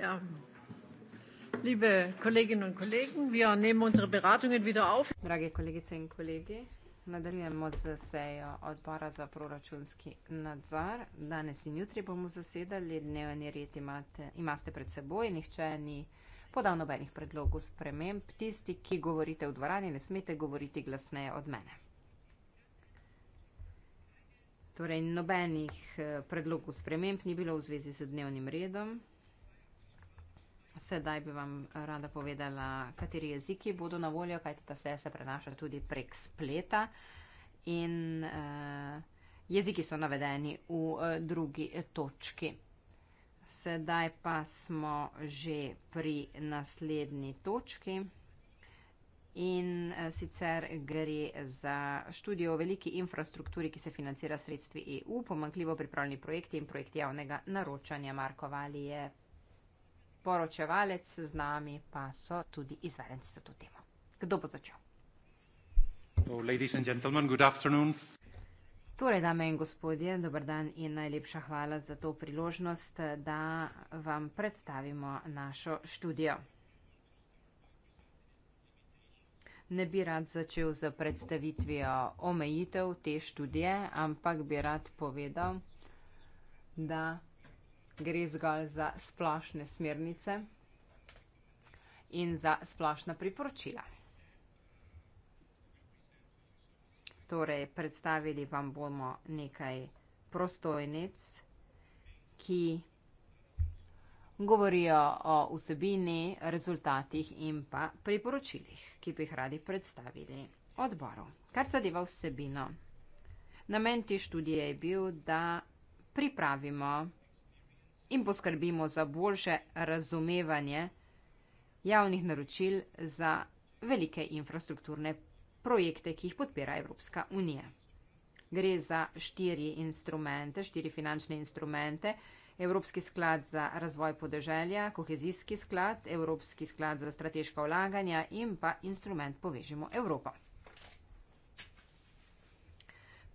Ja. Liebe Kolleginnen und Kollegen, wir nehmen unsere Beratungen wieder auf. Drage kolegice in kolegi, nadaljujemo z sejo odbora za proračunski nadzor. Danes in jutri bomo zasedali, dnevni red imate, imate pred seboj, nihče ni podal nobenih predlogov sprememb. Tisti, ki govorite v dvorani, ne smete govoriti glasneje od mene. Torej, nobenih eh, predlogov sprememb ni bilo v zvezi z dnevnim redom. Sedaj bi vam rada povedala, kateri jeziki bodo na voljo, kajti ta seja se prenaša tudi prek spleta. In uh, jeziki so navedeni v uh, drugi točki. Sedaj pa smo že pri naslednji točki. In eh, sicer gre za študijo o veliki infrastrukturi, ki se financira sredstvi EU, pomankljivo pripravljeni projekti in projekti javnega naročanja. Marko Vali je poročevalec z nami pa so tudi izvedenci za to temo. Kdo bo začel? Oh, ladies and gentlemen, good afternoon. Torej, dame in gospodje, dober dan in najlepša hvala za to priložnost, da vam predstavimo našo študijo. Ne bi rad začel z predstavitvijo omejitev te študije, ampak bi rad povedal, da gre zgolj za splošne smernice in za splošna priporočila. Torej, predstavili vam bomo nekaj prostojnic, ki govorijo o vsebini, rezultatih in pa priporočilih, ki bi jih radi predstavili odboru. Kar zadeva vsebino. Namen te študije je bil, da pripravimo in poskrbimo za boljše razumevanje javnih naročil za velike infrastrukturne projekte, ki jih podpira Evropska unija. Gre za štiri instrumente, štiri finančne instrumente. Evropski sklad za razvoj podeželja, kohezijski sklad, Evropski sklad za strateška vlaganja in pa instrument Povežimo Evropo.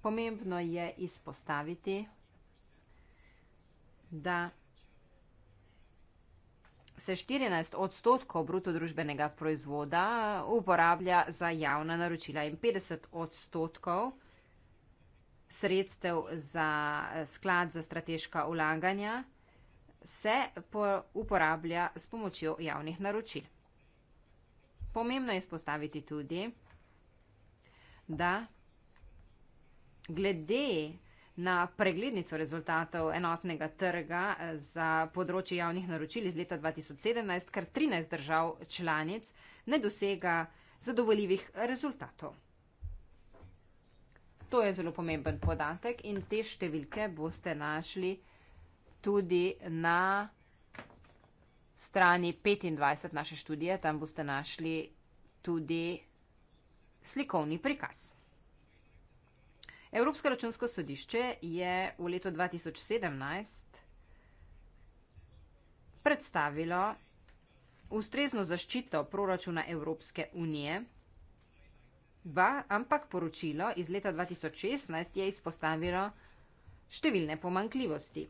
Pomembno je izpostaviti, da se 14 odstotkov bruto družbenega proizvoda uporablja za javna naročila in 50 odstotkov sredstev za eh, sklad za strateška ulaganja se uporablja s pomočjo javnih naročil. Pomembno je izpostaviti tudi, da glede na preglednico rezultatov enotnega trga eh, za področje javnih naročil iz leta 2017, kar 13 držav članic ne dosega zadovoljivih rezultatov. To je zelo pomemben podatek in te številke boste našli tudi na strani 25 naše študije. Tam boste našli tudi slikovni prikaz. Evropsko računsko sodišče je v letu 2017 predstavilo ustrezno zaščito proračuna Evropske unije, ba, ampak poročilo iz leta 2016 je izpostavilo številne pomankljivosti.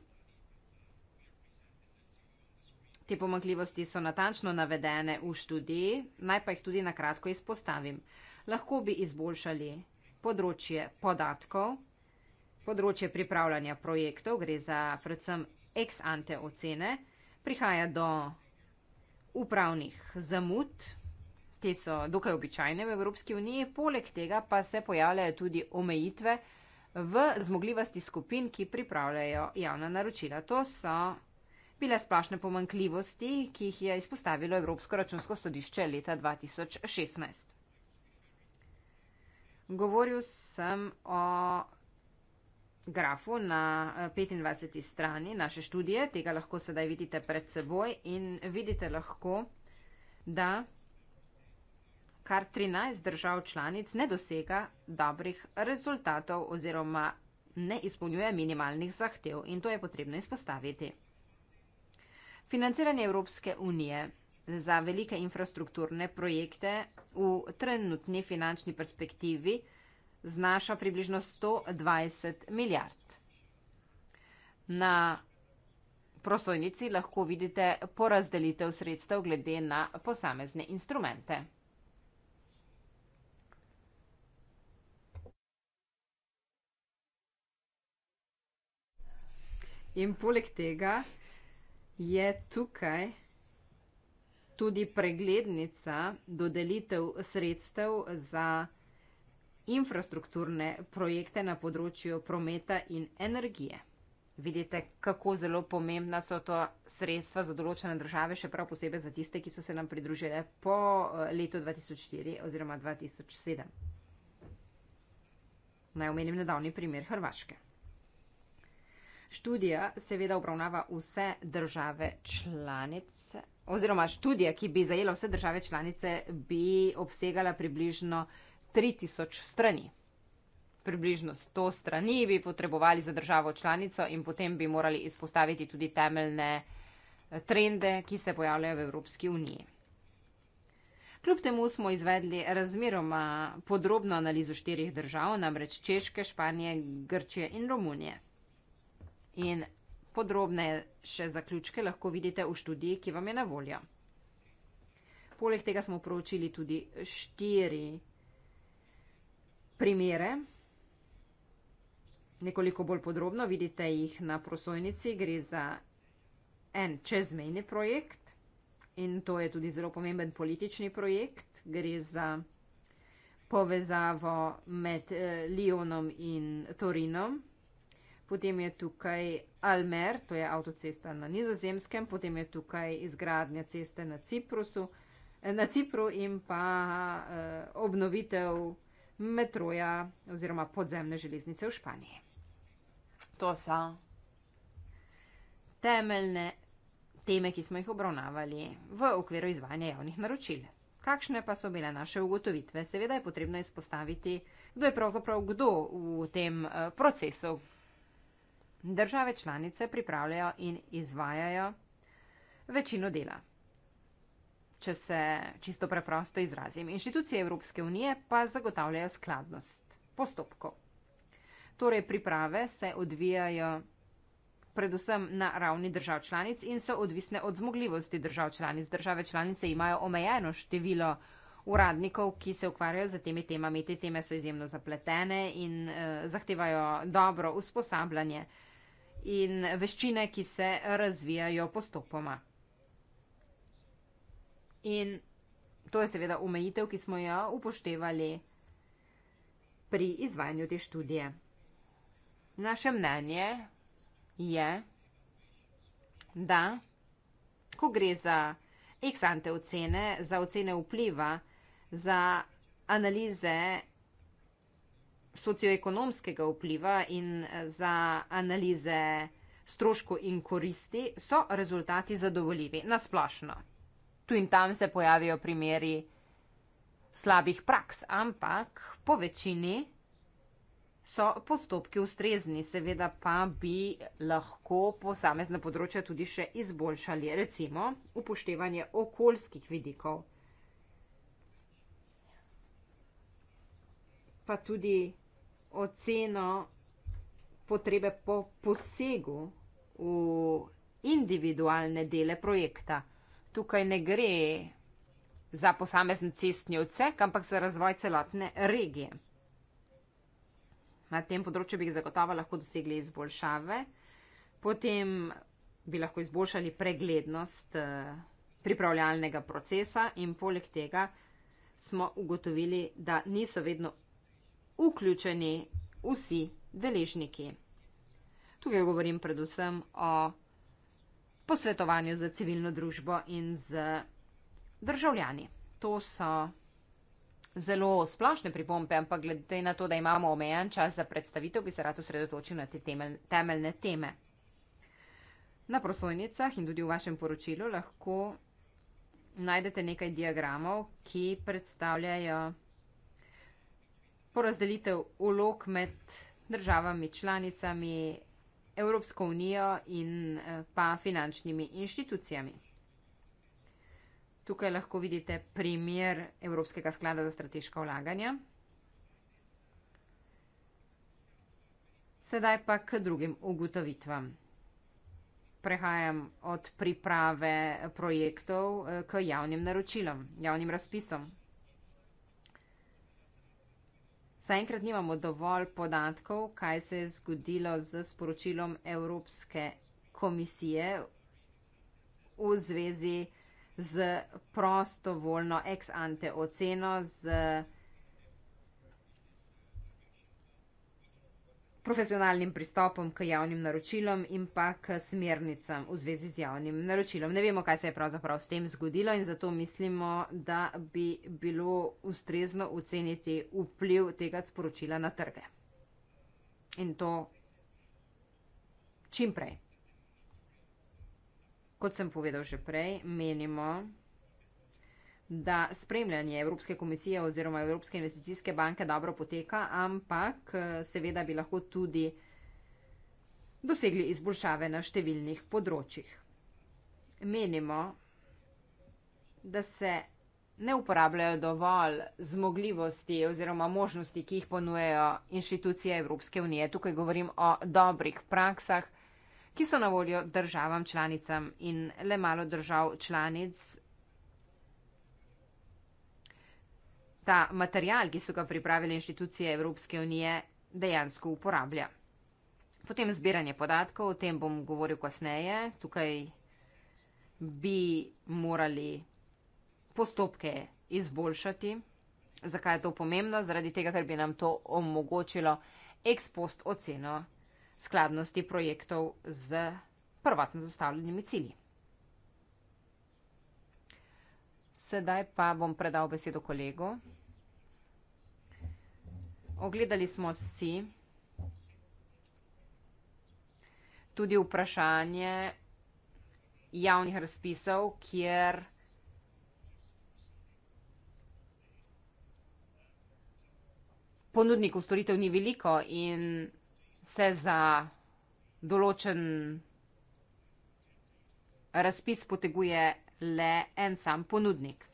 Te pomankljivosti so natančno navedene v študiji, naj pa jih tudi na kratko izpostavim. Lahko bi izboljšali področje podatkov, področje pripravljanja projektov, gre za predvsem ex ante ocene, prihaja do upravnih zamud, te so dokaj običajne v Evropski uniji, poleg tega pa se pojavljajo tudi omejitve v zmogljivosti skupin, ki pripravljajo javna naročila. To so bile splašne pomankljivosti, ki jih je izpostavilo Evropsko računsko sodišče leta 2016. Govoril sem o grafu na 25. Eh, strani naše študije, tega lahko sedaj vidite pred seboj in vidite lahko, da kar 13 držav članic ne dosega dobrih rezultatov oziroma ne izpolnjuje minimalnih zahtev in to je potrebno izpostaviti. Financiranje Evropske unije za velike infrastrukturne projekte v trenutni finančni perspektivi znaša približno 120 milijard. Na prosojnici lahko vidite porazdelitev sredstev glede na posamezne instrumente. In poleg tega je tukaj tudi preglednica dodelitev sredstev za infrastrukturne projekte na področju prometa in energije. Vidite, kako zelo pomembna so to sredstva za določene države, še prav posebej za tiste, ki so se nam pridružile po eh, letu 2004 oziroma 2007. Naj omenim nedavni primer Hrvaške. Študija seveda obravnava vse države članice oziroma študija, ki bi zajela vse države članice, bi obsegala približno 3000 strani. Približno 100 strani bi potrebovali za državo članico in potem bi morali izpostaviti tudi temeljne eh, trende, ki se pojavljajo v Evropski uniji. Kljub temu smo izvedli razmeroma podrobno analizo štirih držav, namreč Češke, Španije, Grčije in Romunije. In Podrobneje še zaključke lahko vidite v študiji, ki vam je na voljo. Poleg tega smo proučili tudi štiri primere. Nekoliko bolj podrobno vidite jih na prosojnici, gre za en čezmejni projekt in to je tudi zelo pomemben politični projekt. Gre za povezavo med eh, Lionom in Torinom, Potem je tukaj Almer, to je avtocesta na Nizozemskem, potem je tukaj izgradnja ceste na, Ciprusu, eh, na Cipru in pa eh, obnovitev metroja oziroma podzemne železnice v Španiji. To so temeljne teme, ki smo jih obravnavali v okviru izvajanja javnih naročil. Kakšne pa so bile naše ugotovitve? Seveda je potrebno izpostaviti, kdo je pravzaprav kdo v tem eh, procesu, države članice pripravljajo in izvajajo večino dela. Če se čisto preprosto izrazim, inštitucije Evropske unije pa zagotavljajo skladnost postopkov. Torej, priprave se odvijajo predvsem na ravni držav članic in so odvisne od zmogljivosti držav članic. Države članice imajo omejeno število uradnikov, ki se ukvarjajo z temi temami. Te teme so izjemno zapletene in eh, zahtevajo dobro usposabljanje eh, in veščine, ki se razvijajo postopoma. In to je seveda omejitev, ki smo jo upoštevali pri izvajanju te študije. Naše mnenje je, da ko gre za eksante ocene, za ocene vpliva, za analize socioekonomskega vpliva in eh, za analize stroškov in koristi, so rezultati zadovoljivi na splošno. Tu in tam se pojavijo primeri slabih praks, ampak po večini so postopki ustrezni, seveda pa bi lahko posamezne področje tudi še izboljšali, recimo upoštevanje okoljskih vidikov. Pa tudi oceno potrebe po posegu v individualne dele projekta. Tukaj ne gre za posamezen cestni odsek, ampak za razvoj celotne regije. Na tem področju bi zagotovo lahko dosegli izboljšave, potem bi lahko izboljšali preglednost eh, pripravljalnega procesa in poleg tega smo ugotovili, da niso vedno vključeni vsi deležniki. Tukaj govorim predvsem o posvetovanju za civilno družbo in z državljani. To so zelo splošne pripombe, ampak glede na to, da imamo omejen čas za predstavitev, bi se rad osredotočil na te temel, temeljne teme. Na prosojnicah in tudi v vašem poročilu lahko najdete nekaj diagramov, ki predstavljajo porazdelitev ulog med državami članicami Evropsko unijo in eh, pa finančnimi inštitucijami. Tukaj lahko vidite primer Evropskega sklada za strateška vlaganja. Sedaj pa k drugim ugotovitvam. Prehajam od priprave projektov eh, k javnim naročilom, javnim razpisom. Zaenkrat nimamo dovolj podatkov, kaj se je zgodilo z sporočilom Evropske komisije v zvezi z prostovoljno ex ante oceno z profesionalnim pristopom k javnim naročilom in pa k smernicam v zvezi z javnim naročilom. Ne vemo, kaj se je pravzaprav s tem zgodilo in zato mislimo, da bi bilo ustrezno oceniti vpliv tega sporočila na trge. In to čim prej. Kot sem povedal že prej, menimo, da spremljanje Evropske komisije oziroma Evropske investicijske banke dobro poteka, ampak eh, seveda bi lahko tudi dosegli izboljšave na številnih področjih. Menimo, da se ne uporabljajo dovolj zmogljivosti oziroma možnosti, ki jih ponujejo inštitucije Evropske unije. Tukaj govorim o dobrih praksah, ki so na voljo državam članicam in le malo držav članic ta material, ki so ga pripravile inštitucije Evropske unije, dejansko uporablja. Potem zbiranje podatkov, o tem bom govoril kasneje. Tukaj bi morali postopke izboljšati. Zakaj je to pomembno? Zaradi tega, ker bi nam to omogočilo ex post oceno skladnosti projektov z prvotno zastavljenimi cilji. Sedaj pa bom predal besedo kolegu. Ogledali smo si tudi vprašanje javnih razpisov, kjer ponudnikov storitev ni veliko in se za določen razpis poteguje le en sam ponudnik.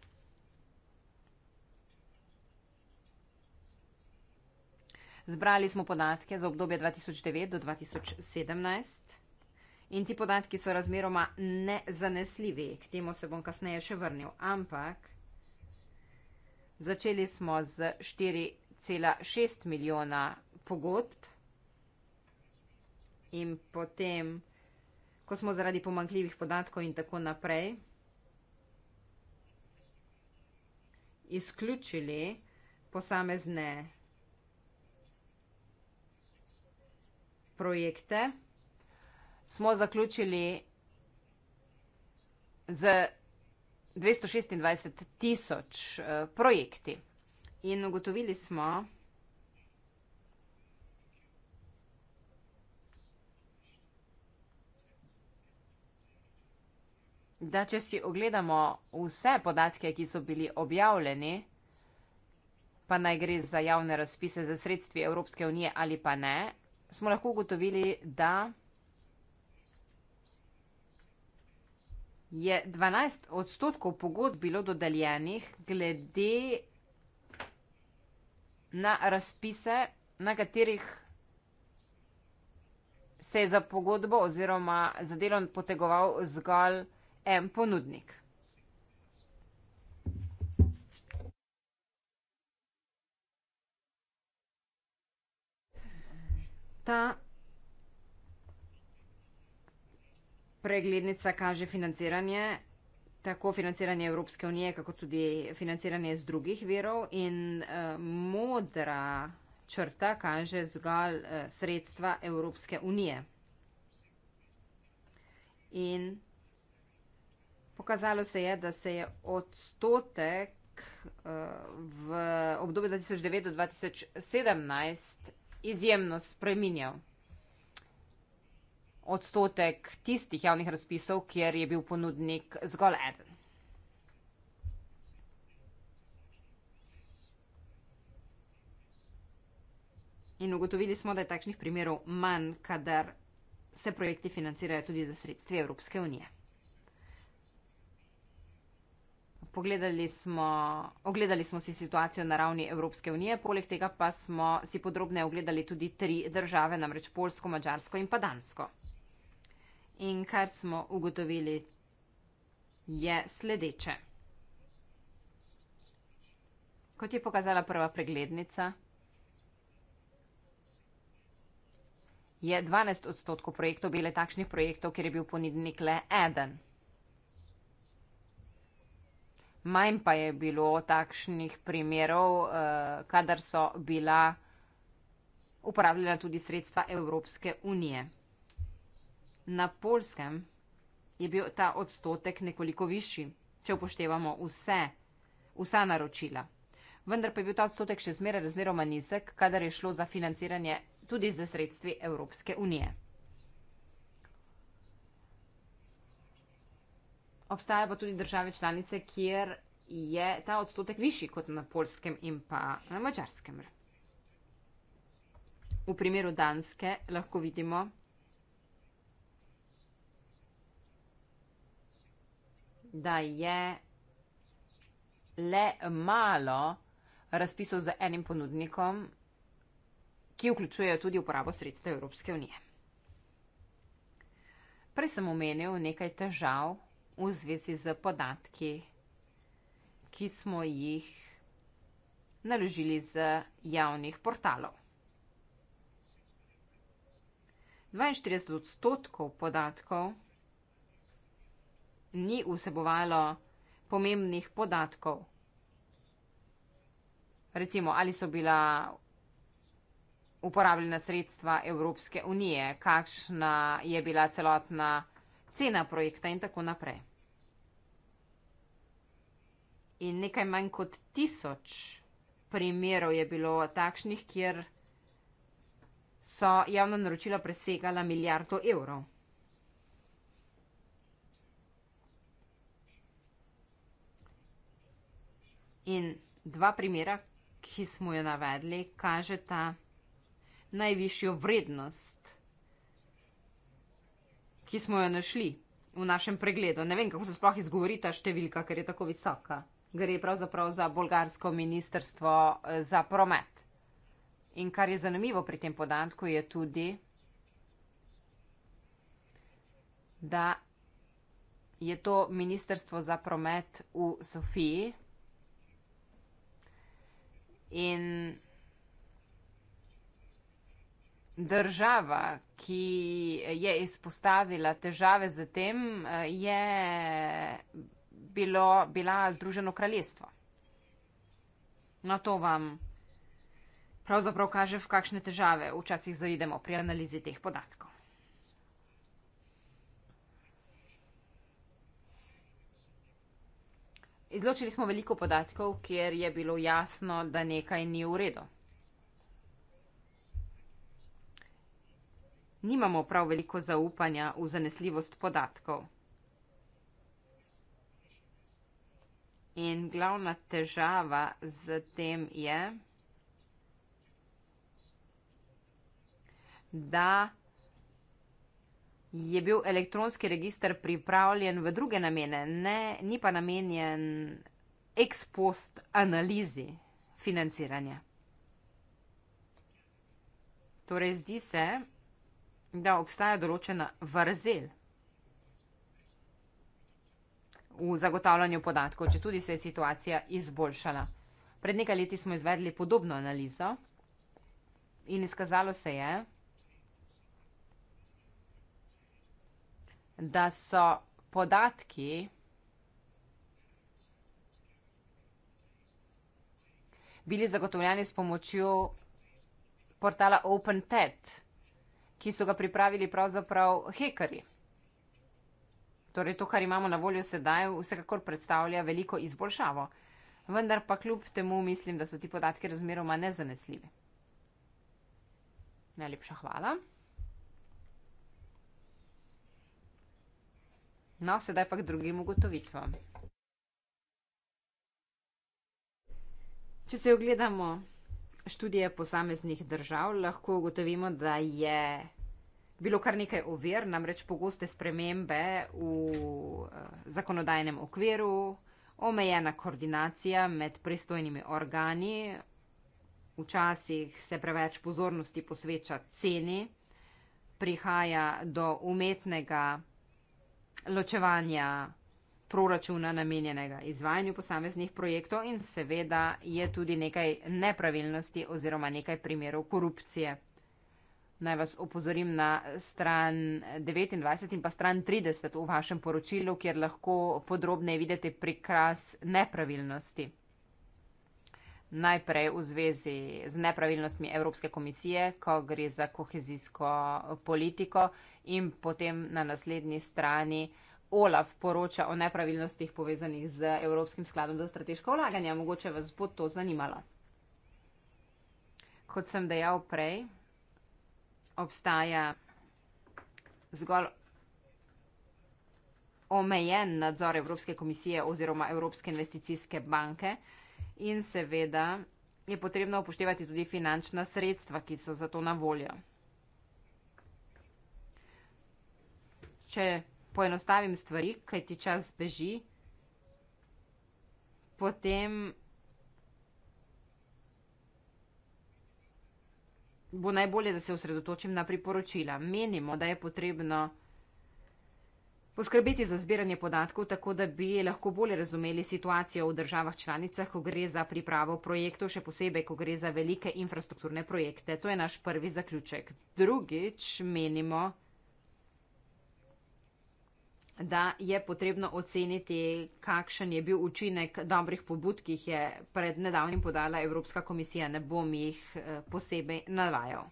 Zbrali smo podatke za obdobje 2009 do 2017 in ti podatki so razmeroma nezanesljivi, k temu se bom kasneje še vrnil, ampak začeli smo z 4,6 milijona pogodb in potem, ko smo zaradi pomankljivih podatkov in tako naprej, izključili posamezne projekte, smo zaključili z 226 tisoč eh, projekti. In ugotovili smo, da če si ogledamo vse podatke, ki so bili objavljeni, pa naj gre za javne razpise za sredstvi Evropske unije ali pa ne, smo lahko ugotovili, da je 12 odstotkov pogod bilo dodeljenih glede na razpise, na katerih se je za pogodbo oziroma za delo potegoval zgolj en ponudnik. Ta preglednica kaže financiranje, tako financiranje Evropske unije, kako tudi financiranje iz drugih verov in uh, modra črta kaže zgolj uh, sredstva Evropske unije. In Pokazalo se je, da se je odstotek eh, v obdobju 2009 do 2017 izjemno spreminjal. Odstotek tistih javnih razpisov, kjer je bil ponudnik zgolj eden. In ugotovili smo, da je takšnih primerov manj, kadar se projekti financirajo tudi za sredstvi Evropske unije. pogledali smo, ogledali smo si situacijo na ravni Evropske unije, poleg tega pa smo si podrobne ogledali tudi tri države, namreč Polsko, Mačarsko in pa Dansko. In kar smo ugotovili je sledeče. Kot je pokazala prva preglednica, je 12 odstotkov projektov bile takšnih projektov, kjer je bil ponednik le eden manj pa je bilo takšnih primerov, uh, kadar so bila uporabljena tudi sredstva Evropske unije. Na polskem je bil ta odstotek nekoliko višji, če upoštevamo vse, vsa naročila. Vendar pa je bil ta odstotek še zmeraj razmeroma nizek, kadar je šlo za financiranje tudi za sredstvi Evropske unije. Obstajajo pa tudi države članice, kjer je ta odstotek višji kot na polskem in pa na mačarskem. V primeru Danske lahko vidimo, da je le malo razpisov z enim ponudnikom, ki vključujejo tudi uporabo sredstev Evropske unije. Prej sem omenil nekaj težav v zvezi z podatki, ki smo jih naložili z javnih portalov. 42 odstotkov podatkov ni vsebovalo pomembnih podatkov. Recimo, ali so bila uporabljena sredstva Evropske unije, kakšna je bila celotna cena projekta in tako naprej in nekaj manj kot tisoč primerov je bilo takšnih, kjer so javna naročila presegala milijardo evrov. In dva primera, ki smo jo navedli, kaže ta najvišjo vrednost, ki smo jo našli v našem pregledu. Ne vem, kako se sploh izgovori ta številka, ker je tako visoka gre pravzaprav za bolgarsko ministrstvo eh, za promet. In kar je zanimivo pri tem podatku je tudi, da je to ministrstvo za promet v Sofiji in Država, ki je izpostavila težave z tem, eh, je bilo, bila Združeno kraljestvo. Na no, to vam pravzaprav kaže, v kakšne težave včasih zaidemo pri analizi teh podatkov. Izločili smo veliko podatkov, kjer je bilo jasno, da nekaj ni v redu. Nimamo prav veliko zaupanja v zanesljivost podatkov. In glavna težava z tem je, da je bil elektronski register pripravljen v druge namene, ne, ni pa namenjen ex post analizi financiranja. Torej, zdi se, da obstaja določena vrzel v zagotavljanju podatkov, če tudi se je situacija izboljšala. Pred nekaj leti smo izvedli podobno analizo in izkazalo se je, da so podatki bili zagotovljeni s pomočjo portala OpenTED, ki so ga pripravili pravzaprav hekerji. Torej, to, kar imamo na voljo sedaj, vsekakor predstavlja veliko izboljšavo. Vendar pa kljub temu mislim, da so ti podatki razmeroma nezanesljivi. Najlepša hvala. No, sedaj pa k drugim ugotovitvam. Če se ogledamo študije posameznih držav, lahko ugotovimo, da je bilo kar nekaj ovir, namreč pogoste spremembe v eh, zakonodajnem okviru, omejena koordinacija med pristojnimi organi, včasih se preveč pozornosti posveča ceni, prihaja do umetnega ločevanja proračuna namenjenega izvajanju posameznih projektov in seveda je tudi nekaj nepravilnosti oziroma nekaj primerov korupcije. Naj vas opozorim na stran 29 in pa stran 30 v vašem poročilu, kjer lahko podrobneje vidite prikaz nepravilnosti. Najprej v zvezi z nepravilnostmi Evropske komisije, ko gre za kohezijsko politiko in potem na naslednji strani OLAF poroča o nepravilnostih povezanih z Evropskim skladom za strateško vlaganje. Mogoče vas bo to zanimalo. Kot sem dejal prej, obstaja zgolj omejen nadzor Evropske komisije oziroma Evropske investicijske banke in seveda je potrebno upoštevati tudi finančna sredstva, ki so za to na voljo. Če poenostavim stvari, kaj ti čas beži, potem bo najbolje, da se osredotočim na priporočila. Menimo, da je potrebno poskrbeti za zbiranje podatkov, tako da bi lahko bolje razumeli situacijo v državah članicah, ko gre za pripravo projektov, še posebej, ko gre za velike infrastrukturne projekte. To je naš prvi zaključek. Drugič, menimo, da je potrebno oceniti, kakšen je bil učinek dobrih pobud, ki jih je pred nedavnim podala Evropska komisija. Ne bom jih eh, posebej navajal.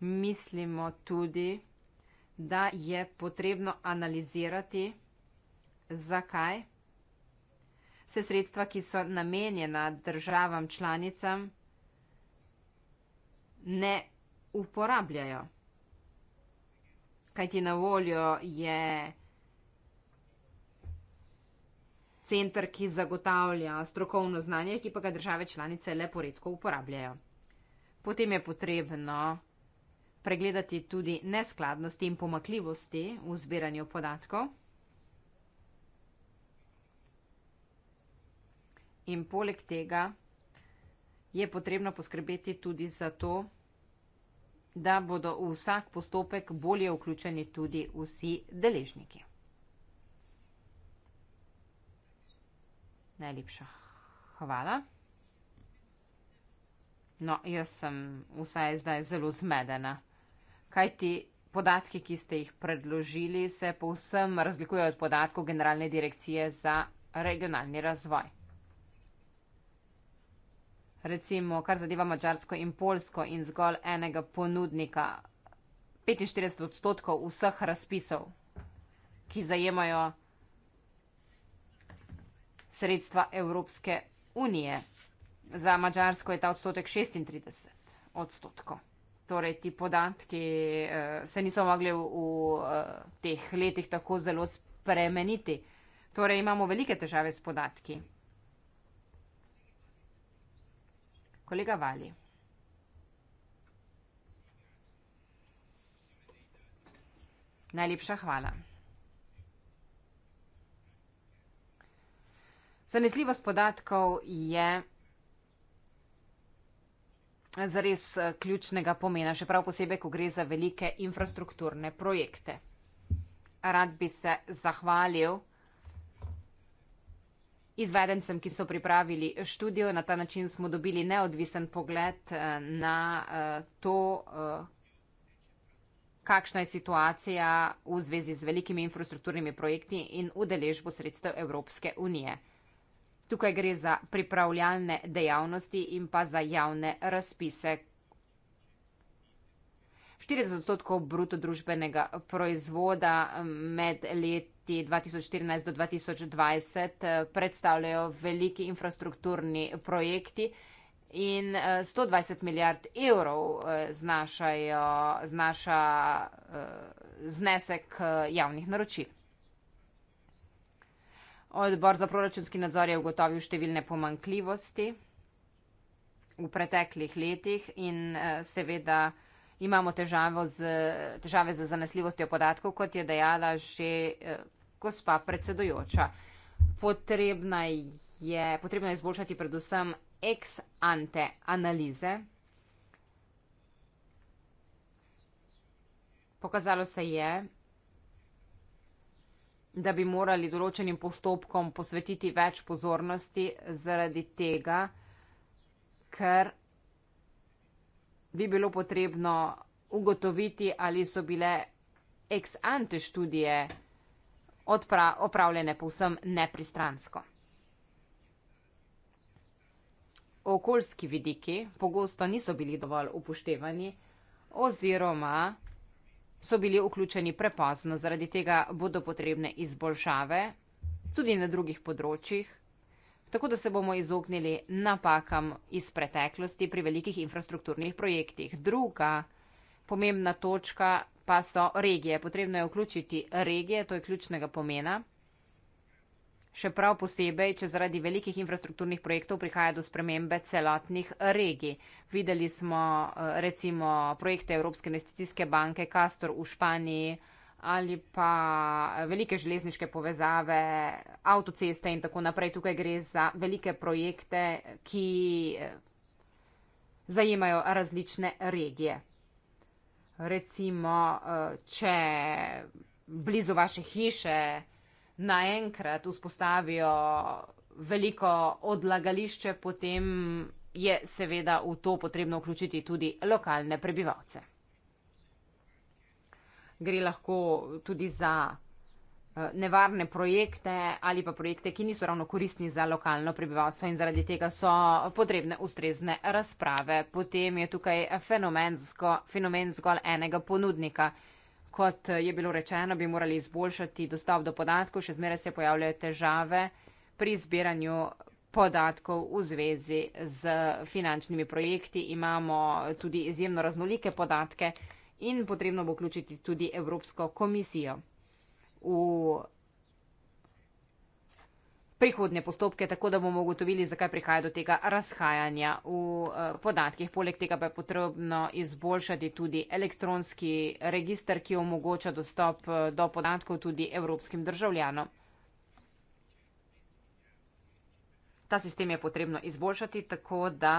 Mislimo tudi, da je potrebno analizirati, zakaj se sredstva, ki so namenjena državam članicam, ne uporabljajo kajti na voljo je centr, ki zagotavlja strokovno znanje, ki pa ga države članice le poredko uporabljajo. Potem je potrebno pregledati tudi neskladnosti in pomakljivosti v zbiranju podatkov. In poleg tega je potrebno poskrbeti tudi za to, da bodo v vsak postopek bolje vključeni tudi vsi deležniki. Najlepša hvala. No, jaz sem vsaj zdaj zelo zmedena, kaj ti podatki, ki ste jih predložili, se povsem razlikujejo od podatkov Generalne direkcije za regionalni razvoj recimo, kar zadeva Mačarsko in Polsko in zgolj enega ponudnika, 45 odstotkov vseh razpisov, ki zajemajo sredstva Evropske unije. Za Mačarsko je ta odstotek 36 odstotkov. Torej, ti podatki eh, se niso mogli v, v eh, teh letih tako zelo spremeniti. Torej, imamo velike težave s podatki. Kolega Vali. Najlepša hvala. Zanesljivost podatkov je zares eh, ključnega pomena, še prav posebej, ko gre za velike infrastrukturne projekte. Rad bi se zahvalil izvedencem, ki so pripravili študijo. Na ta način smo dobili neodvisen pogled eh, na eh, to, eh, kakšna je situacija v zvezi z velikimi infrastrukturnimi projekti in udeležbo sredstev Evropske unije. Tukaj gre za pripravljalne dejavnosti in pa za javne razpise, 40 odstotkov bruto družbenega proizvoda med leti 2014 do 2020 eh, predstavljajo veliki infrastrukturni projekti in 120 eh, milijard evrov eh, znašajo, znaša znesek javnih naročil. Odbor za proračunski nadzor je ugotovil številne pomankljivosti v preteklih letih in seveda imamo z, težave z zanesljivostjo podatkov, kot je dejala že eh, gospa predsedujoča. Potrebna je, potrebno je izboljšati predvsem ex ante analize. Pokazalo se je, da bi morali določenim postopkom posvetiti več pozornosti zaradi tega, ker bi bilo potrebno ugotoviti, ali so bile ex ante študije odpra, opravljene povsem nepristransko. Okoljski vidiki pogosto niso bili dovolj upoštevani oziroma so bili vključeni prepozno, zaradi tega bodo potrebne izboljšave tudi na drugih področjih, tako da se bomo izognili napakam iz preteklosti pri velikih infrastrukturnih projektih. Druga pomembna točka pa so regije. Potrebno je vključiti regije, to je ključnega pomena. Še prav posebej, če zaradi velikih infrastrukturnih projektov prihaja do spremembe celotnih regij. Videli smo eh, recimo projekte Evropske investicijske banke Castor v Španiji, ali pa velike železniške povezave, avtoceste in tako naprej. Tukaj gre za velike projekte, ki eh, zajemajo različne regije. Recimo, eh, če blizu vaše hiše naenkrat vzpostavijo veliko odlagališče, potem je seveda v to potrebno vključiti tudi lokalne prebivalce gre lahko tudi za eh, nevarne projekte ali pa projekte, ki niso ravno koristni za lokalno prebivalstvo in zaradi tega so potrebne ustrezne razprave. Potem je tukaj fenomensko, fenomen zgolj enega ponudnika. Kot eh, je bilo rečeno, bi morali izboljšati dostop do podatkov, še zmeraj se pojavljajo težave pri zbiranju podatkov v zvezi z finančnimi projekti. Imamo tudi izjemno raznolike podatke in potrebno bo vključiti tudi Evropsko komisijo. V prihodne postopke, tako da bomo ugotovili, zakaj prihaja do tega razhajanja v eh, podatkih. Poleg tega pa je potrebno izboljšati tudi elektronski registr, ki omogoča dostop eh, do podatkov tudi evropskim državljanom. Ta sistem je potrebno izboljšati, tako da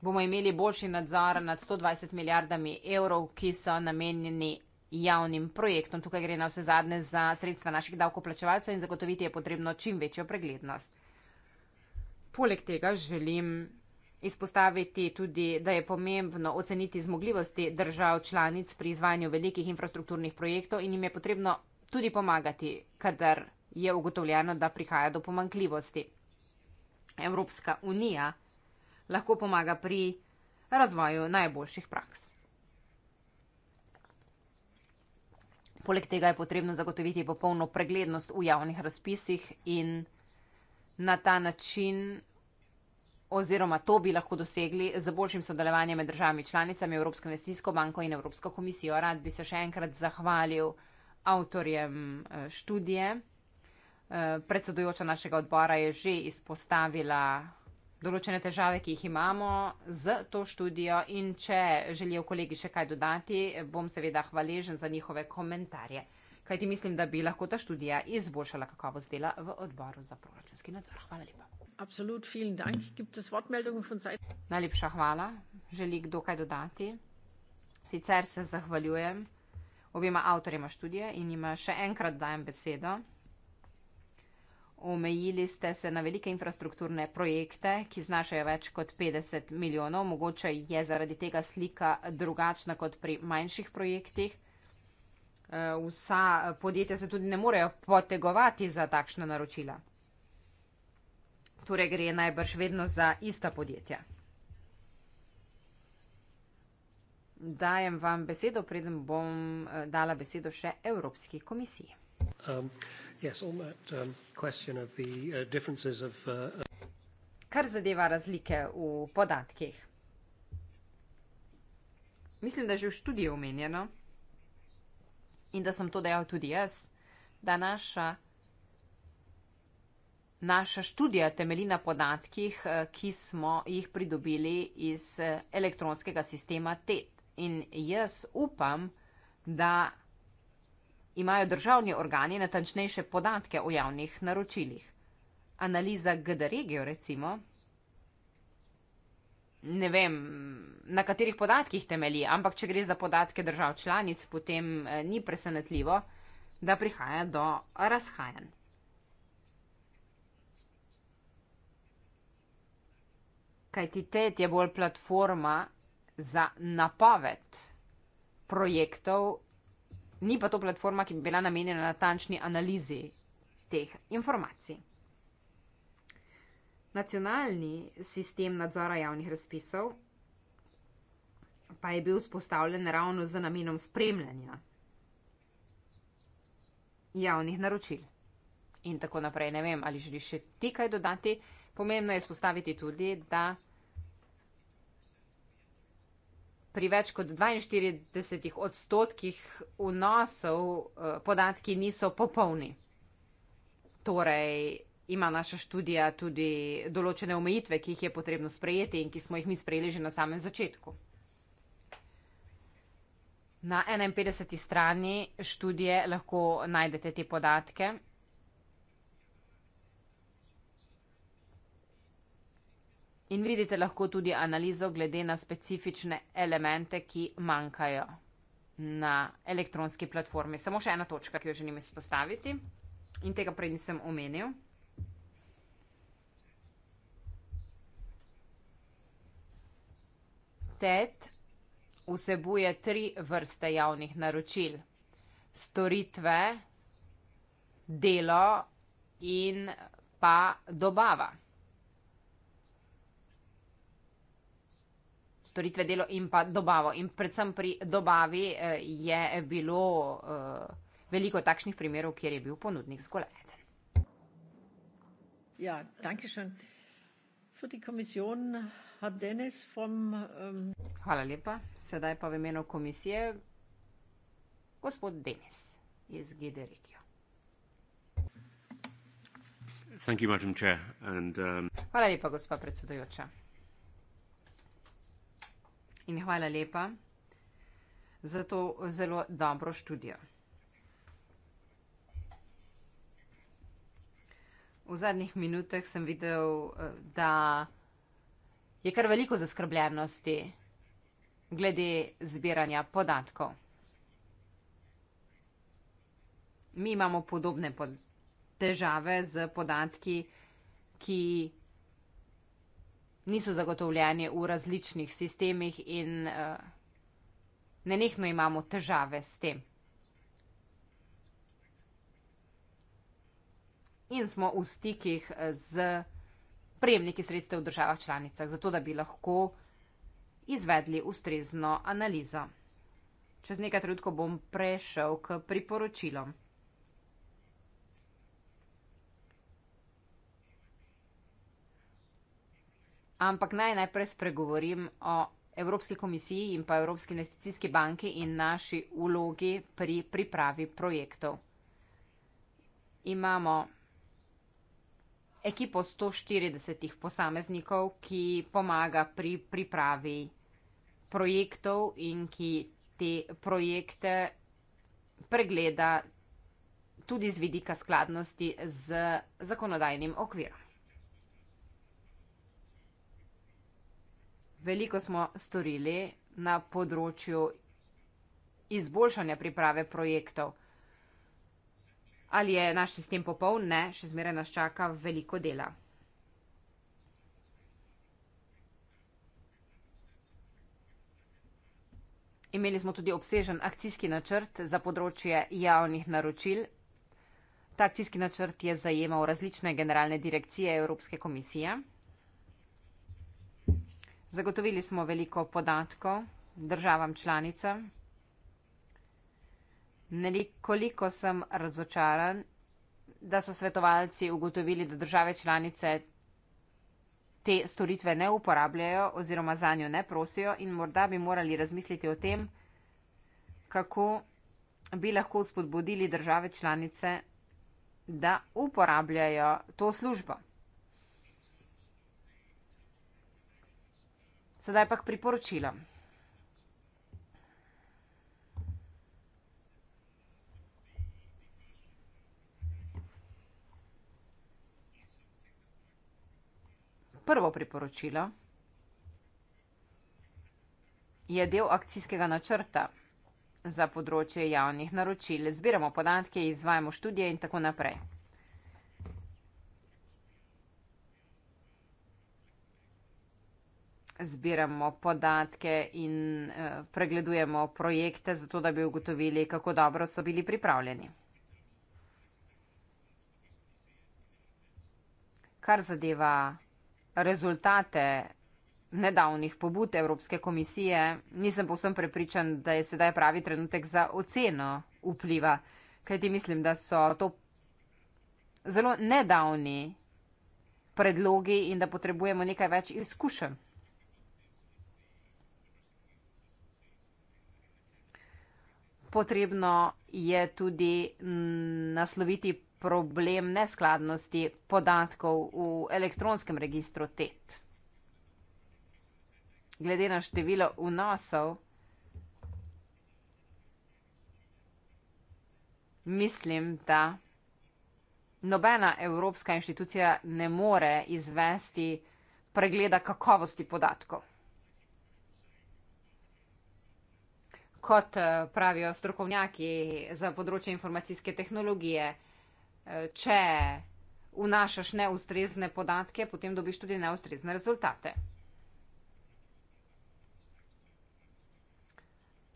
bomo imeli boljši nadzor nad 120 milijardami evrov, ki so namenjeni javnim projektom. Tukaj gre na vse zadnje za sredstva naših davkoplačevalcev in zagotoviti je potrebno čim večjo preglednost. Poleg tega želim izpostaviti tudi, da je pomembno oceniti zmogljivosti držav članic pri izvanju velikih infrastrukturnih projektov in jim je potrebno tudi pomagati, kadar je ugotovljeno, da prihaja do pomankljivosti. Evropska unija lahko pomaga pri razvoju najboljših praks. Poleg tega je potrebno zagotoviti popolno preglednost v javnih razpisih in na ta način oziroma to bi lahko dosegli z boljšim sodelovanjem med državami članicami Evropske investicijsko banko in Evropsko komisijo. Rad bi se še enkrat zahvalil avtorjem eh, študije. Eh, predsedujoča našega odbora je že izpostavila določene težave, ki jih imamo z to študijo in če želijo kolegi še kaj dodati, bom seveda hvaležen za njihove komentarje. Kajti mislim, da bi lahko ta študija izboljšala kakovost dela v odboru za proračunski nadzor. Hvala lepa. Absolut, vielen Dank. Gibt es Wortmeldungen von Seiten? Najlepša hvala. Želi kdo kaj dodati? Sicer se zahvaljujem obima avtorima študije in jima še enkrat dajem besedo. Omejili ste se na velike infrastrukturne projekte, ki znašajo več kot 50 milijonov. Mogoče je zaradi tega slika drugačna kot pri manjših projektih. Eh, vsa podjetja se tudi ne morejo potegovati za takšna naročila. Torej gre najbrž vedno za ista podjetja. Dajem vam besedo, predem bom eh, dala besedo še Evropski komisiji. Um, um, uh, uh, uh, Kar zadeva razlike v podatkih. Mislim, da je že v študiji omenjeno in da sem to dejal tudi jaz, da naša, naša študija temelji na podatkih, ki smo jih pridobili iz elektronskega sistema TED. In jaz upam, da imajo državni organi natančnejše podatke o javnih naročilih. Analiza GDR-ja, recimo. Ne vem, na katerih podatkih temelji, ampak če gre za podatke držav članic, potem eh, ni presenetljivo, da prihaja do razhajanj. Kajti TED je bolj platforma za napoved projektov ni pa to platforma, ki bi bila namenjena natančni analizi teh informacij. Nacionalni sistem nadzora javnih razpisov pa je bil vzpostavljen ravno z namenom spremljanja javnih naročil. In tako naprej, ne vem, ali želiš še ti kaj dodati. Pomembno je spostaviti tudi, da pri več kot 42 odstotkih vnosov eh, podatki niso popolni. Torej, ima naša študija tudi določene omejitve, ki jih je potrebno sprejeti in ki smo jih mi sprejeli že na samem začetku. Na 51. strani študije lahko najdete te podatke. in vidite lahko tudi analizo glede na specifične elemente, ki manjkajo na elektronski platformi. Samo še ena točka, ki jo želim izpostaviti in tega prej nisem omenil. TED vsebuje tri vrste javnih naročil. Storitve, delo in pa dobava. storitve, delo in pa dobavo. In predvsem pri dobavi eh, je bilo eh, veliko takšnih primerov, kjer je bil ponudnik zgolj eden. Ja, danke schön. Für die Kommission hat Dennis vom. Um... Hvala lepa. Sedaj pa v imenu komisije gospod Dennis iz Gideregio. Thank you, Madam Chair. And, um... Hvala lepa, gospa predsedujoča in hvala lepa za to zelo dobro študijo. V zadnjih minutah sem videl, da je kar veliko zaskrbljenosti glede zbiranja podatkov. Mi imamo podobne težave z podatki, ki niso zagotovljeni v različnih sistemih in uh, nenehno imamo težave s tem. In smo v stikih eh, z prejemniki sredstev v državah članicah, zato da bi lahko izvedli ustrezno analizo. Čez nekaj trenutkov bom prešel k priporočilom. Ampak naj najprej spregovorim o Evropski komisiji in pa Evropski investicijski banki in naši ulogi pri pripravi projektov. Imamo ekipo 140 posameznikov, ki pomaga pri pripravi projektov in ki te projekte pregleda tudi z vidika skladnosti z zakonodajnim okvirom. veliko smo storili na področju izboljšanja priprave projektov. Ali je naš sistem popoln? Ne, še zmeraj nas čaka veliko dela. Imeli smo tudi obsežen akcijski načrt za področje javnih naročil. Ta akcijski načrt je zajemal različne generalne direkcije Evropske komisije. Zagotovili smo veliko podatkov državam članicam. Nekoliko sem razočaran, da so svetovalci ugotovili, da države članice te storitve ne uporabljajo oziroma za njo ne prosijo in morda bi morali razmisliti o tem, kako bi lahko spodbudili države članice, da uporabljajo to službo. Sedaj pa priporočila. Prvo priporočilo je del akcijskega načrta za področje javnih naročil. Zbiramo podatke, izvajamo študije in tako naprej. zbiramo podatke in eh, pregledujemo projekte, zato da bi ugotovili, kako dobro so bili pripravljeni. Kar zadeva rezultate nedavnih pobud Evropske komisije, nisem povsem prepričan, da je sedaj pravi trenutek za oceno vpliva, kajti mislim, da so to zelo nedavni predlogi in da potrebujemo nekaj več izkušenj. potrebno je tudi nasloviti problem neskladnosti podatkov v elektronskem registru TET. Glede na število vnosov, mislim, da nobena evropska inštitucija ne more izvesti pregleda kakovosti podatkov. kot eh, pravijo strokovnjaki za področje informacijske tehnologije, eh, če vnašaš neustrezne podatke, potem dobiš tudi neustrezne rezultate.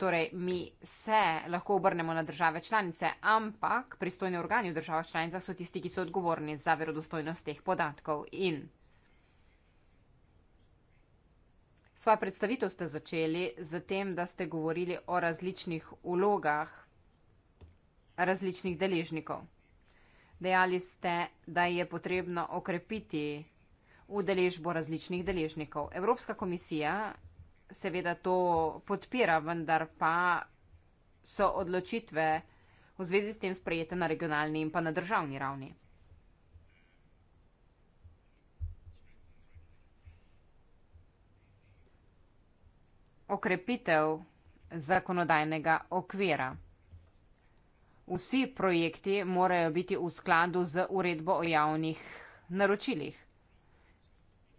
Torej, mi se lahko obrnemo na države članice, ampak pristojni organi v državah članicah so tisti, ki so odgovorni za verodostojnost teh podatkov in Sva predstavitev ste začeli z tem, da ste govorili o različnih vlogah različnih deležnikov. Dejali ste, da je potrebno okrepiti udeležbo različnih deležnikov. Evropska komisija seveda to podpira, vendar pa so odločitve v zvezi s tem sprejete na regionalni in pa na državni ravni. okrepitev zakonodajnega okvira. Vsi projekti morajo biti v skladu z uredbo o javnih naročilih.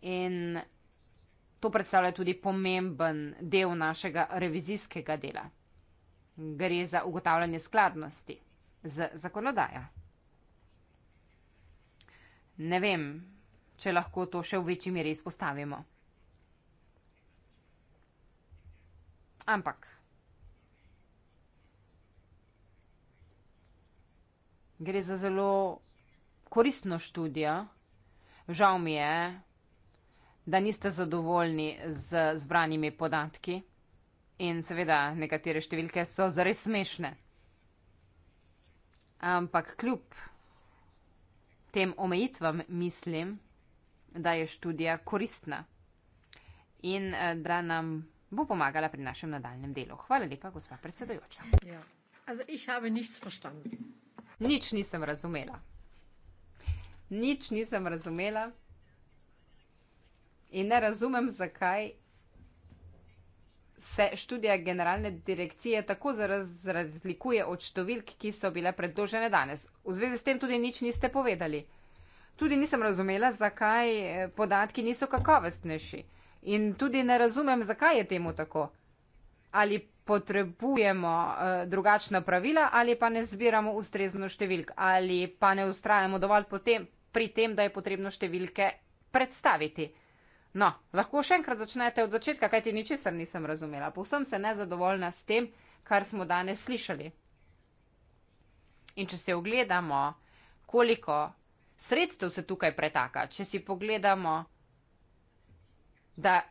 In to predstavlja tudi pomemben del našega revizijskega dela. Gre za ugotavljanje skladnosti z zakonodajo. Ne vem, če lahko to še v večji meri izpostavimo. Ampak gre za zelo koristno študijo. Žal mi je, da niste zadovoljni z zbranimi podatki. In seveda, nekatere številke so zares smešne. Ampak kljub tem omejitvam mislim, da je študija koristna in eh, da nam bo pomagala pri našem nadaljem delu. Hvala lepa, gospa predsedujoča. Ja. Nič nisem razumela. Nič nisem razumela in ne razumem, zakaj se študija generalne direkcije tako zaraz, razlikuje od številk, ki so bile predložene danes. V zvezi s tem tudi nič niste povedali. Tudi nisem razumela, zakaj eh, podatki niso kakovostnejši. In tudi ne razumem, zakaj je temu tako. Ali potrebujemo uh, drugačna pravila, ali pa ne zbiramo ustrezno številk, ali pa ne ustrajamo dovolj potem, pri tem, da je potrebno številke predstaviti. No, lahko še enkrat začnete od začetka, kajti ničesar nisem razumela. Povsem se nezadovoljna s tem, kar smo danes slišali. In če se ogledamo, koliko sredstev se tukaj pretaka, če si pogledamo, da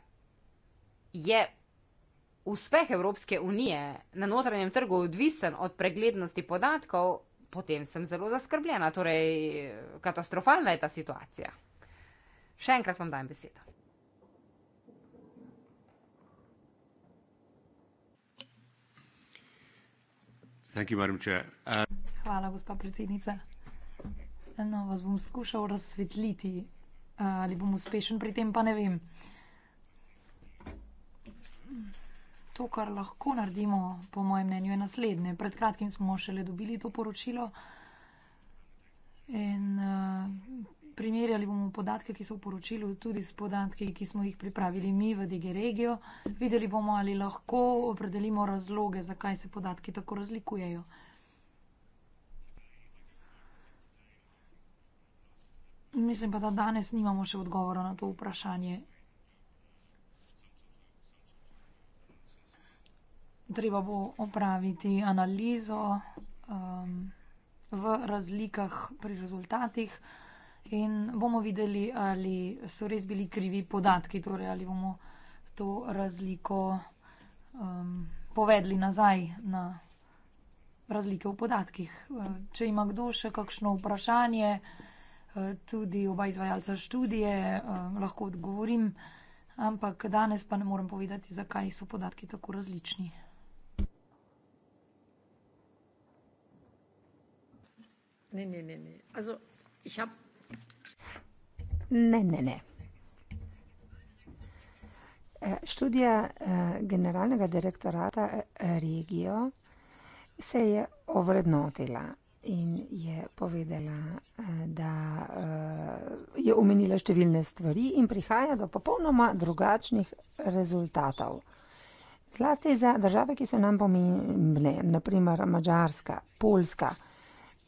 je uspeh Evropske unije na notranjem trgu odvisen od preglednosti podatkov, potem sem zelo zaskrbljena. Torej, katastrofalna je ta situacija. Še enkrat vam dajem besedo. Hvala, gospa predsednica. No, vas bom skušal razsvetliti, ali bom uspešen pri tem, pa ne vem. Uh, to, kar lahko naredimo, po mojem mnenju, je naslednje. Pred kratkim smo šele dobili to poročilo in uh, primerjali bomo podatke, ki so v poročilu, tudi s podatki, ki smo jih pripravili mi v DG regijo. Videli bomo, ali lahko opredelimo razloge, zakaj se podatki tako razlikujejo. Mislim pa, da danes nimamo še odgovora na to vprašanje. treba bo opraviti analizo um, v razlikah pri rezultatih in bomo videli, ali so res bili krivi podatki, torej ali bomo to razliko um, povedli nazaj na razlike v podatkih. Uh, če ima kdo še kakšno vprašanje, uh, tudi oba izvajalca študije, uh, lahko odgovorim, ampak danes pa ne morem povedati, zakaj so podatki tako različni. Nee, nee, nee, nee. Also, ich habe. Nee, nee, nee. Äh, Študija äh, generalnega direktorata äh, regijo se je ovrednotila in je povedala, da je omenila številne stvari in prihaja do popolnoma drugačnih rezultatov. Zlasti za države, ki so nam pomembne, naprimer Mačarska, Poljska.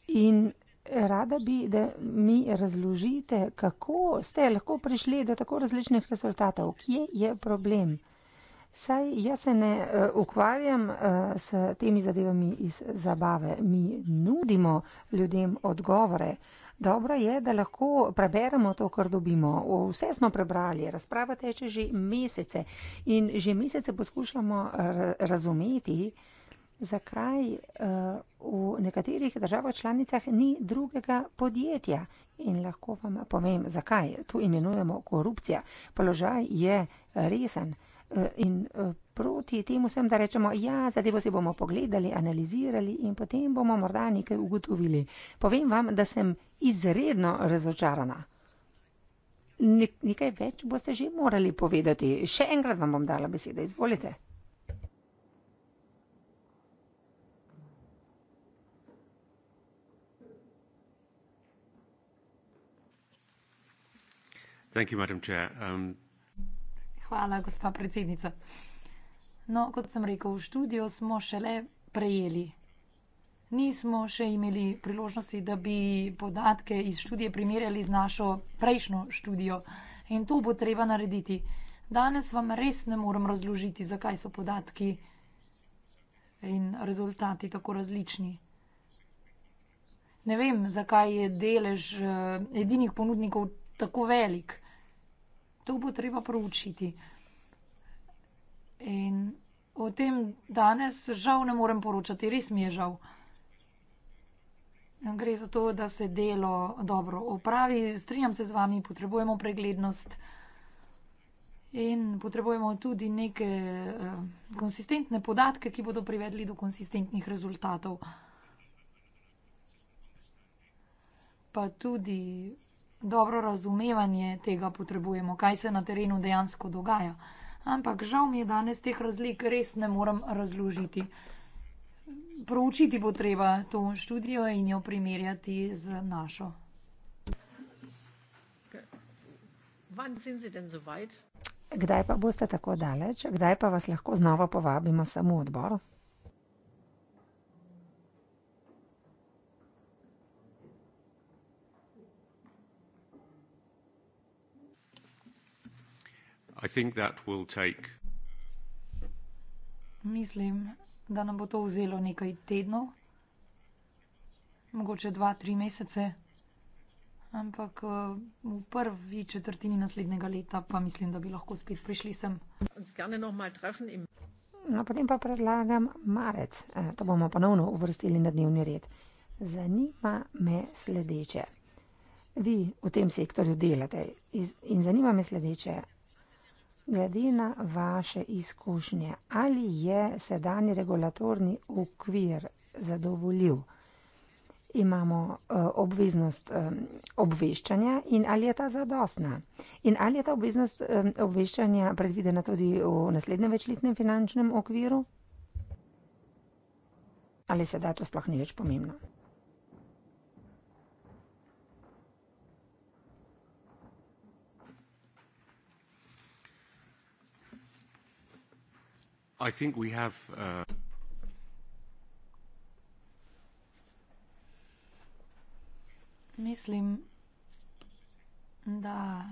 In rada bi, da mi razložite, kako ste lahko prišli do tako različnih rezultatov, kje je problem. Saj jaz se ne uh, ukvarjam uh, s temi zadevami iz zabave. Mi nudimo ljudem odgovore. Dobro je, da lahko preberemo to, kar dobimo. Vse smo prebrali, razprava teče že mesece in že mesece poskušamo eh, razumeti, uh, zakaj eh, v nekaterih državah članicah ni drugega podjetja. In lahko vam povem, zakaj. Tu imenujemo korupcija. Položaj je resen. Eh, in eh, proti temu sem, da rečemo, ja, zadevo si bomo pogledali, analizirali in potem bomo morda nekaj ugotovili. Povem vam, da sem izredno razočarana. Nekaj več boste že morali povedati. Še enkrat vam bom dala besedo. Izvolite. Thank you, Madam Chair. Um... Hvala, gospa predsednica. No, kot sem rekel, v študijo smo šele prejeli. Nismo še imeli priložnosti, da bi podatke iz študije primerjali z našo prejšnjo študijo in to bo treba narediti. Danes vam res ne morem razložiti, zakaj so podatki in rezultati tako različni. Ne vem, zakaj je delež eh, edinih ponudnikov tako velik to bo treba proučiti. In o tem danes žal ne morem poročati, res mi je žal. Gre za to, da se delo dobro opravi, strinjam se z vami, potrebujemo preglednost in potrebujemo tudi neke uh, konsistentne podatke, ki bodo privedli do konsistentnih rezultatov. Pa tudi dobro razumevanje tega potrebujemo, kaj se na terenu dejansko dogaja. Ampak žal mi je danes teh razlik res ne morem razložiti. Proučiti bo treba to študijo in jo primerjati z našo. Kdaj pa boste tako daleč, kdaj pa vas lahko znova povabimo samo v odboru? Mislim, da nam bo to vzelo nekaj tednov, mogoče dva, tri mesece, ampak eh, v prvi četrtini naslednjega leta pa mislim, da bi lahko spet prišli sem. No, potem pa predlagam marec, eh, to bomo ponovno uvrstili na dnevni red. Zanima me sledeče. Vi v tem sektorju delate in zanima me sledeče, glede na vaše izkušnje, ali je sedanji regulatorni ukvir zadovoljiv? Imamo uh, obveznost um, obveščanja in ali je ta zadostna? In ali je ta obveznost um, obveščanja predvidena tudi v naslednjem večletnem finančnem okviru? Ali se da to sploh ni več pomembno? I think we have. Uh, Mislim, da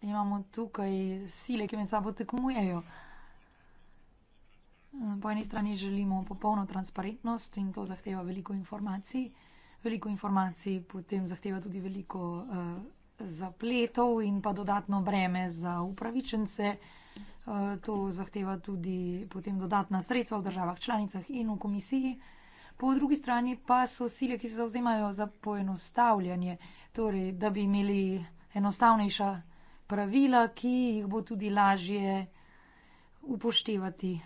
imamo tukaj sile, ki med sabo tekmujejo. Po eni strani želimo popolno transparentnost in to zahteva veliko informacij. Veliko informacij potem zahteva tudi veliko uh, zapletov in pa dodatno breme za upravičence. Uh, To zahteva tudi potem dodatna sredstva v državah članicah in v komisiji. Po drugi strani pa so sile, ki se zauzemajo za poenostavljanje, torej da bi imeli enostavnejša pravila, ki jih bo tudi lažje upoštevati.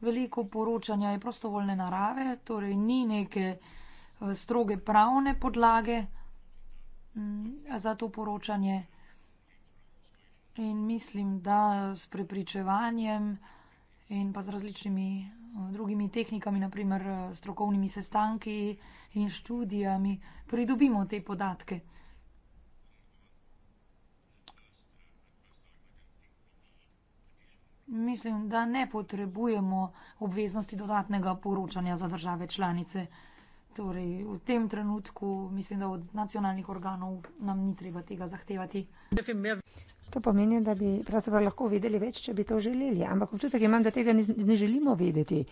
Veliko poročanja je prostovoljne narave, torej ni neke eh, stroge pravne podlage. Mm, za to poročanje. In mislim, da s prepričevanjem in pa z različnimi eh, drugimi tehnikami, naprimer eh, strokovnimi sestanki in študijami, pridobimo te podatke. Mislim, da ne potrebujemo obveznosti dodatnega poročanja za države članice. Torej, v tem trenutku mislim, da od nacionalnih organov nam ni treba tega zahtevati. To pomeni, da bi pravzaprav lahko vedeli več, če bi to želeli, ampak občutek imam, da tega ne želimo vedeti.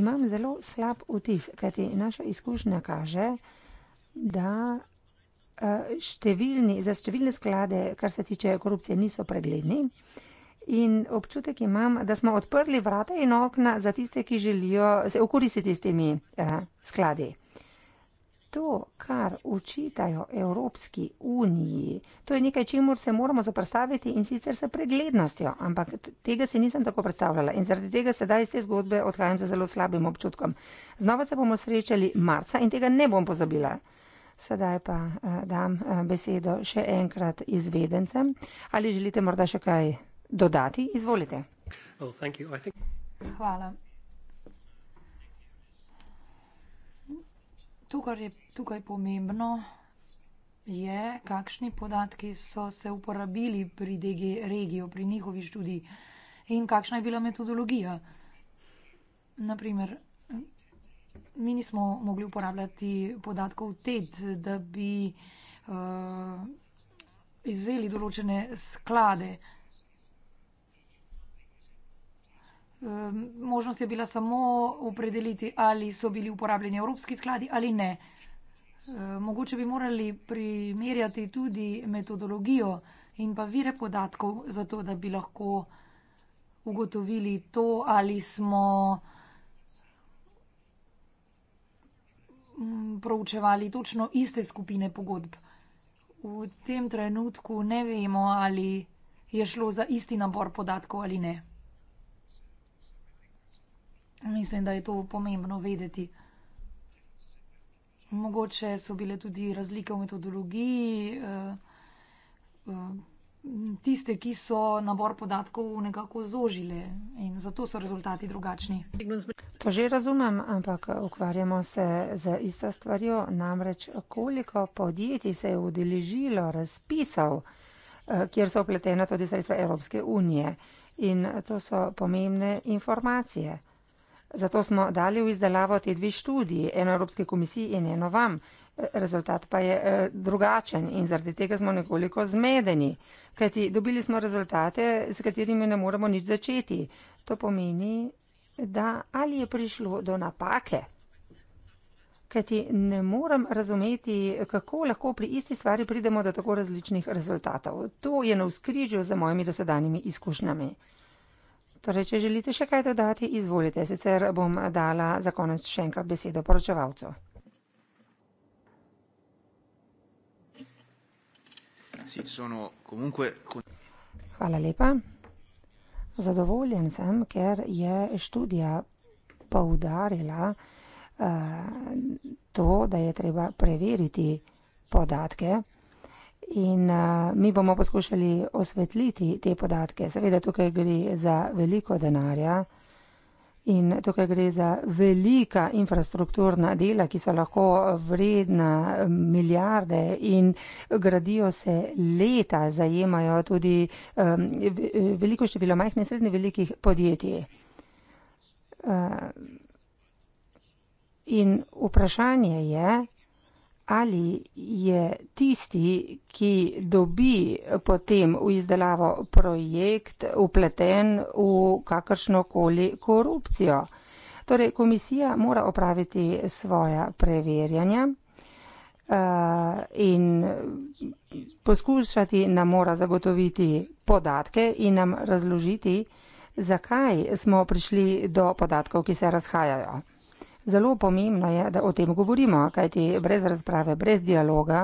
Imam zelo slab vtis, kajti naša izkušnja kaže, da eh, številni, za številne sklade, kar se tiče korupcije, niso pregledni. In občutek imam, da smo odprli vrata in okna za tiste, ki želijo se okoristiti s temi eh, skladi. To, kar učitajo Evropski uniji, to je nekaj, čemur se moramo zaprstaviti in sicer s preglednostjo, ampak tega si nisem tako predstavljala in zaradi tega sedaj iz te zgodbe odhajam za zelo slabim občutkom. Znova se bomo srečali marca in tega ne bom pozabila. Sedaj pa eh, dam eh, besedo še enkrat izvedencem. Ali želite morda še kaj? dodati? Izvolite. Hvala. To, kar je tukaj pomembno, je, kakšni podatki so se uporabili pri DG regijo, pri njihovi študiji in kakšna je bila metodologija. Naprimer, mi nismo mogli uporabljati podatkov TED, da bi uh, eh, izzeli določene sklade. Uh, Ehm, možnost je bila samo opredeliti, ali so bili uporabljeni evropski skladi ali ne. Ehm, mogoče bi morali primerjati tudi metodologijo in pa vire podatkov, zato da bi lahko ugotovili to, ali smo mm, proučevali točno iste skupine pogodb. V tem trenutku ne vemo, ali je šlo za isti nabor podatkov ali ne. Mislim, da je to pomembno vedeti. Mogoče so bile tudi razlike v metodologiji. Eh, eh, tiste, ki so nabor podatkov nekako zožile in zato so rezultati drugačni. To že razumem, ampak ukvarjamo se z isto stvarjo, namreč koliko podjetij se je udeležilo razpisal, eh, kjer so upletena tudi sredstva Evropske unije in to so pomembne informacije. Zato smo dali v izdelavo te dve študiji, eno Evropske komisiji in eno vam. Rezultat pa je eh, drugačen in zaradi tega smo nekoliko zmedeni, kajti dobili smo rezultate, s katerimi ne moremo nič začeti. To pomeni, da ali je prišlo do napake, kajti ne morem razumeti, kako lahko pri isti stvari pridemo do tako različnih rezultatov. To je na vzkrižju za mojimi dosedanjimi izkušnjami. Torej, če želite še kaj dodati, izvolite, sicer bom dala za konec še enkrat besedo poročevalcu. Hvala lepa. Zadovoljen sem, ker je študija poudarila uh, to, da je treba preveriti podatke. In uh, mi bomo poskušali osvetliti te podatke. Seveda tukaj gre za veliko denarja in tukaj gre za velika infrastrukturna dela, ki so lahko vredna eh, milijarde in gradijo se leta, zajemajo tudi um, veliko število majhnih in srednjih velikih podjetij. Uh, in vprašanje je, ali je tisti, ki dobi potem v izdelavo projekt, upleten v kakršnokoli korupcijo. Torej, komisija mora opraviti svoja preverjanja uh, in poskušati nam mora zagotoviti podatke in nam razložiti, zakaj smo prišli do podatkov, ki se razhajajo. Zelo pomembno je, da o tem govorimo, kajti brez razprave, brez dialoga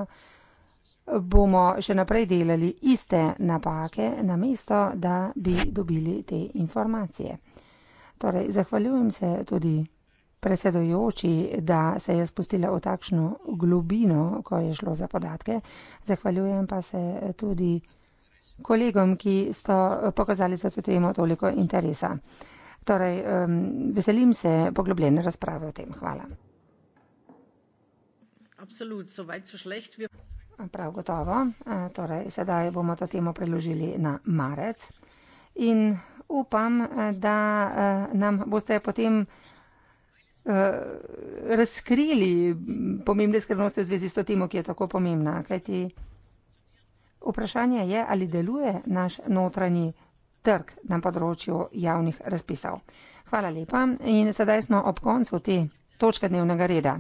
bomo še naprej delali iste napake, namesto da bi dobili te informacije. Torej, zahvaljujem se tudi predsedojoči, da se je spustila v takšno globino, ko je šlo za podatke. Zahvaljujem pa se tudi kolegom, ki so pokazali za to temo toliko interesa. Torej, um, veselim se poglobljene razprave o tem. Hvala. Prav gotovo. E, torej, sedaj bomo to temo preložili na marec in upam, e, da e, nam boste potem razkrili pomembne skrbnosti v zvezi s to temo, ki je tako pomembna. Kajti vprašanje je, ali deluje naš notranji trg na področju javnih razpisov. Hvala lepa in sedaj smo ob koncu te točke dnevnega reda.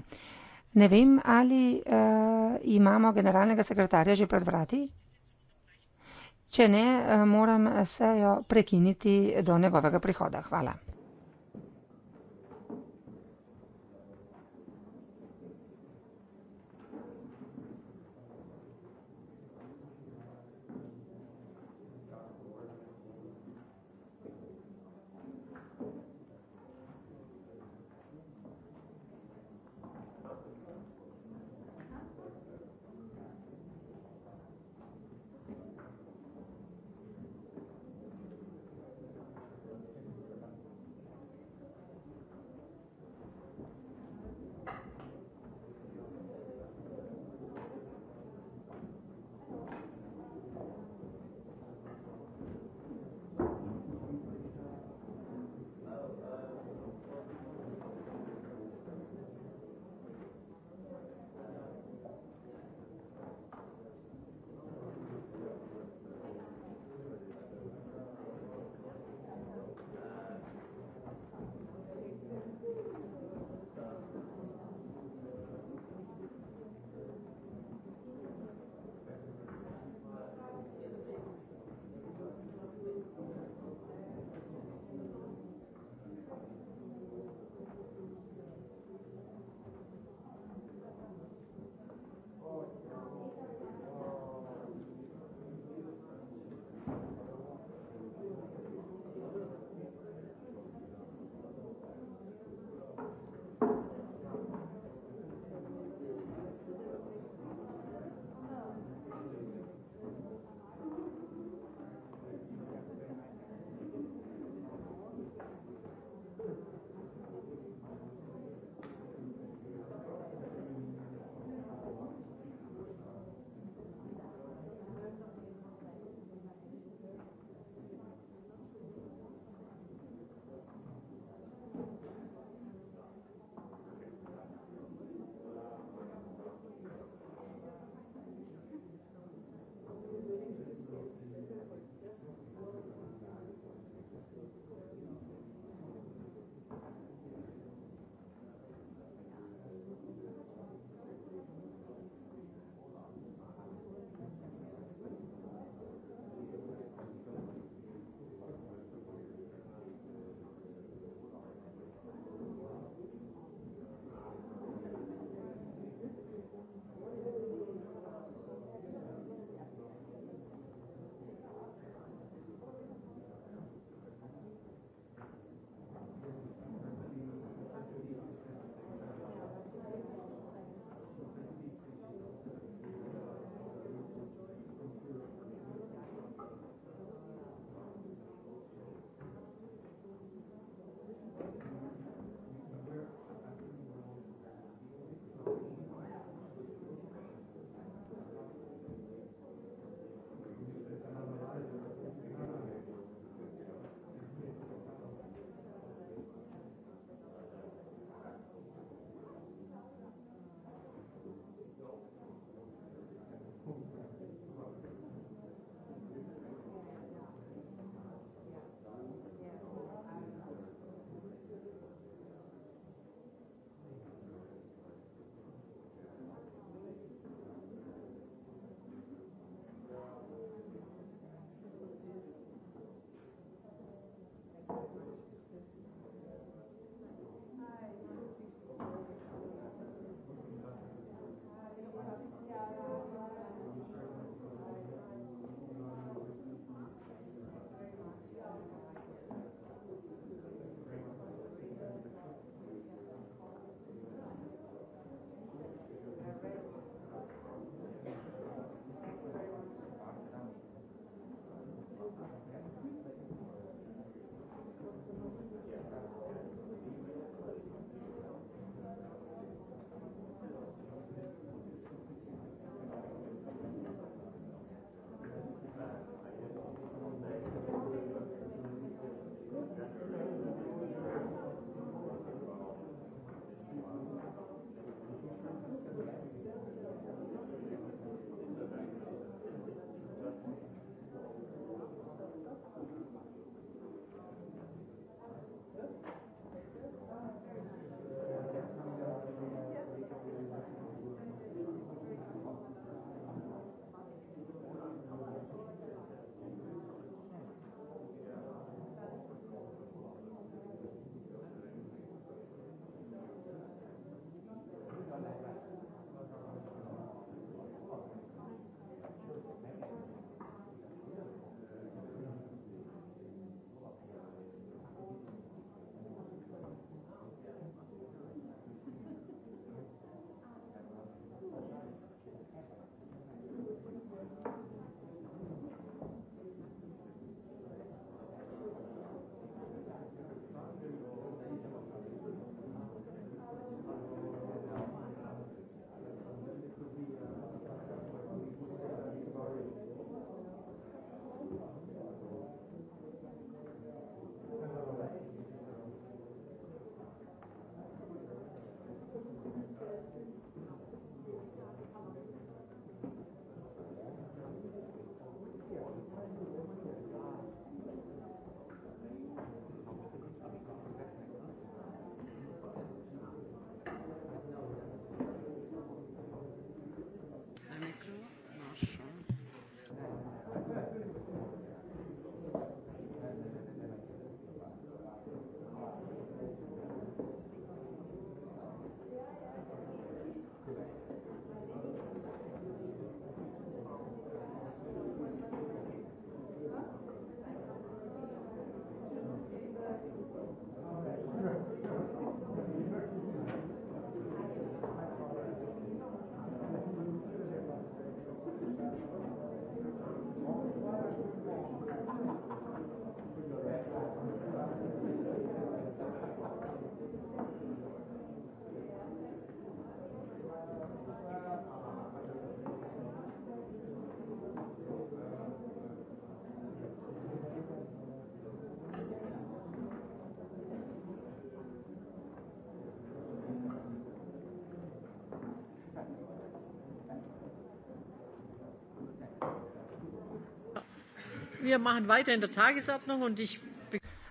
Ne vem, ali uh, imamo generalnega sekretarja že pred vrati. Če ne, eh, moram sejo prekiniti do njegovega prihoda. Hvala.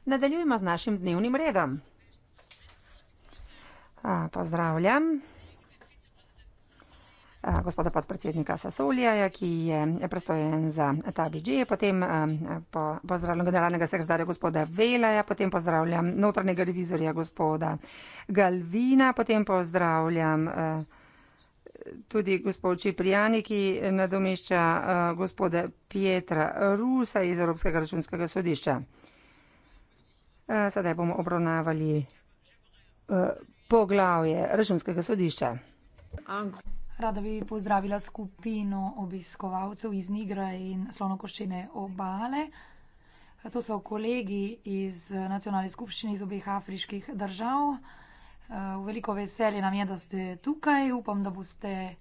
Nadaljujemo z našim dnevnim redom. A, pozdravljam a, gospoda podpredsednika Sasolija, ki je predstojen za TABG, potem a, po, pozdravljam generalnega sekretarja gospoda Velaja, potem pozdravljam notranjega revizorja gospoda Galvina, potem pozdravljam. A, tudi gospod Čiprijani, ki nadomešča eh, gospoda Pietra Rusa iz Evropskega računskega sodišča. Eh, sedaj bomo obravnavali eh, poglavje računskega sodišča. Rada bi pozdravila skupino obiskovalcev iz Nigra in Slonokoščine obale. To so kolegi iz nacionalne skupščine iz obeh afriških držav. Eh, veliko veselje nam je, da ste tukaj. Upam, da boste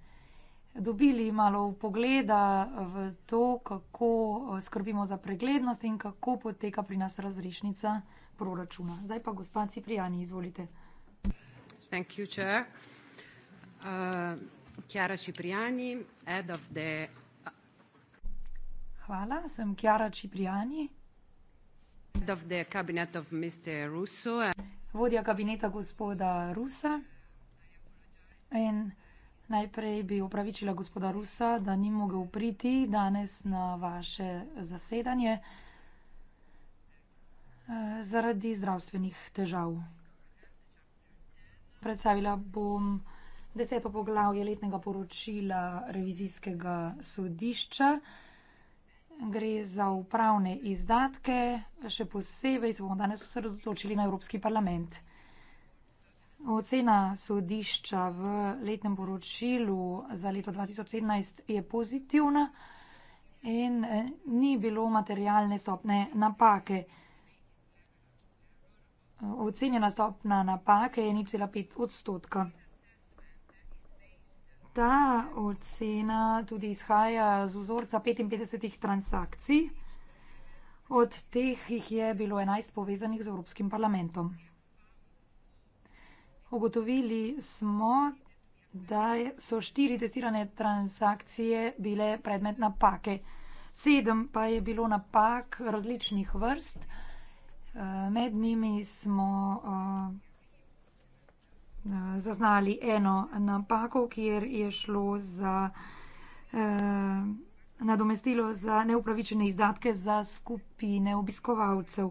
dobili malo pogleda v to, kako eh, skrbimo za preglednost in kako poteka pri nas razrešnica proračuna. Zdaj pa gospod Ciprijani, izvolite. Thank you, Chair. Kjara eh, Ciprijani, head of the... Uh, Hvala, sem Kjara Ciprijani. Head of the cabinet of Mr. Russo vodja kabineta gospoda Rusa. In najprej bi upravičila gospoda Rusa, da ni mogel priti danes na vaše zasedanje eh, zaradi zdravstvenih težav. Predstavila bom deseto poglavje letnega poročila revizijskega sodišča gre za upravne izdatke, še posebej se bomo danes osredotočili na Evropski parlament. Ocena sodišča v letnem poročilu za leto 2017 je pozitivna in eh, ni bilo materialne stopne napake. Ocenjena stopna napake je 0,5 odstotka ta ocena tudi izhaja z vzorca 55 transakcij, od teh jih je bilo 11 povezanih z Evropskim parlamentom. Ugotovili smo, da so štiri testirane transakcije bile predmet napake, sedem pa je bilo napak različnih vrst, eh, med njimi smo. Uh, Eh, zaznali eno napako, kjer je šlo za eh, nadomestilo za neupravičene izdatke za skupine obiskovalcev.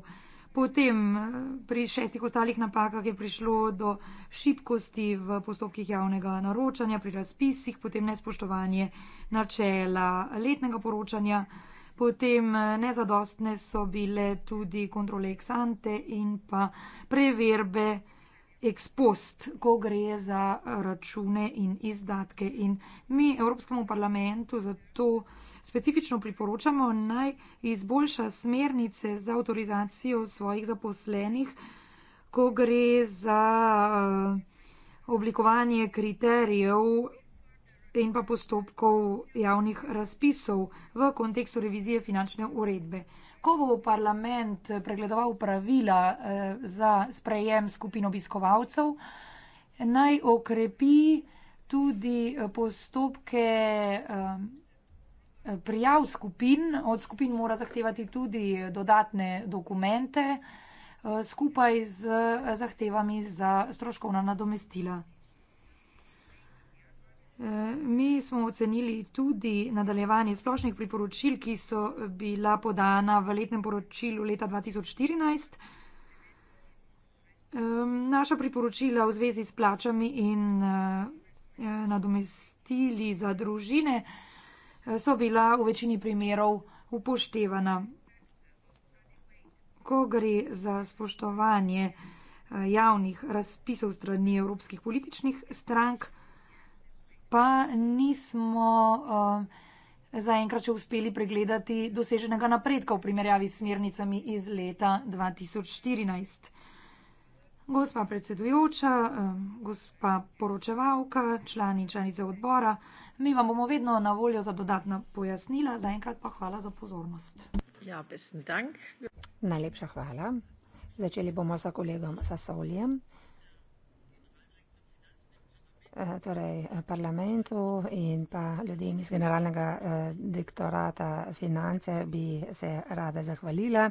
Potem eh, pri šestih ostalih napakah je prišlo do šibkosti v postopkih javnega naročanja, pri razpisih, potem nespoštovanje načela letnega poročanja, potem nezadostne so bile tudi kontrole eksante in pa preverbe ex post, ko gre za račune in izdatke. In mi Evropskemu parlamentu zato specifično priporočamo naj izboljša smernice za avtorizacijo svojih zaposlenih, ko gre za eh, oblikovanje kriterijev in pa postopkov javnih razpisov v kontekstu revizije finančne uredbe ko bo parlament eh, pregledoval pravila eh, za sprejem skupin obiskovalcev, naj okrepi tudi eh, postopke ehm, prijav skupin. Od skupin mora zahtevati tudi dodatne dokumente skupaj z zahtevami za stroškovna nadomestila. Mi smo ocenili tudi nadaljevanje splošnih priporočil, ki so bila podana v letnem poročilu leta 2014. Ehm, naša priporočila v zvezi s plačami in eh, nadomestili za družine eh, so bila v večini primerov upoštevana. Ko gre za spoštovanje eh, javnih razpisov strani evropskih političnih strank, pa nismo um, zaenkrat še uspeli pregledati doseženega napredka v primerjavi s smernicami iz leta 2014. Gospa predsedujoča, um, gospa poročevalka, člani in članice odbora, mi vam bomo vedno na voljo za dodatna pojasnila, zaenkrat pa hvala za pozornost. Ja, besen dank. Najlepša hvala. Začeli bomo sa kolegom Sasoljem. Eh, torej eh, parlamentu in pa ljudem iz generalnega eh, direktorata finance bi se rada zahvalila.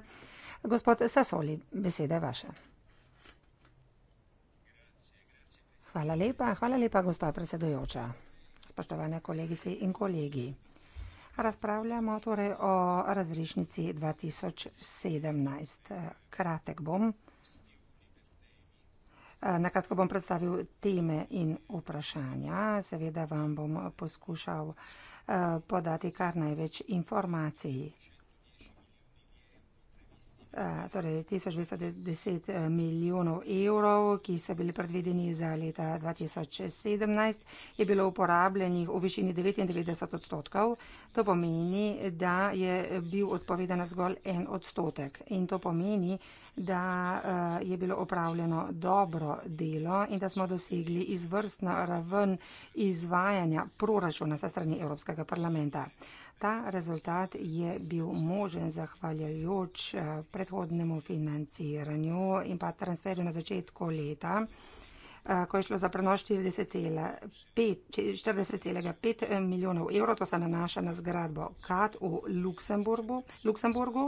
Gospod Sasoli, beseda je vaša. Hvala lepa, hvala lepa, gospa predsedujoča. Spoštovane kolegice in kolegi. Razpravljamo torej o razrešnici 2017. Kratek bom. Eh, na kratko bom predstavil teme in vprašanja. Seveda vam bom poskušal eh, podati kar največ informacij. Eh, torej 1210 eh, milijonov evrov, ki so bili predvedeni za leta 2017, je bilo uporabljenih v višini 99 odstotkov. To pomeni, da je bil odpovedan zgolj en odstotek in to pomeni, da eh, je bilo opravljeno dobro delo in da smo dosegli izvrstno raven izvajanja proračuna sa strani Evropskega parlamenta. Ta rezultat je bil možen zahvaljujoč eh, predhodnemu financiranju in pa transferju na začetku leta, eh, ko je šlo za prenos 40,5 eh, milijonov evrov. To se nanaša na zgradbo KAT v Luksemburgu, Luksemburgu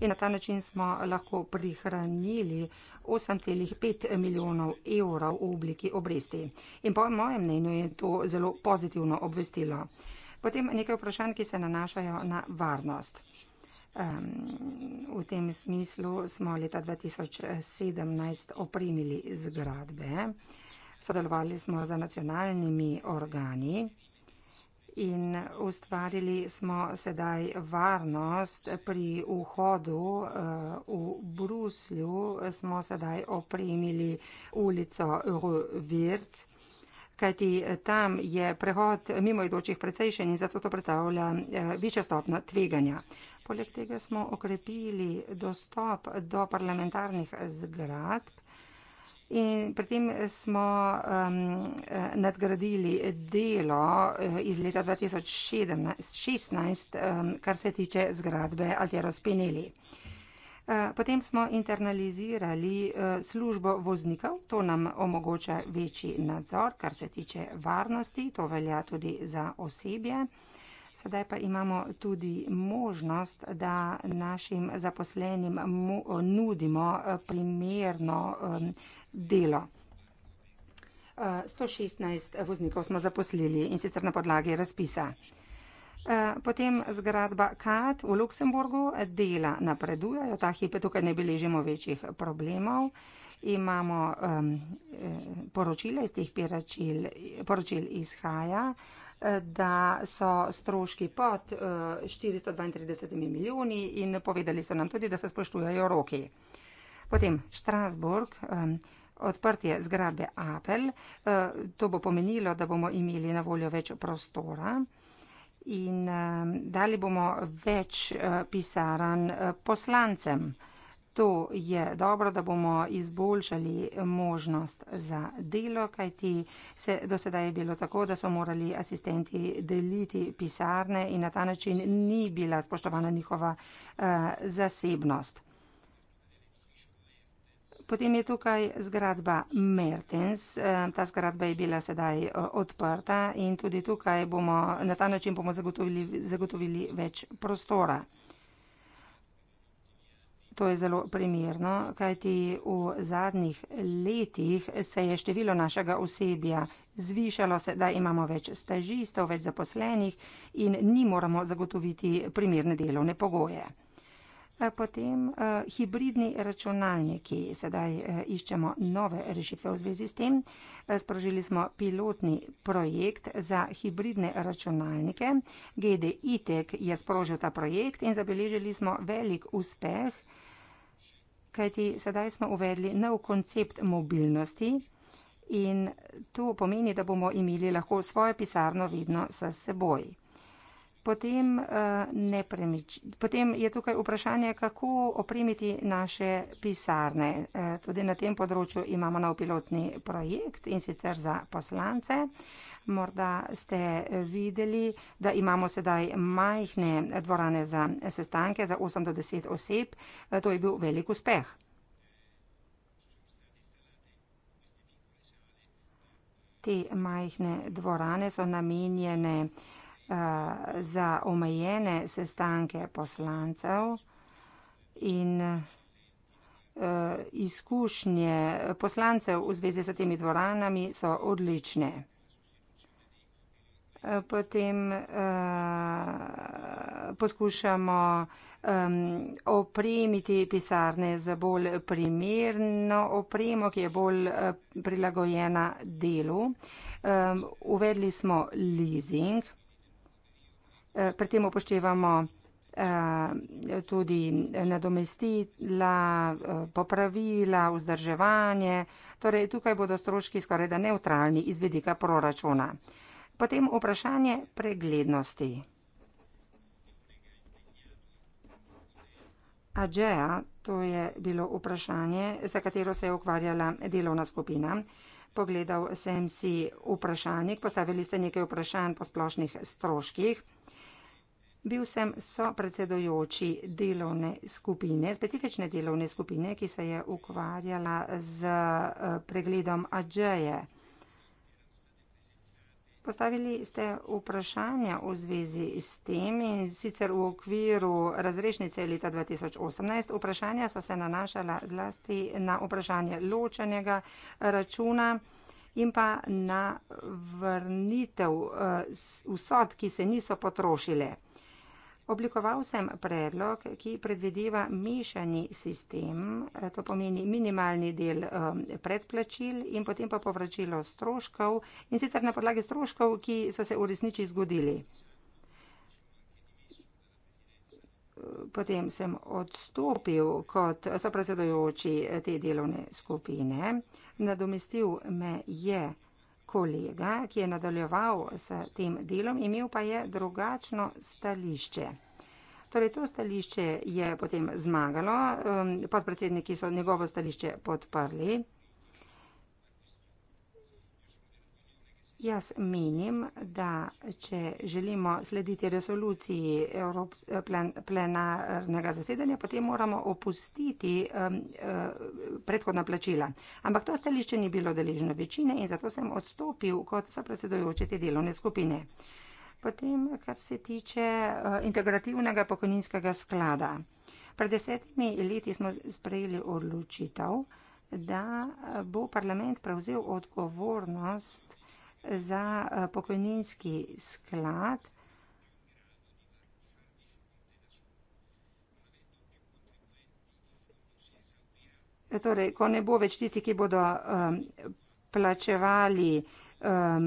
in na ta način smo lahko prihranili 8,5 milijonov evrov v obliki obresti. In po mojem mnenju je to zelo pozitivno obvestilo. Potem nekaj vprašanj, ki se nanašajo na varnost. Um, v tem smislu smo leta 2017 opremili zgradbe, sodelovali smo z nacionalnimi organi in ustvarili smo sedaj varnost pri vhodu uh, v Bruslju, smo sedaj opremili ulico Rue Virc kajti eh, tam je prehod mimojdočih precejšen in zato to predstavlja eh, više stopno tveganja. Poleg tega smo okrepili dostop do parlamentarnih zgradb in pri tem smo um, nadgradili delo iz leta 2016, um, kar se tiče zgradbe Altero Spinelli. Eh, potem smo internalizirali eh, službo voznikov, to nam omogoča večji nadzor, kar se tiče varnosti, to velja tudi za osebje. Sedaj pa imamo tudi možnost, da našim zaposlenim nudimo eh, primerno delo. 116 voznikov smo zaposlili in sicer na podlagi razpisa. Eh, potem zgradba KAT v Luksemburgu, dela napredujejo, ta hip tukaj ne beležimo večjih problemov. Imamo um, poročila iz teh piračil, poročil izhaja, eh, da so stroški pod uh, 432 milijoni in povedali so nam tudi, da se spoštujajo roki. Potem Štrasburg. Um, Odprtje zgrabe Apple, to bo pomenilo, da bomo imeli na voljo več prostora in uh, dali bomo več uh, pisaran eh, poslancem. To je dobro, da bomo izboljšali možnost za delo, kajti se, do sedaj je bilo tako, da so morali asistenti deliti pisarne in na ta način ni bila spoštovana njihova uh, zasebnost. Potem je tukaj zgradba Mertens, eh, ta zgradba je bila sedaj eh, odprta in tudi tukaj bomo, na ta način bomo zagotovili, zagotovili več prostora. To je zelo primerno, kajti v zadnjih letih se je število našega osebja zvišalo, sedaj imamo več stažistov, več zaposlenih in ni moramo zagotoviti primerne delovne pogoje. Eh, potem uh, hibridni računalniki. Sedaj uh, iščemo nove rešitve v zvezi s tem. Uh, sprožili smo pilotni projekt za hibridne računalnike. GD ITEK je sprožil ta projekt in zabeležili smo velik uspeh, kajti sedaj smo uvedli nov koncept mobilnosti in to pomeni, da bomo imeli lahko svojo pisarno vedno s seboj. Potem, eh, nepremič, potem je tukaj vprašanje, kako opremiti naše pisarne. Eh, tudi na tem področju imamo nov pilotni projekt in sicer za poslance. Morda ste videli, da imamo sedaj majhne dvorane za sestanke za 8 do 10 oseb. Eh, to je bil velik uspeh. Te majhne dvorane so namenjene za omejene sestanke poslancev in izkušnje poslancev v zvezi s temi dvoranami so odlične. Potem poskušamo opremiti pisarne za bolj primerno opremo, ki je bolj prilagojena delu. Uvedli smo leasing. Eh, pri tem upoštevamo eh, tudi nadomestila, eh, popravila, vzdrževanje. Torej, tukaj bodo stroški skoraj da neutralni iz vidika proračuna. Potem vprašanje preglednosti. Ađeja, to je bilo vprašanje, za katero se je ukvarjala delovna skupina. Pogledal sem si vprašanjik, postavili ste nekaj vprašanj po splošnih stroških. Bil sem so predsedojoči delovne skupine, specifične delovne skupine, ki se je ukvarjala z eh, pregledom Adžeje. Postavili ste vprašanja v zvezi s tem in sicer v okviru razrešnice leta 2018. Vprašanja so se nanašala zlasti na vprašanje ločenega eh, računa in pa na vrnitev vsot, eh, ki se niso potrošile. Oblikoval sem predlog, ki predvideva mešani sistem, eh, to pomeni minimalni del eh, predplačil in potem pa povračilo stroškov in sicer na podlagi stroškov, ki so se v resnici zgodili. Potem sem odstopil kot sopredsedujoči eh, te delovne skupine. Nadomestil me je kolega, ki je nadaljeval s tem delom, imel pa je drugačno stališče. Torej, to stališče je potem zmagalo, ehm, podpredsedniki so njegovo stališče podprli. Jaz menim, da če želimo slediti resoluciji Evrops plen plenarnega zasedanja, potem moramo opustiti um, uh, predhodna plačila. Ampak to stališče ni bilo deležno večine in zato sem odstopil kot sopredsedujoče te delovne skupine. Potem, kar se tiče uh, integrativnega pokojninskega sklada. Pred desetimi leti smo sprejeli odločitev, da bo parlament prevzel odgovornost za eh, pokojninski sklad. Torej, ko ne bo več tistih, ki bodo um, plačevali um,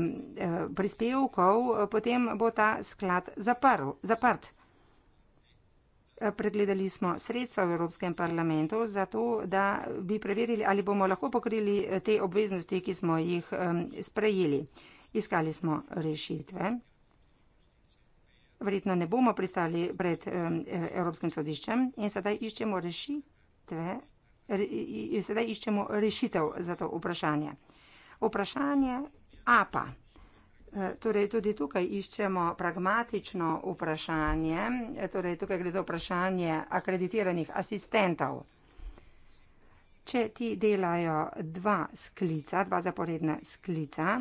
prispevkov, potem bo ta sklad zaprl, zaprt pregledali smo sredstva v Evropskem parlamentu za to, da bi preverili, ali bomo lahko pokrili eh, te obveznosti, ki smo jih sprejeli. Iskali smo rešitve. Verjetno ne bomo pristali pred eh, Evropskim sodiščem in sedaj iščemo rešitve. Sedaj iščemo rešitev za to vprašanje. Vprašanje APA. Eh, torej, tudi tukaj iščemo pragmatično vprašanje, eh, torej tukaj gre za vprašanje akreditiranih asistentov. Če ti delajo dva sklica, dva zaporedna sklica,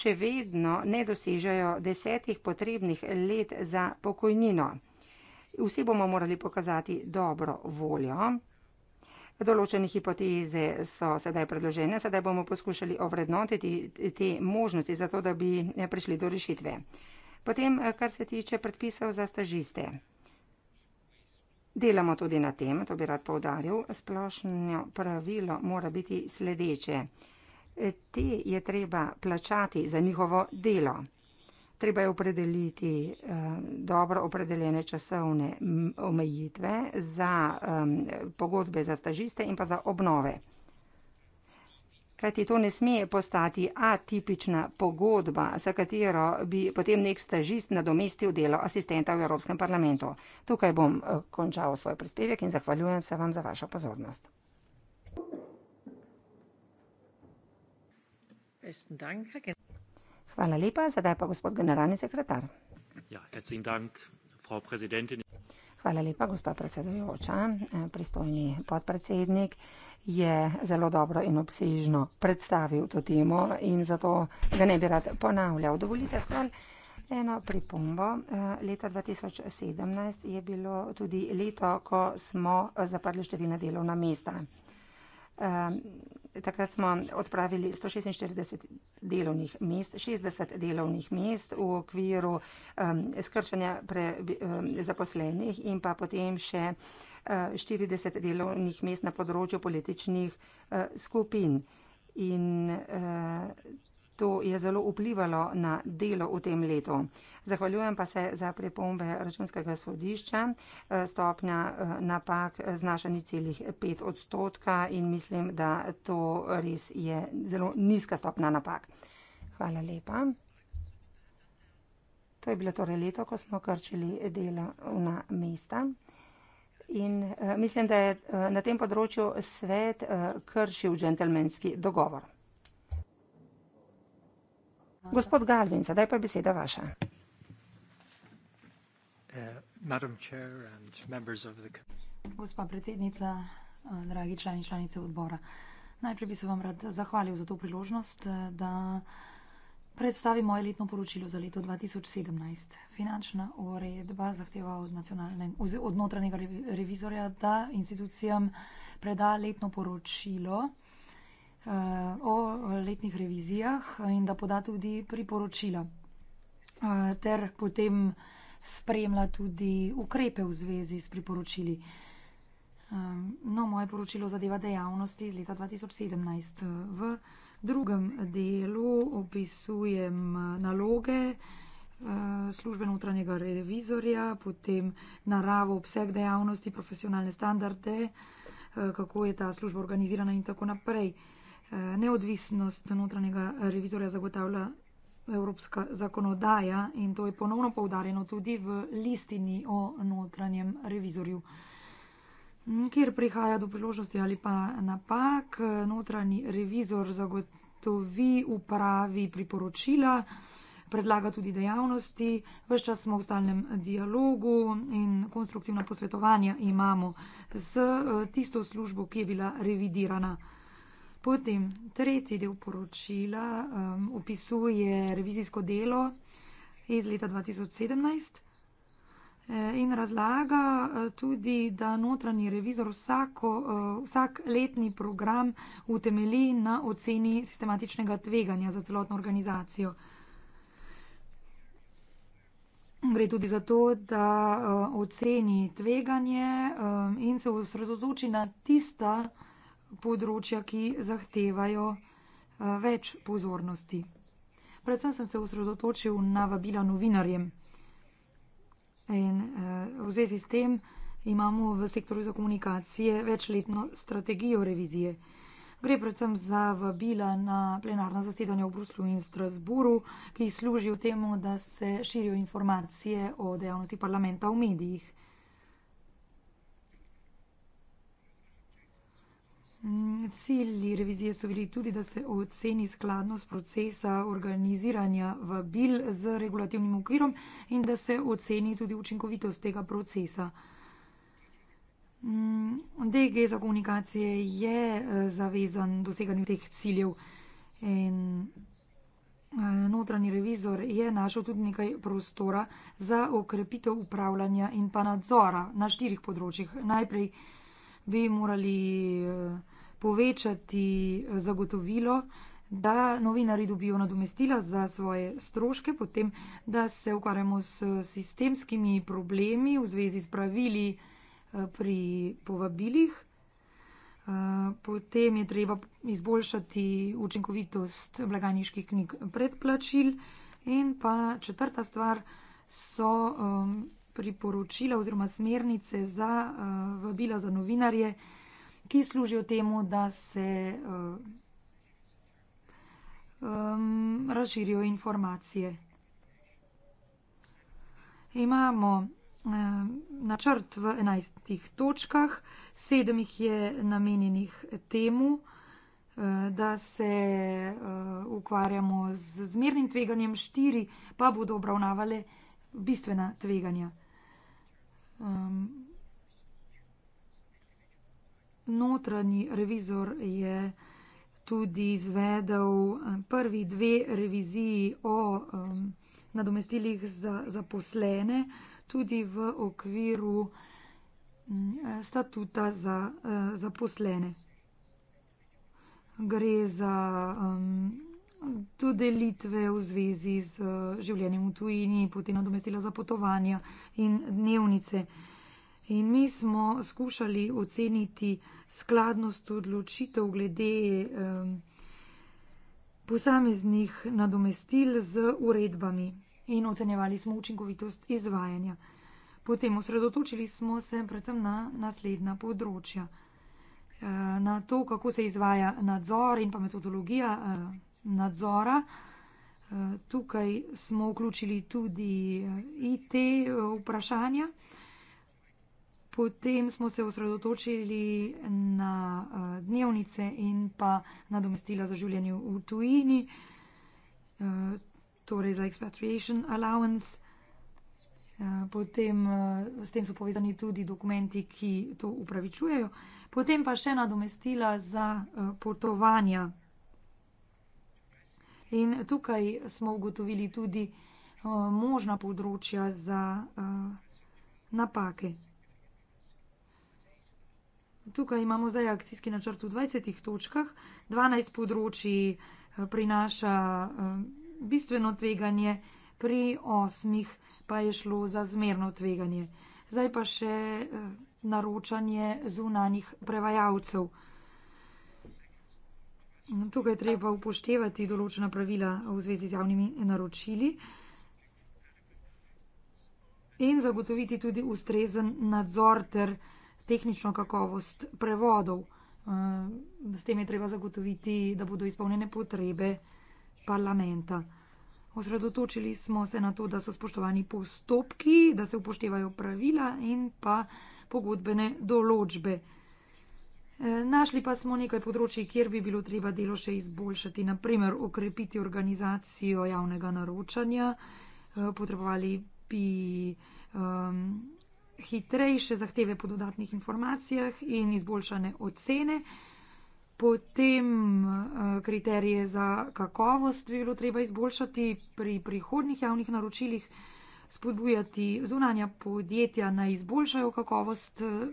še vedno ne dosežejo desetih potrebnih let za pokojnino. Vsi bomo morali pokazati dobro voljo, Določene hipoteze so sedaj predložene, sedaj bomo poskušali ovrednotiti te možnosti, zato da bi eh, prišli do rešitve. Potem, eh, kar se tiče predpisov za stažiste. Delamo tudi na tem, to bi rad povdaril, splošno pravilo mora biti sledeče. Eh, te je treba plačati za njihovo delo. Treba je opredeliti eh, dobro opredeljene časovne omejitve za pogodbe za stažiste in pa za obnove. Kajti to ne sme postati atipična pogodba, za katero bi potem nek stažist nadomestil delo asistenta v Evropskem parlamentu. Tukaj bom eh, končal svoj prispevek in zahvaljujem se vam za vašo pozornost. Besten dank, Herr Hvala lepa, zdaj pa gospod generalni sekretar. Ja, dank, Hvala lepa, gospa predsedujoča, eh, pristojni podpredsednik je zelo dobro in obsežno predstavil to temo in zato ga ne bi rad ponavljal. Dovolite zgolj eno pripombo. Eh, leta 2017 je bilo tudi leto, ko smo zaprli številna delovna mesta takrat smo odpravili 146 delovnih mest, 60 delovnih mest v okviru um, skrčanja pre, um, zaposlenih in pa potem še uh, e, 40 delovnih mest na področju političnih uh, skupin. In, uh, To je zelo vplivalo na delo v tem letu. Zahvaljujem pa se za pripombe računskega sodišča. Eh, stopnja eh, napak eh, znaša ni celih 5 odstotka in mislim, da to res je zelo nizka stopnja napak. Hvala lepa. To je bilo torej leto, ko smo krčili delovna mesta. In mislim, da je na tem področju svet kršil džentelmenski dogovor. Gospod Galvin, sedaj pa beseda vaša. Eh, Gospa predsednica, eh, dragi člani in članice odbora. Najprej bi se vam rad zahvalil za to priložnost, eh, da predstavim moje letno poročilo za leto 2017. Finančna uredba zahteva od, od notranjega revizorja, da institucijam preda letno poročilo Eh, o letnih revizijah in da poda tudi priporočila. Eh, ter potem spremlja tudi ukrepe v zvezi s priporočili. Eh, no, moje poročilo zadeva dejavnosti iz leta 2017. V drugem delu opisujem naloge službe notranjega revizorja, potem naravo, obseg dejavnosti, profesionalne standarde, kako je ta služba organizirana in tako naprej. Eh, neodvisnost notranjega revizorja zagotavlja evropska zakonodaja in to je ponovno povdarjeno tudi v listini o notranjem revizorju, hm, kjer prihaja do priložnosti ali pa napak. Notranji revizor zagotovi upravi priporočila, predlaga tudi dejavnosti, vse čas smo v stalnem dialogu in konstruktivna posvetovanja imamo z eh, tisto službo, ki je bila revidirana. Potem tretji del poročila um, opisuje revizijsko delo iz leta 2017 eh, in razlaga eh, tudi, da notranji revizor vsako, eh, vsak letni program utemeli na oceni sistematičnega tveganja za celotno organizacijo. Gre tudi za to, da oceni tveganje in se osredotoči na tista, področja, ki zahtevajo eh, več pozornosti. Predvsem sem se osredotočil na vabila novinarjem. In eh, v zvezi s tem imamo v sektorju za komunikacije večletno strategijo revizije. Gre predvsem za vabila na plenarno zasedanje v Bruslu in Strasburu, ki služijo temu, da se širijo informacije o dejavnosti parlamenta v medijih. Cilji revizije so bili tudi, da se oceni skladnost procesa organiziranja v bil z regulativnim okvirom in da se oceni tudi učinkovitost tega procesa. Mm, DG za komunikacije je eh, zavezan doseganju teh ciljev in eh, notranji revizor je našel tudi nekaj prostora za okrepitev upravljanja in pa nadzora na štirih področjih. Najprej bi morali eh, povečati eh, zagotovilo, da novinari dobijo nadomestila za svoje stroške, potem da se ukvarjamo s eh, sistemskimi problemi v zvezi s pravili eh, pri povabilih. Potem je treba izboljšati učinkovitost blaganiških knjig predplačil. In pa četrta stvar so priporočila oziroma smernice za vabila za novinarje ki služijo temu, da se um, razširijo informacije. Imamo um, načrt v enajstih točkah, sedem jih je namenjenih temu, eh, da se uh, ukvarjamo z zmernim tveganjem, štiri pa bodo obravnavale bistvena tveganja. Um, notranji revizor je tudi izvedel eh, prvi dve reviziji o um, nadomestilih za zaposlene, tudi v okviru um, statuta za uh, zaposlene. Gre za um, dodelitve v zvezi z uh, življenjem v tujini, potem nadomestila za potovanja in dnevnice. Uh, In mi smo skušali oceniti skladnost odločitev glede posameznih nadomestil z uredbami in ocenjevali smo učinkovitost izvajanja. Potem osredotočili smo se predvsem na naslednja področja. E, na to, kako se izvaja nadzor in pa metodologija e, nadzora. E, tukaj smo vključili tudi IT vprašanja. Potem smo se osredotočili na eh, dnevnice in pa nadomestila za življenje v tujini, eh, torej za expatriation allowance. Eh, potem s tem so povezani tudi dokumenti, ki to upravičujejo. Potem pa še nadomestila za potovanja. In tukaj smo ugotovili tudi možna področja za napake. Tukaj imamo zdaj akcijski načrt v 20 točkah. 12 področji eh, prinaša eh, bistveno tveganje, pri osmih pa je šlo za zmerno tveganje. Zdaj pa še eh, naročanje zunanih prevajalcev. Tukaj je treba upoštevati določena pravila v zvezi z javnimi naročili in zagotoviti tudi ustrezen nadzor ter nadzor tehnično kakovost prevodov. Eh, s tem je treba zagotoviti, da bodo izpolnjene potrebe parlamenta. Osredotočili smo se na to, da so spoštovani postopki, da se upoštevajo pravila in pa pogodbene določbe. Eh, našli pa smo nekaj področji, kjer bi bilo treba delo še izboljšati, naprimer okrepiti organizacijo javnega naročanja, eh, potrebovali bi um, hitrejše zahteve po dodatnih informacijah in izboljšane ocene. Potem eh, kriterije za kakovost bi bilo treba izboljšati pri prihodnih javnih naročilih, spodbujati zunanja podjetja na izboljšajo kakovost eh,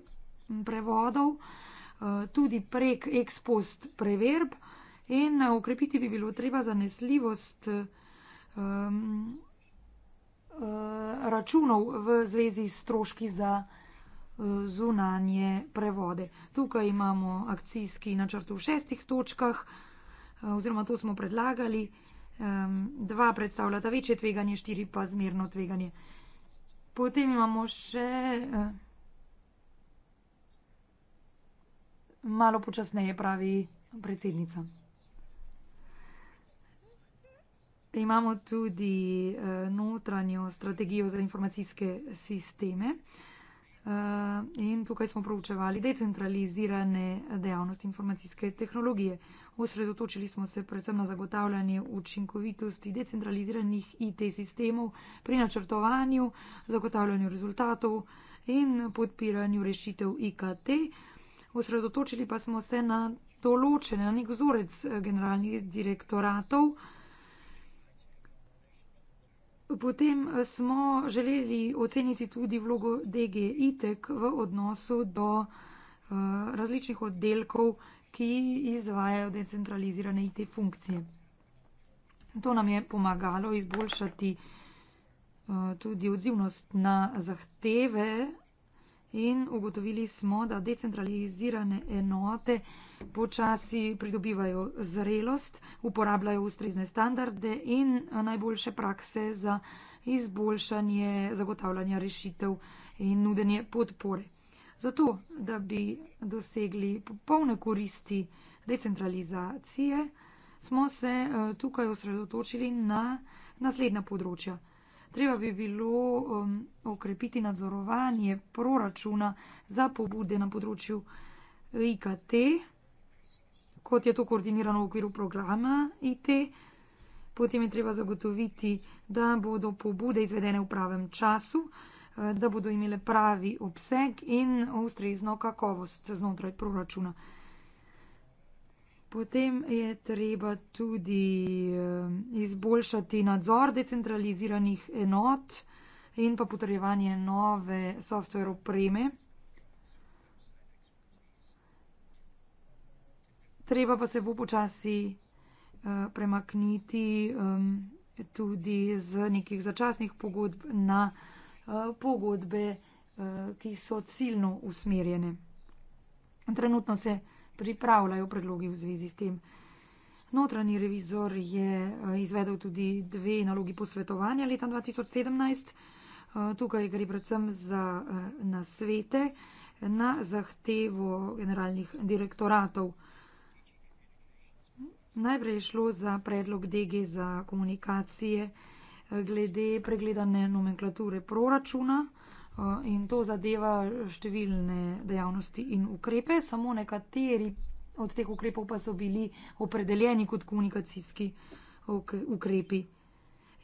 prevodov, eh, tudi prek ekspost preverb in ukrepiti bi bilo treba zanesljivost. Eh, računov v zvezi s stroški za eh, zunanje prevode. Tukaj imamo akcijski načrt v šestih točkah, eh, oziroma to smo predlagali. Dva predstavljata večje tveganje, štiri pa zmerno tveganje. Potem imamo še malo počasneje, pravi predsednica. Imamo tudi eh, notranjo strategijo za informacijske sisteme. Eh, in tukaj smo proučevali decentralizirane dejavnosti informacijske tehnologije. Osredotočili smo se predvsem na zagotavljanje učinkovitosti decentraliziranih IT sistemov pri načrtovanju, zagotavljanju rezultatov in podpiranju rešitev IKT. Osredotočili pa smo se na določene, na nek vzorec eh, generalnih direktoratov, Potem eh, smo želeli oceniti tudi vlogo DG ITEK v odnosu do uh, različnih oddelkov, ki izvajajo decentralizirane IT funkcije. To nam je pomagalo izboljšati uh, tudi odzivnost na zahteve In ugotovili smo, da decentralizirane enote počasi pridobivajo zrelost, uporabljajo ustrezne standarde in najboljše prakse za izboljšanje zagotavljanja rešitev in nudenje podpore. Zato, da bi dosegli popolne koristi decentralizacije, smo se eh, tukaj osredotočili na naslednja področja. Treba bi bilo um, okrepiti nadzorovanje proračuna za pobude na področju IKT, kot je to koordinirano v okviru programa IT. Potem je treba zagotoviti, da bodo pobude izvedene v pravem času, eh, da bodo imele pravi obseg in ustrezno kakovost znotraj proračuna. Potem je treba tudi eh, izboljšati nadzor decentraliziranih enot in pa potrjevanje nove softver opreme. Treba pa se bo počasi eh, premakniti tudi z nekih začasnih pogodb na eh, pogodbe, ki so ciljno usmerjene. Trenutno se pripravljajo predlogi v zvezi s tem. Notranji revizor je eh, izvedel tudi dve nalogi posvetovanja leta 2017. Eh, tukaj gre predvsem za eh, nasvete na zahtevo generalnih direktoratov. Najprej je šlo za predlog DG za komunikacije glede pregledane nomenklature proračuna. In to zadeva številne dejavnosti in ukrepe, samo nekateri od teh ukrepov pa so bili opredeljeni kot komunikacijski ukrepi.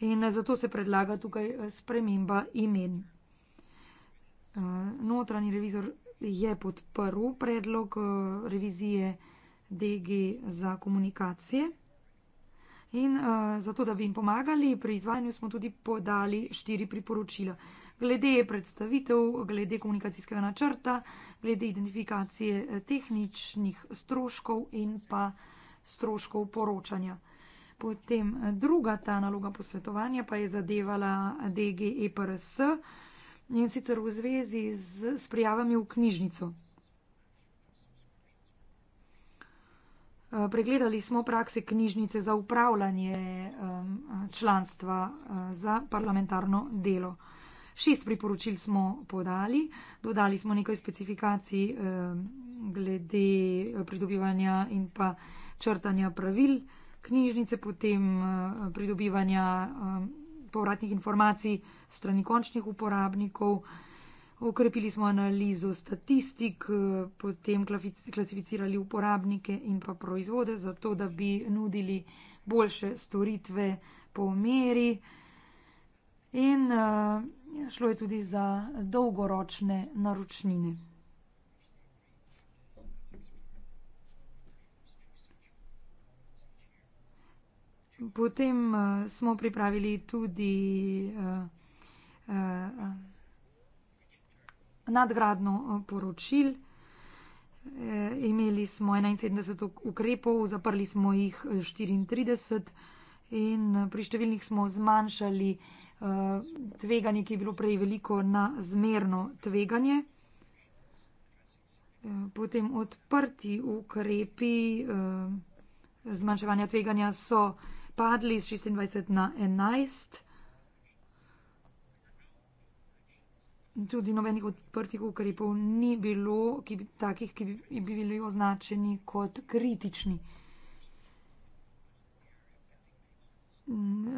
In zato se predlaga tukaj eh, sprememba imen. Eh, notranji revizor je podprl predlog eh, revizije DG za komunikacije. In zato, da bi jim pomagali pri izvajanju, smo tudi podali štiri priporočila glede predstavitev, glede komunikacijskega načrta, glede identifikacije eh, tehničnih stroškov in pa stroškov poročanja. Potem eh, druga ta naloga posvetovanja pa je zadevala eh, DGEPRS in sicer v zvezi z, s prijavami v knjižnico. Pregledali smo prakse knjižnice za upravljanje članstva za parlamentarno delo. Šest priporočil smo podali, dodali smo nekaj specifikacij eh, glede eh, pridobivanja in pa črtanja pravil knjižnice, potem eh, pridobivanja povratnih informacij strani končnih uporabnikov. Okrepili smo analizo statistik, potem klasificirali uporabnike in pa proizvode, zato da bi nudili boljše storitve po meri. In uh, Ja, šlo je tudi za dolgoročne naročnine. Potem uh, smo pripravili tudi uh, uh, nadgradno poročil. Uh, imeli smo 71 ukrepov, zaprli smo jih 34 in pri številnih smo zmanjšali uh, Eh, tveganje, ki je bilo prej veliko, na zmerno tveganje. Eh, potem odprti ukrepi eh, zmanjševanja tveganja so padli z 26 na 11. Tudi nobenih odprtih ukrepov ni bilo, ki bi, takih, ki bi, bi bili označeni kot kritični. Uh,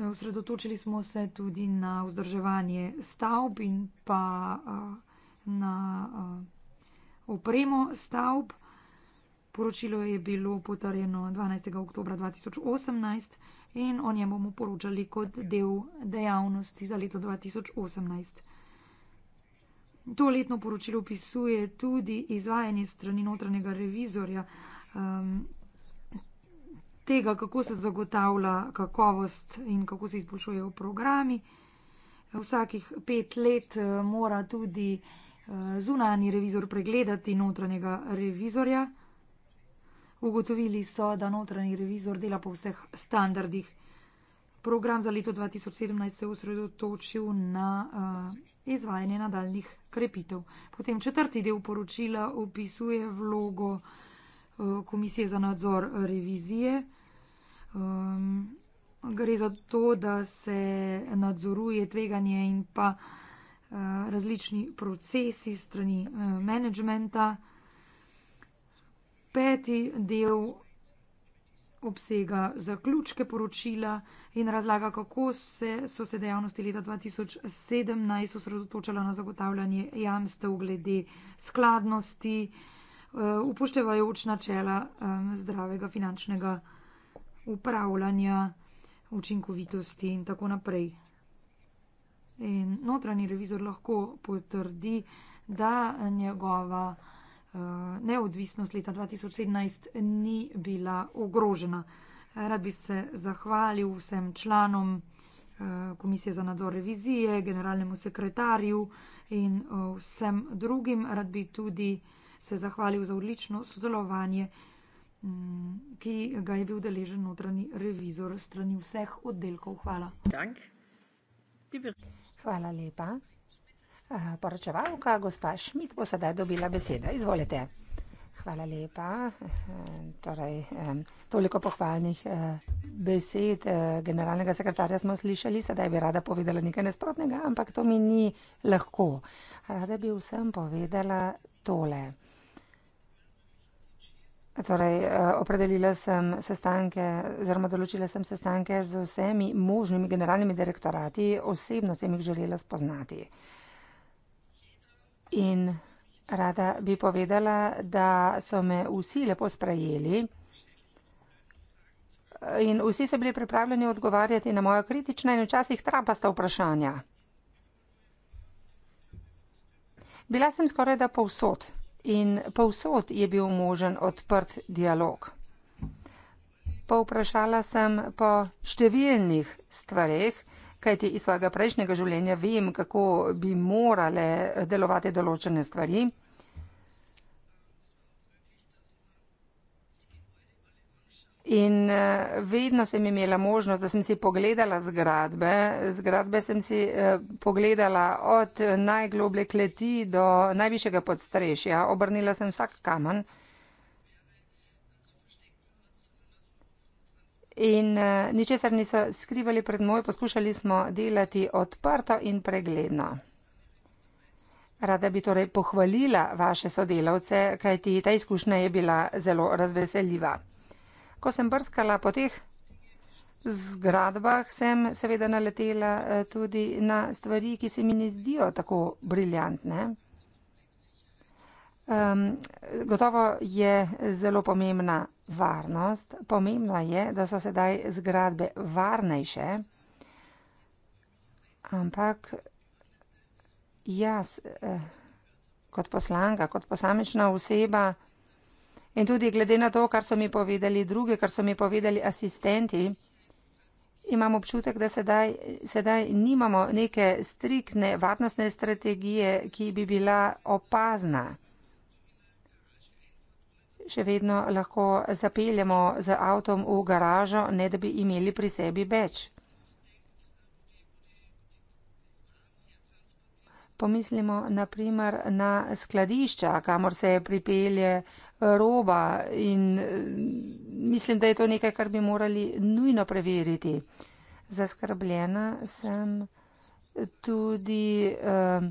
Osredotočili smo se tudi na vzdrževanje stavb in pa na opremo stavb. Poročilo je bilo potrjeno 12. oktober 2018 in o njem bomo poročali kot del dejavnosti za leto 2018. To letno poročilo opisuje tudi izvajanje strani notranjega revizorja, tega, kako se zagotavlja kakovost in kako se izboljšujejo programi. Vsakih pet let eh, mora tudi eh, zunani revizor pregledati notranjega revizorja. Ugotovili so, da notranji revizor dela po vseh standardih. Program za leto 2017 se je usredotočil na uh, izvajanje nadaljnih krepitev. Potem četrti del poročila opisuje vlogo uh, Komisije za nadzor revizije. Um, gre za to, da se nadzoruje tveganje in pa uh, različni procesi strani uh, menedžmenta. Peti del obsega zaključke poročila in razlaga, kako se, so se dejavnosti leta 2017 osredotočala na zagotavljanje jamstev glede skladnosti, uh, upoštevajoč načela um, zdravega finančnega upravljanja, učinkovitosti in tako naprej. In notranji revizor lahko potrdi, da njegova uh, neodvisnost leta 2017 ni bila ogrožena. Rad bi se zahvalil vsem članom uh, Komisije za nadzor revizije, generalnemu sekretarju in uh, vsem drugim. Rad bi tudi se zahvalil za odlično sodelovanje ki ga je bil deležen notranji revizor strani vseh oddelkov. Hvala. Hvala lepa. Poročevalka, gospa Šmit, bo sedaj dobila besedo. Izvolite. Hvala lepa. Torej, toliko pohvalnih eh, besed eh, generalnega sekretarja smo slišali, sedaj bi rada povedala nekaj nesprotnega, ampak to mi ni lahko. Rada bi vsem povedala tole. Torej, eh, opredelila sem sestanke, oziroma določila sem sestanke z vsemi možnimi generalnimi direktorati, osebno sem jih želela spoznati. In rada bi povedala, da so me vsi lepo sprejeli in vsi so bili pripravljeni odgovarjati na moja kritična in včasih trapasta vprašanja. Bila sem skoraj da povsod in povsod je bil možen odprt dialog. Povprašala sem po številnih stvareh, kajti iz svojega prejšnjega življenja vem, kako bi morale delovati določene stvari. In eh, vedno sem imela možnost, da sem si pogledala zgradbe. Zgradbe sem si eh, pogledala od najgloblje kleti do najvišjega podstrešja. Obrnila sem vsak kamen. In eh, ničesar niso skrivali pred moj, poskušali smo delati odprto in pregledno. Rada bi torej pohvalila vaše sodelavce, kajti ta izkušnja je bila zelo razveseljiva. Ko sem brskala po teh zgradbah, sem seveda naletela eh, tudi na stvari, ki se mi ne zdijo tako briljantne. Um, gotovo je zelo pomembna varnost. Pomembno je, da so sedaj zgradbe varnejše, ampak jaz eh, kot poslanka, kot posamična oseba, In tudi glede na to, kar so mi povedali drugi, kar so mi povedali asistenti, imam občutek, da sedaj, sedaj nimamo neke striktne varnostne strategije, ki bi bila opazna. Še vedno lahko zapeljemo z avtom v garažo, ne da bi imeli pri sebi več. Pomislimo naprimer na skladišča, kamor se je pripelje roba in eh, mislim, da je to nekaj, kar bi morali nujno preveriti. Zaskrbljena sem tudi eh,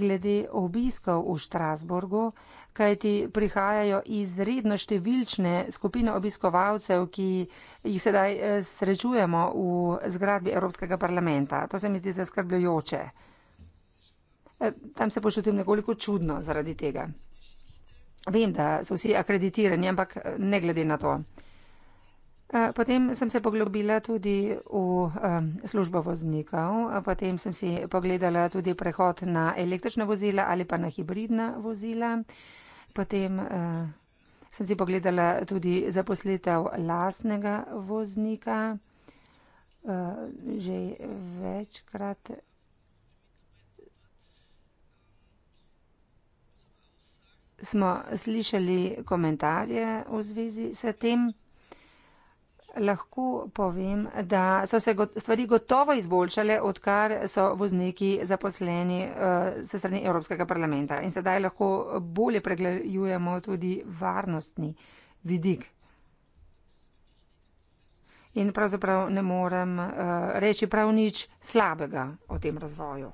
glede obiskov v Štrasburgu, kajti prihajajo izredno številčne skupine obiskovalcev, ki jih sedaj eh, srečujemo v zgradbi Evropskega parlamenta. To se mi zdi zaskrbljujoče. Eh, tam se počutim nekoliko čudno zaradi tega. Vem, da so vsi akreditirani, ampak eh, ne glede na to. Eh, potem sem se poglobila tudi v službo voznikov, potem sem si pogledala tudi prehod na električna vozila ali pa na hibridna vozila, potem sem si pogledala tudi zaposlitev lastnega voznika, že večkrat. smo slišali komentarje v zvezi s tem. Lahko povem, da so se stvari gotovo izboljšale, odkar so vozniki zaposleni eh, se strani Evropskega parlamenta. In sedaj lahko bolje pregledujemo tudi varnostni vidik. In pravzaprav ne morem eh, reči prav nič slabega o tem razvoju.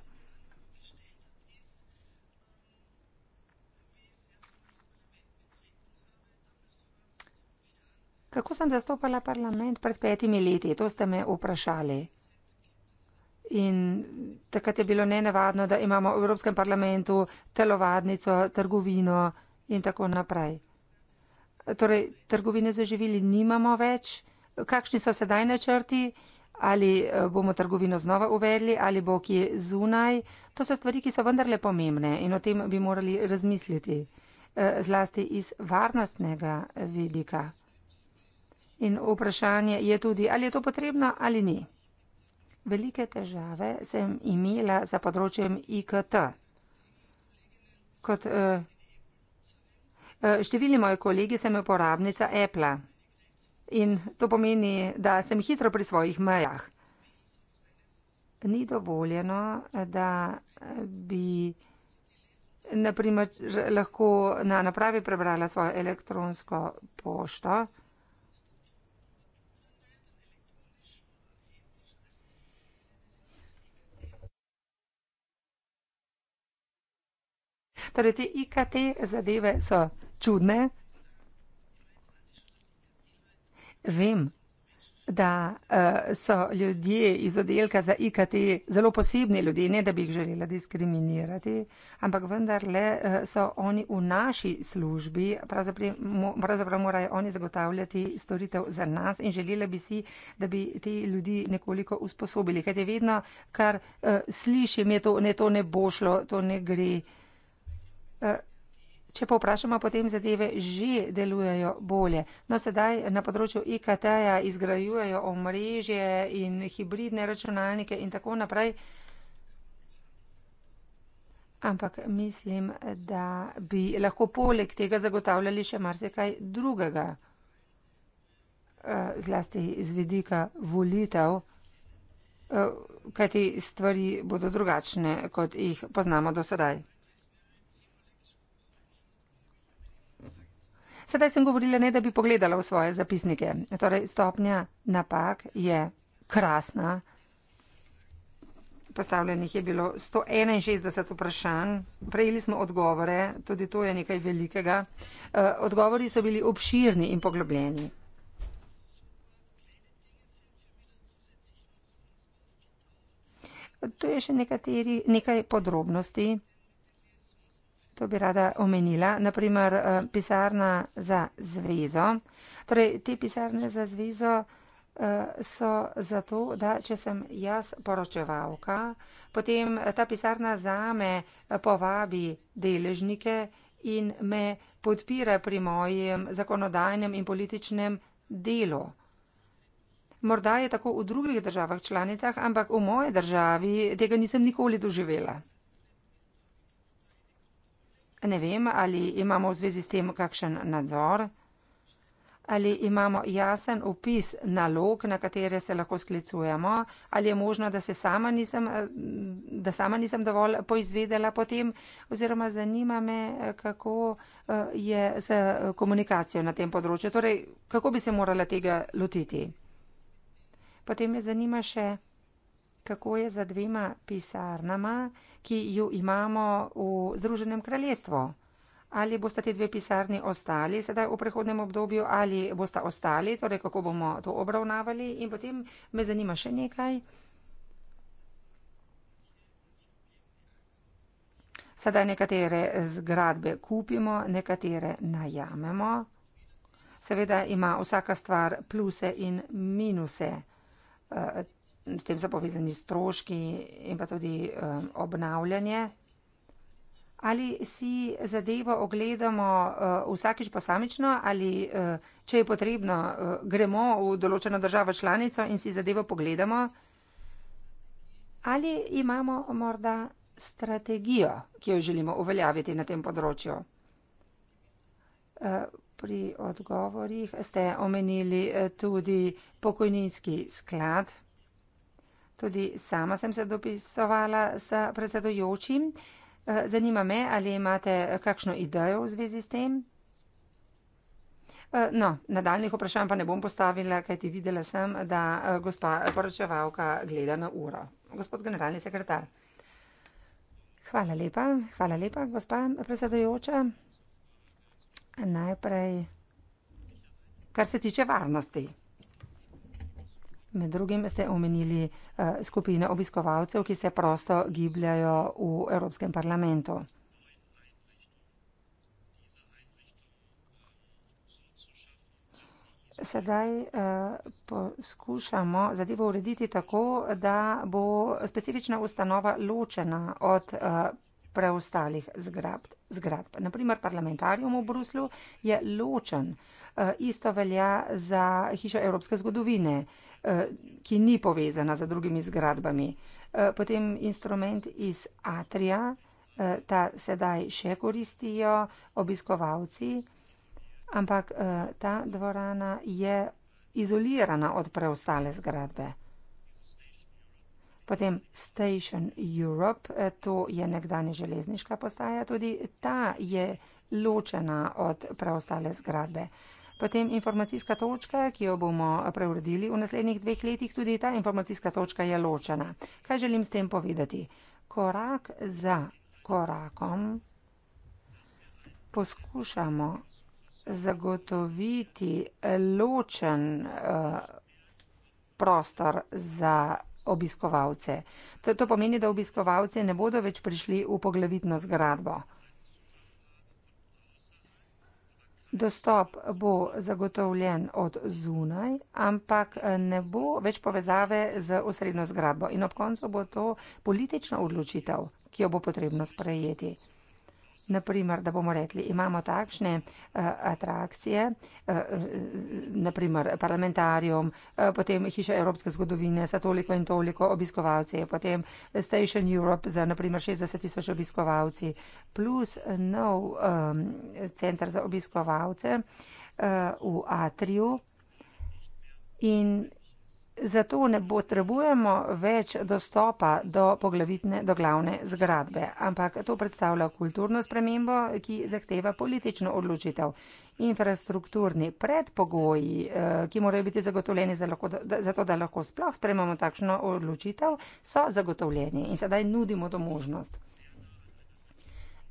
Kako sem zastopala parlament pred petimi leti, to ste me vprašali. In takrat je bilo nenavadno, da imamo v Evropskem parlamentu telovadnico, trgovino in tako naprej. Torej, trgovine za živili nimamo več. Kakšni so sedaj načrti? Ali eh, bomo trgovino znova uvedli, ali bo kje zunaj? To so stvari, ki so vendarle pomembne in o tem bi morali razmisliti, eh, zlasti iz varnostnega vidika. In vprašanje je tudi, ali je to potrebno ali ni. Velike težave sem imela za področjem IKT. Kot uh, številni moji kolegi sem uporabnica Apple. In to pomeni, da sem hitro pri svojih mejah. Ni dovoljeno, da bi naprimer, lahko na napravi prebrala svojo elektronsko pošto. Torej, te IKT zadeve so čudne. Vem, da eh, so ljudje iz oddelka za IKT zelo posebni ljudje, ne da bi jih želela diskriminirati, ampak vendarle eh, so oni v naši službi, pravzaprav morajo oni zagotavljati storitev za nas in želela bi si, da bi te ljudi nekoliko usposobili. Kaj te vedno, kar eh, slišim, je to ne bo šlo, to ne gre. Eh, če pa vprašamo, potem zadeve že delujejo bolje. No, sedaj na področju IKT-ja izgrajujejo omrežje in hibridne računalnike in tako naprej. Ampak mislim, da bi lahko poleg tega zagotavljali še marsikaj drugega, eh, zlasti iz vedika volitev, eh, kajti stvari bodo drugačne, kot jih poznamo do sedaj. Sedaj sem govorila, ne da bi pogledala v svoje zapisnike. Torej, stopnja napak je krasna. Postavljenih je bilo 161 vprašanj, prejeli smo odgovore, tudi to je nekaj velikega. Eh, odgovori so bili obširni in poglobljeni. Tu je še nekateri, nekaj podrobnosti. To bi rada omenila. Naprimer, eh, pisarna za zvezo. Torej, te pisarne za zvezo eh, so zato, da če sem jaz poročevalka, potem eh, ta pisarna zame povabi deležnike in me podpira pri mojem zakonodajnem in političnem delu. Morda je tako v drugih državah članicah, ampak v moji državi tega nisem nikoli doživela. Ne vem, ali imamo v zvezi s tem kakšen nadzor, ali imamo jasen opis nalog, na katere se lahko sklicujemo, ali je možno, da, sama nisem, da sama nisem dovolj poizvedela potem, oziroma zanima me, kako je z komunikacijo na tem področju, torej kako bi se morala tega lotiti. Potem me zanima še kako je za dvema pisarnama, ki ju imamo v Združenem kraljestvu. Ali boste te dve pisarni ostali sedaj v prehodnem obdobju ali boste ostali, torej kako bomo to obravnavali. In potem me zanima še nekaj. Sedaj nekatere zgradbe kupimo, nekatere najamemo. Seveda ima vsaka stvar pluse in minuse. Eh, s tem so povezani stroški in pa tudi um, obnavljanje. Ali si zadevo ogledamo uh, vsakič posamično ali, uh, če je potrebno, uh, gremo v določeno državo članico in si zadevo pogledamo? Ali imamo morda strategijo, ki jo želimo uveljaviti na tem področju? Uh, Pri odgovorih ste omenili uh, tudi pokojninski sklad. Tudi sama sem se dopisovala s predsedojočim. Eh, zanima me, ali imate kakšno idejo v zvezi s tem. Eh, no, nadaljnih vprašanj pa ne bom postavila, kaj ti videla sem, da eh, gospa poročevalka gleda na uro. Gospod generalni sekretar. Hvala lepa, hvala lepa, gospa predsedojoča. Najprej, kar se tiče varnosti. Med drugim ste omenili eh, skupine obiskovalcev, ki se prosto gibljajo v Evropskem parlamentu. Sedaj eh, poskušamo zadevo urediti tako, da bo specifična ustanova ločena od eh, preostalih zgradb. Naprimer, parlamentarijom v Bruslu je ločen. Isto velja za hišo Evropske zgodovine. Eh, ki ni povezana z drugimi zgradbami. Eh, potem instrument iz Atrija, eh, ta sedaj še koristijo obiskovalci, ampak ta dvorana je izolirana od preostale zgradbe. Potem Station Europe, to je nekdanje železniška postaja, tudi ta je ločena od preostale zgradbe. Uh, Potem informacijska točka, ki jo bomo preuredili v naslednjih dveh letih, tudi ta informacijska točka je ločena. Kaj želim s tem povedati? Korak za korakom poskušamo zagotoviti ločen eh, prostor za obiskovalce. To, to pomeni, da obiskovalce ne bodo več prišli v poglavitno zgradbo. Dostop bo zagotovljen od zunaj, ampak eh, ne bo več povezave z osrednjo zgradbo in ob koncu bo to politična odločitev, ki jo bo potrebno sprejeti. Naprimer, da bomo rekli, imamo takšne uh, atrakcije, uh, eh, eh, naprimer parlamentarijom, uh, potem hiša Evropske zgodovine sa toliko in toliko obiskovalci, potem Station Europe za naprimer 60 tisoč obiskovalci, plus nov um, center za obiskovalce uh, v Atriju. In Zato ne potrebujemo več dostopa do poglavitne, do glavne zgradbe, ampak to predstavlja kulturno spremembo, ki zahteva politično odločitev. Infrastrukturni predpogoji, eh, ki morajo biti zagotovljeni za, lahko, za to, da lahko sploh sprememo takšno odločitev, so zagotovljeni in sedaj nudimo to možnost.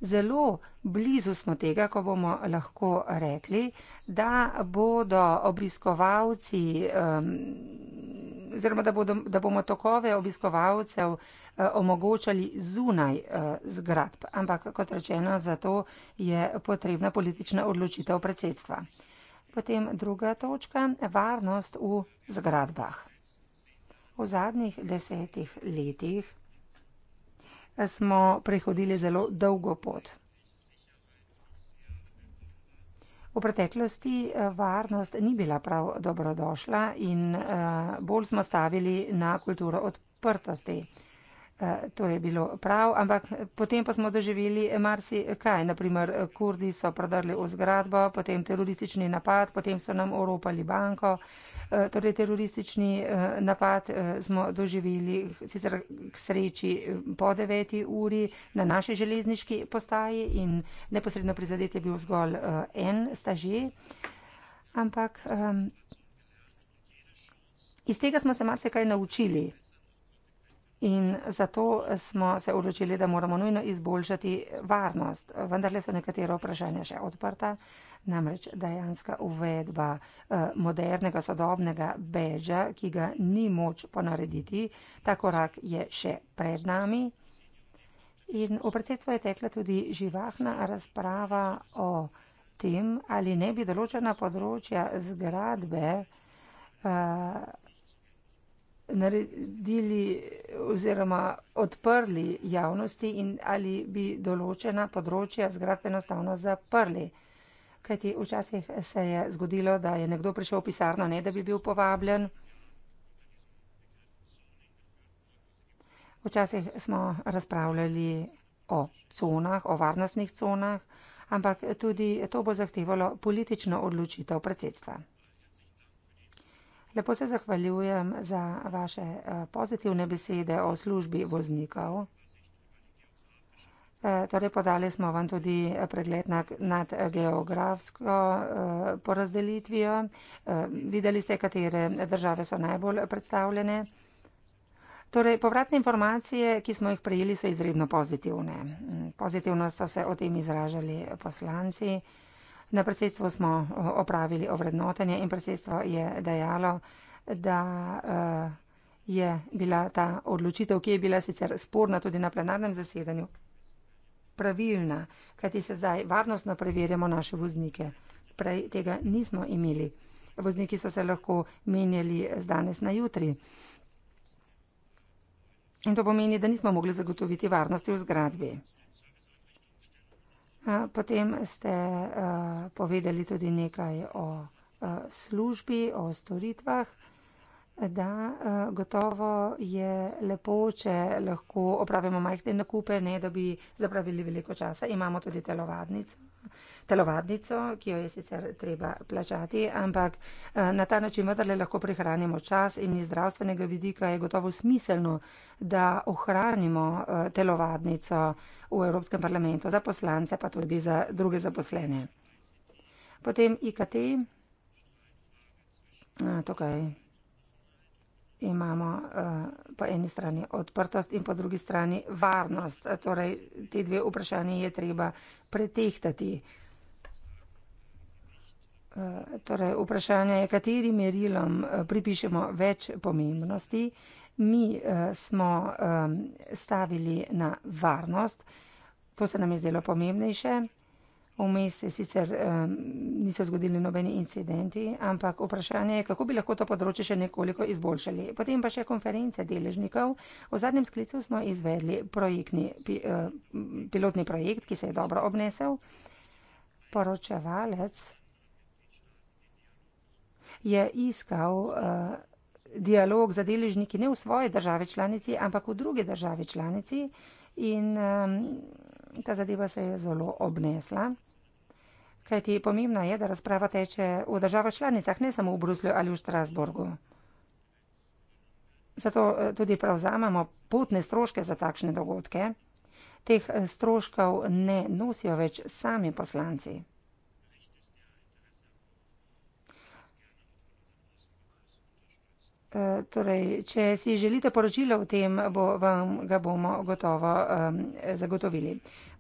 Zelo blizu smo tega, ko bomo lahko rekli, da bodo obiskovalci, oziroma da, bodo, da bomo tokove obiskovalcev eh, omogočali zunaj eh, zgradb. Ampak, kot rečeno, za to je potrebna politična odločitev predsedstva. Potem druga točka, varnost v zgradbah. V zadnjih desetih letih smo prehodili zelo dolgo pot. V preteklosti eh, varnost ni bila prav dobrodošla in eh, bolj smo stavili na kulturo odprtosti. Eh, to je bilo prav, ampak potem pa smo doživeli marsikaj. Naprimer, eh, kurdi so prodrli v zgradbo, potem teroristični napad, potem so nam oropali banko. Eh, torej, teroristični napad smo doživeli sicer k sreči po 9. uri na naši železniški postaji in neposredno prizadet je bil zgolj en staže. Ampak um, iz tega smo se marsikaj naučili. In zato smo se odločili, da moramo nujno izboljšati varnost. Vendarle so nekatera vprašanja še odprta, namreč dejanska uvedba eh, modernega, sodobnega beža, ki ga ni moč ponarediti, ta korak je še pred nami. In v predsedstvu je tekla tudi živahna razprava o tem, ali ne bi določena področja zgradbe. Eh, naredili oziroma odprli javnosti in ali bi določena področja zgradb enostavno zaprli. Kajti včasih se je zgodilo, da je nekdo prišel v pisarno, ne da bi bil povabljen. Včasih smo razpravljali o conah, o varnostnih conah, ampak tudi to bo zahtevalo politično odločitev predsedstva. Lepo se zahvaljujem za vaše eh, pozitivne besede o službi voznikov. Eh, torej, podali smo vam tudi pregled nad geografsko eh, porazdelitvijo. Videli ste, katere države so najbolj predstavljene. Torej, povratne informacije, ki smo jih prejeli, so izredno pozitivne. Mm, pozitivno so se o tem izražali poslanci. Na predsedstvu smo opravili ovrednotenje in predsedstvo je dejalo, da eh, je bila ta odločitev, ki je bila sicer sporna tudi na plenarnem zasedanju, pravilna, kajti se zdaj varnostno preverjamo naše voznike. Prej tega nismo imeli. Vozniki so se lahko menjali z danes na jutri. In to pomeni, da nismo mogli zagotoviti varnosti v zgradbi. Eh, potem ste eh, povedali tudi nekaj o eh, službi, o storitvah. Da, eh, gotovo je lepo, če lahko opravimo majhne nakupe, ne da bi zapravili veliko časa. Imamo tudi telovadnico, telovadnico ki jo je sicer treba plačati, ampak eh, na ta način vendarle lahko prihranimo čas in iz zdravstvenega vidika je gotovo smiselno, da ohranimo eh, telovadnico v Evropskem parlamentu za poslance, pa tudi za druge zaposlene. Potem IKT. A, tukaj imamo eh, po eni strani odprtost in po drugi strani varnost. Torej, te dve vprašanje je treba pretehtati. Eh, torej, vprašanje je, katerim merilom eh, pripišemo več pomembnosti. Mi smo stavili na varnost, to se nam je zdelo pomembnejše. Vmes se sicer um, niso zgodili nobeni incidenti, ampak vprašanje je, kako bi lahko to področje še nekoliko izboljšali. Potem pa še konference deležnikov. V zadnjem sklicu smo izvedli projektni, pi, uh, pilotni projekt, ki se je dobro obnesel. Poročevalec je iskal uh, dialog za deležniki ne v svoji državi članici, ampak v drugi državi članici. In um, ta zadeva se je zelo obnesla. Kajti pomembno je, da razprava teče v državah članicah, ne samo v Bruslju ali v Strasburgu. Zato eh, tudi pravzamemo potne stroške za takšne dogodke. Teh eh, stroškov ne nosijo več sami poslanci. Eh, torej, če si želite poročilo o tem, bo, vam ga bomo gotovo um, zagotovili.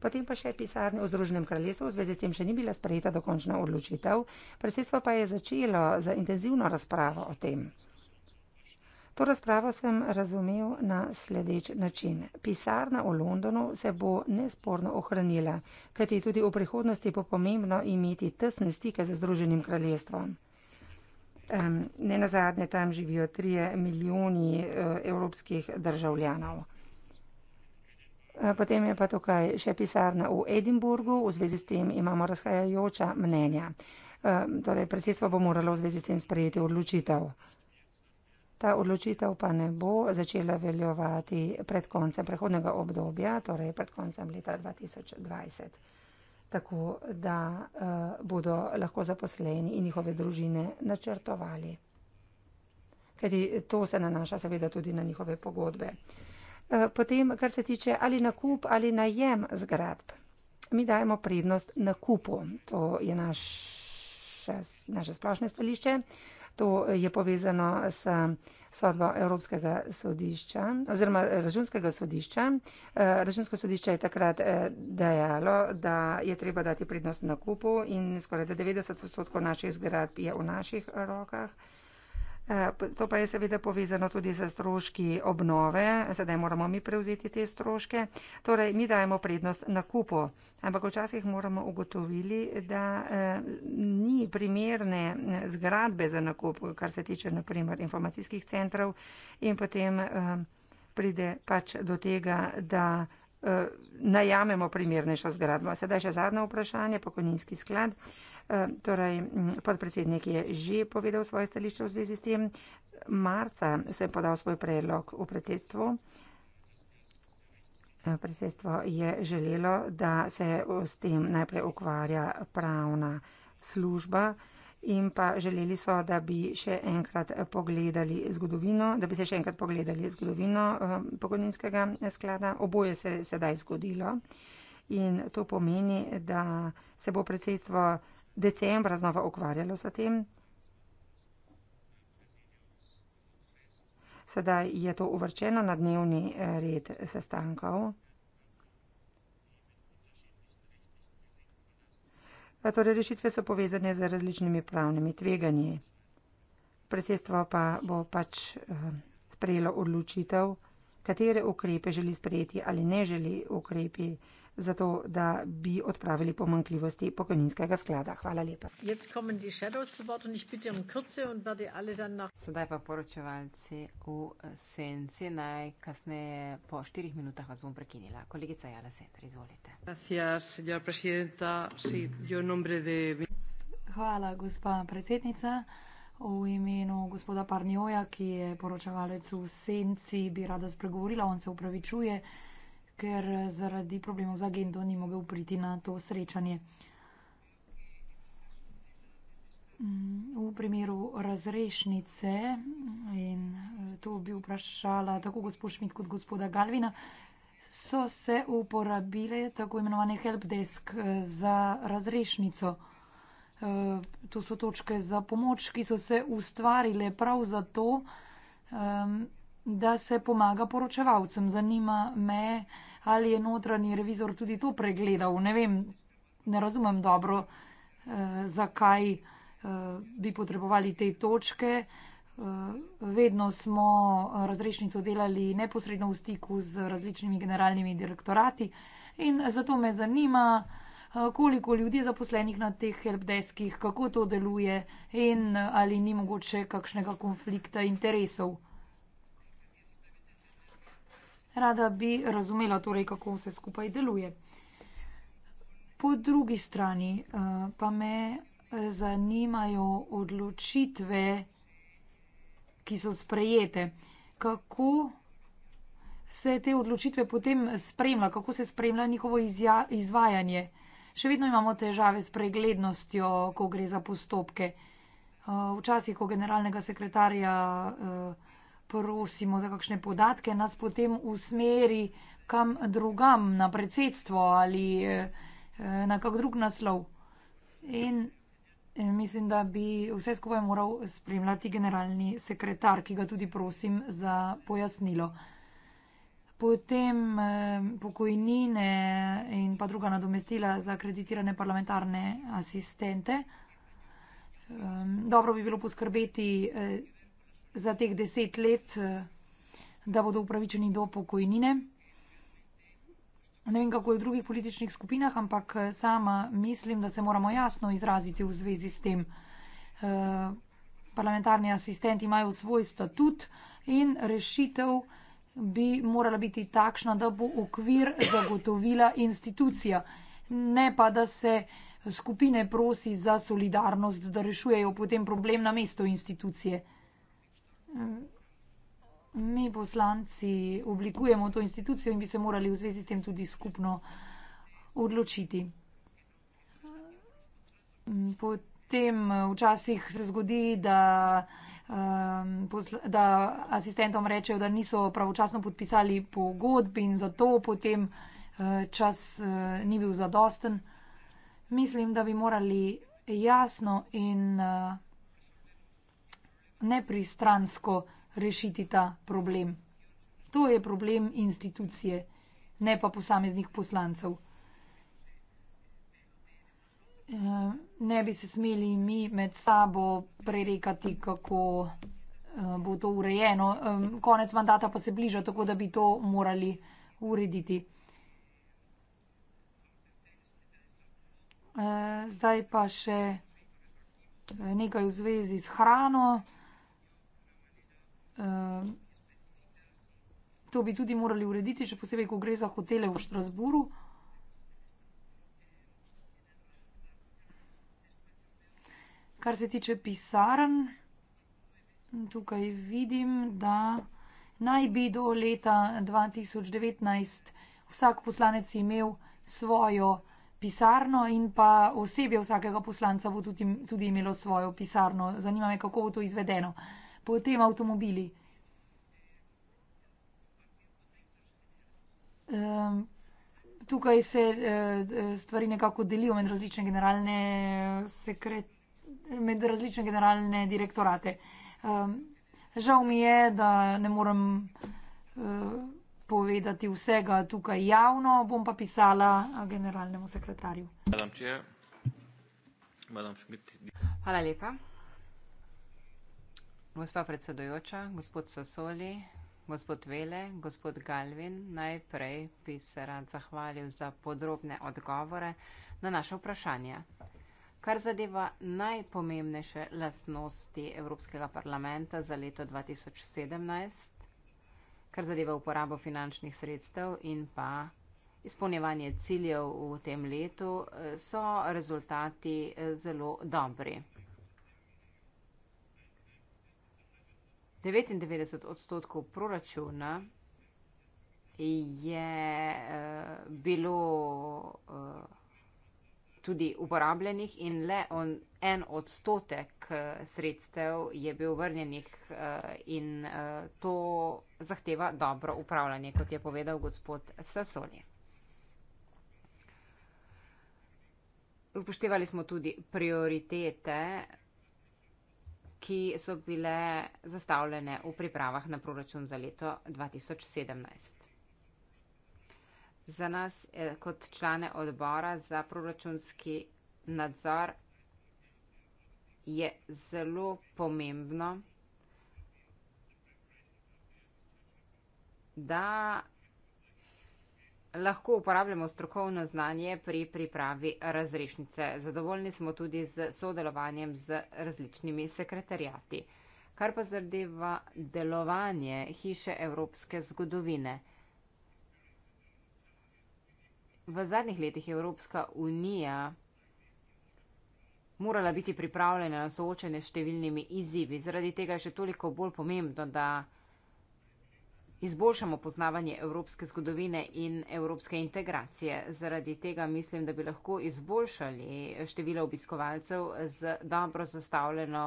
Potem pa še pisarne v Združenem kraljestvu, v zvezi s tem še ni bila sprejeta dokončna odločitev, predsedstvo pa je začelo za intenzivno razpravo o tem. To razpravo sem razumel na sledeč način. Pisarna v Londonu se bo nesporno ohranila, kajti tudi v prihodnosti bo pomembno imeti tesne stike z Združenim kraljestvom. Ne na zadnje, tam živijo 3 milijoni eh, evropskih državljanov. Eh, potem je pa tukaj še pisarna v Edinburgu, v zvezi s tem imamo razhajajoča mnenja. Torej, predsedstvo bo moralo v zvezi s tem sprejeti odločitev. Ta odločitev pa ne bo začela veljovati pred koncem prehodnega obdobja, torej pred koncem leta 2020 tako da eh, bodo lahko zaposleni in njihove družine načrtovali. Kajti to se nanaša seveda tudi na njihove pogodbe. Eh, potem, kar se tiče ali nakup ali najem zgradb, mi dajemo prednost nakupu. To je naš, naše splošne stališče. To je povezano s sodbo Evropskega sodišča oziroma Računskega sodišča. Eh, Računsko sodišče je takrat eh, dejalo, da je treba dati prednost nakupu in skoraj 90 odstotkov naših zgradb je v naših rokah. Eh, to pa je seveda povezano tudi z stroški obnove, sedaj moramo mi prevzeti te stroške. Torej, mi dajemo prednost nakupu, ampak včasih moramo ugotoviti, da eh, ni primerne eh, zgradbe za nakup, kar se tiče naprimer informacijskih centrov in potem pride pač do tega, da najamemo primernejšo zgradbo. Sedaj še zadnje vprašanje, pokojninski sklad. Eh, torej, podpredsednik je že povedal svoje stališče v zvezi s tem. Marca sem podal svoj predlog v predsedstvo. Eh, predsedstvo je želelo, da se s tem najprej ukvarja pravna služba in pa želeli so, da bi še enkrat pogledali zgodovino, da bi se še enkrat pogledali zgodovino eh, pogodninskega sklada. Oboje se je sedaj zgodilo in to pomeni, da se bo predsedstvo decembra znova ukvarjalo s tem. Sedaj je to uvrčeno na dnevni eh, red sestankov. Torej, rešitve so povezane z različnimi pravnimi tveganji. Predsedstvo pa bo pač eh, sprejelo odločitev, katere ukrepe želi sprejeti ali ne želi ukrepi zato da bi odpravili pomankljivosti pokojninskega sklada. Hvala lepa. Um Sedaj pa poročevalci v senci, najkasneje po štirih minutah vas bom prekinila. Kolegica Jala Senter, izvolite. Hvala, gospa predsednica. V imenu gospoda Parnjoja, ki je poročevalec v senci, bi rada spregovorila, on se upravičuje ker eh, zaradi problemov z agendo ni mogel priti na to srečanje. Mm, v primeru razrešnice mm, in eh, to bi vprašala tako gospod Šmit kot gospoda Galvina, so se uporabile tako imenovane helpdesk eh, za razrešnico. To so točke za pomoč, ki so se ustvarile prav zato, ehm, da se pomaga poročevalcem. Zanima me, ali je notranji revizor tudi to pregledal. Ne vem, ne razumem dobro, eh, zakaj eh, bi potrebovali te točke. Eh, vedno smo razrešnico delali neposredno v stiku z različnimi generalnimi direktorati in zato me zanima, eh, koliko ljudi je zaposlenih na teh helpdeskih, kako to deluje in eh, ali ni mogoče kakšnega konflikta interesov rada bi razumela, torej, kako vse skupaj deluje. Po drugi strani eh, pa me eh, zanimajo odločitve, ki so sprejete. Kako se te odločitve potem spremlja, kako se spremlja njihovo izja, izvajanje. Še imamo težave s preglednostjo, ko gre za postopke. Eh, včasih, ko generalnega sekretarja prosimo za kakšne podatke, nas potem usmeri kam drugam, na predsedstvo ali eh, na kak drug naslov. In eh, mislim, da bi vse skupaj moral spremljati generalni sekretar, ki ga tudi prosim za pojasnilo. Potem eh, pokojnine in pa druga nadomestila za kreditirane parlamentarne asistente. Dobro bi bilo poskrbeti za teh deset let, eh, da bodo upravičeni do pokojnine. Ne vem, kako je v drugih političnih skupinah, ampak eh, sama mislim, da se moramo jasno izraziti v zvezi s tem. Eh, parlamentarni asistenti imajo svoj statut in rešitev bi morala biti takšna, da bo okvir zagotovila institucija, ne pa da se skupine prosi za solidarnost, da rešujejo potem problem na mesto institucije mi poslanci oblikujemo to institucijo in bi se morali v zvezi s tem tudi skupno odločiti. Potem včasih se zgodi, da, um, da asistentom rečejo, da niso pravočasno podpisali pogodb in zato potem uh, čas uh, ni bil zadosten. Mislim, da bi morali jasno in uh, nepristransko rešiti ta problem. To je problem institucije, ne pa posameznih poslancev. Eh, ne bi se smeli mi med sabo prerekati, kako eh, bo to urejeno. Konec mandata pa se bliža, tako da bi to morali urediti. Eh, zdaj pa še nekaj v zvezi s hrano. Ehm, to bi tudi morali urediti, še posebej, ko gre za hotele v Štrasburu. Kar se tiče pisarn, tukaj vidim, da naj bi do leta 2019 vsak poslanec imel svojo pisarno in pa osebje vsakega poslanca bo tudi, tudi imelo svojo pisarno. Zanima me, kako bo to izvedeno. Uh, potem avtomobili. Um, tukaj se uh, stvari nekako delijo med različne generalne, eh, sekret, med različne generalne direktorate. Um, žal mi je, da ne morem uh, povedati vsega tukaj javno, bom pa pisala generalnemu sekretarju. Hvala lepa. Gospa predsedujoča, gospod Sasoli, gospod Vele, gospod Galvin, najprej bi se rad zahvalil za podrobne odgovore na naše vprašanje. Kar zadeva najpomembnejše lasnosti Evropskega parlamenta za leto 2017, kar zadeva uporabo finančnih sredstev in pa izpolnjevanje ciljev v tem letu, so rezultati eh, zelo dobri. 99 odstotkov proračuna je uh, bilo uh, tudi uporabljenih in le on, en odstotek eh, sredstev je bil vrnjenih uh, in uh, to zahteva dobro upravljanje, kot je povedal gospod Sasoli. Upoštevali smo tudi prioritete ki so bile zastavljene v pripravah na proračun za leto 2017. Za nas, eh, kot člane odbora za proračunski nadzor, je zelo pomembno, da lahko uporabljamo strokovno znanje pri pripravi razrešnice. Zadovoljni smo tudi z sodelovanjem z različnimi sekretarijati. Kar pa zardeva delovanje hiše evropske zgodovine. V zadnjih letih je Evropska unija morala biti pripravljena na soočene s številnimi izzivi. Zaradi tega je še toliko bolj pomembno, da izboljšamo poznavanje evropske zgodovine in evropske integracije. Zaradi tega mislim, da bi lahko izboljšali število obiskovalcev z dobro zastavljeno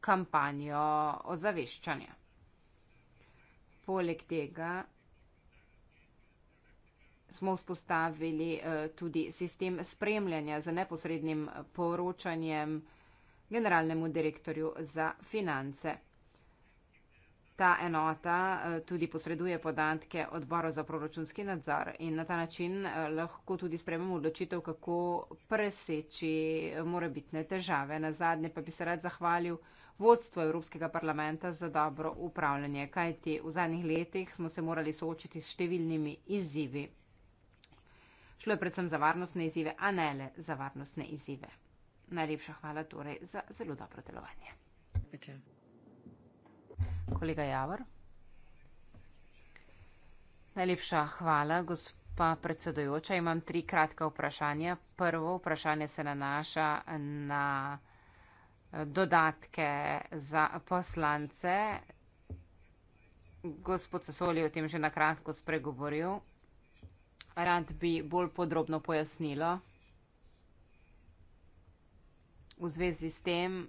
kampanjo ozaveščanja. Poleg tega smo vzpostavili eh, tudi sistem spremljanja z neposrednim poročanjem generalnemu direktorju za finance. Ta enota eh, tudi posreduje podatke odboru za proračunski nadzor in na ta način eh, lahko tudi sprememo odločitev, kako preseči eh, morebitne težave. Na zadnje pa bi se rad zahvalil vodstvu Evropskega parlamenta za dobro upravljanje, kajti v zadnjih letih smo se morali soočiti s številnimi izzivi. Šlo je predvsem za varnostne izzive, a ne le za varnostne izzive. Najlepša hvala torej za zelo dobro delovanje. Peče kolega Javor. Najlepša hvala, gospa predsedojoča. Imam tri kratka vprašanja. Prvo vprašanje se nanaša na eh, dodatke za poslance. Gospod Sesoli je o tem že na kratko spregovoril. Rad bi bolj podrobno pojasnilo v zvezi s tem,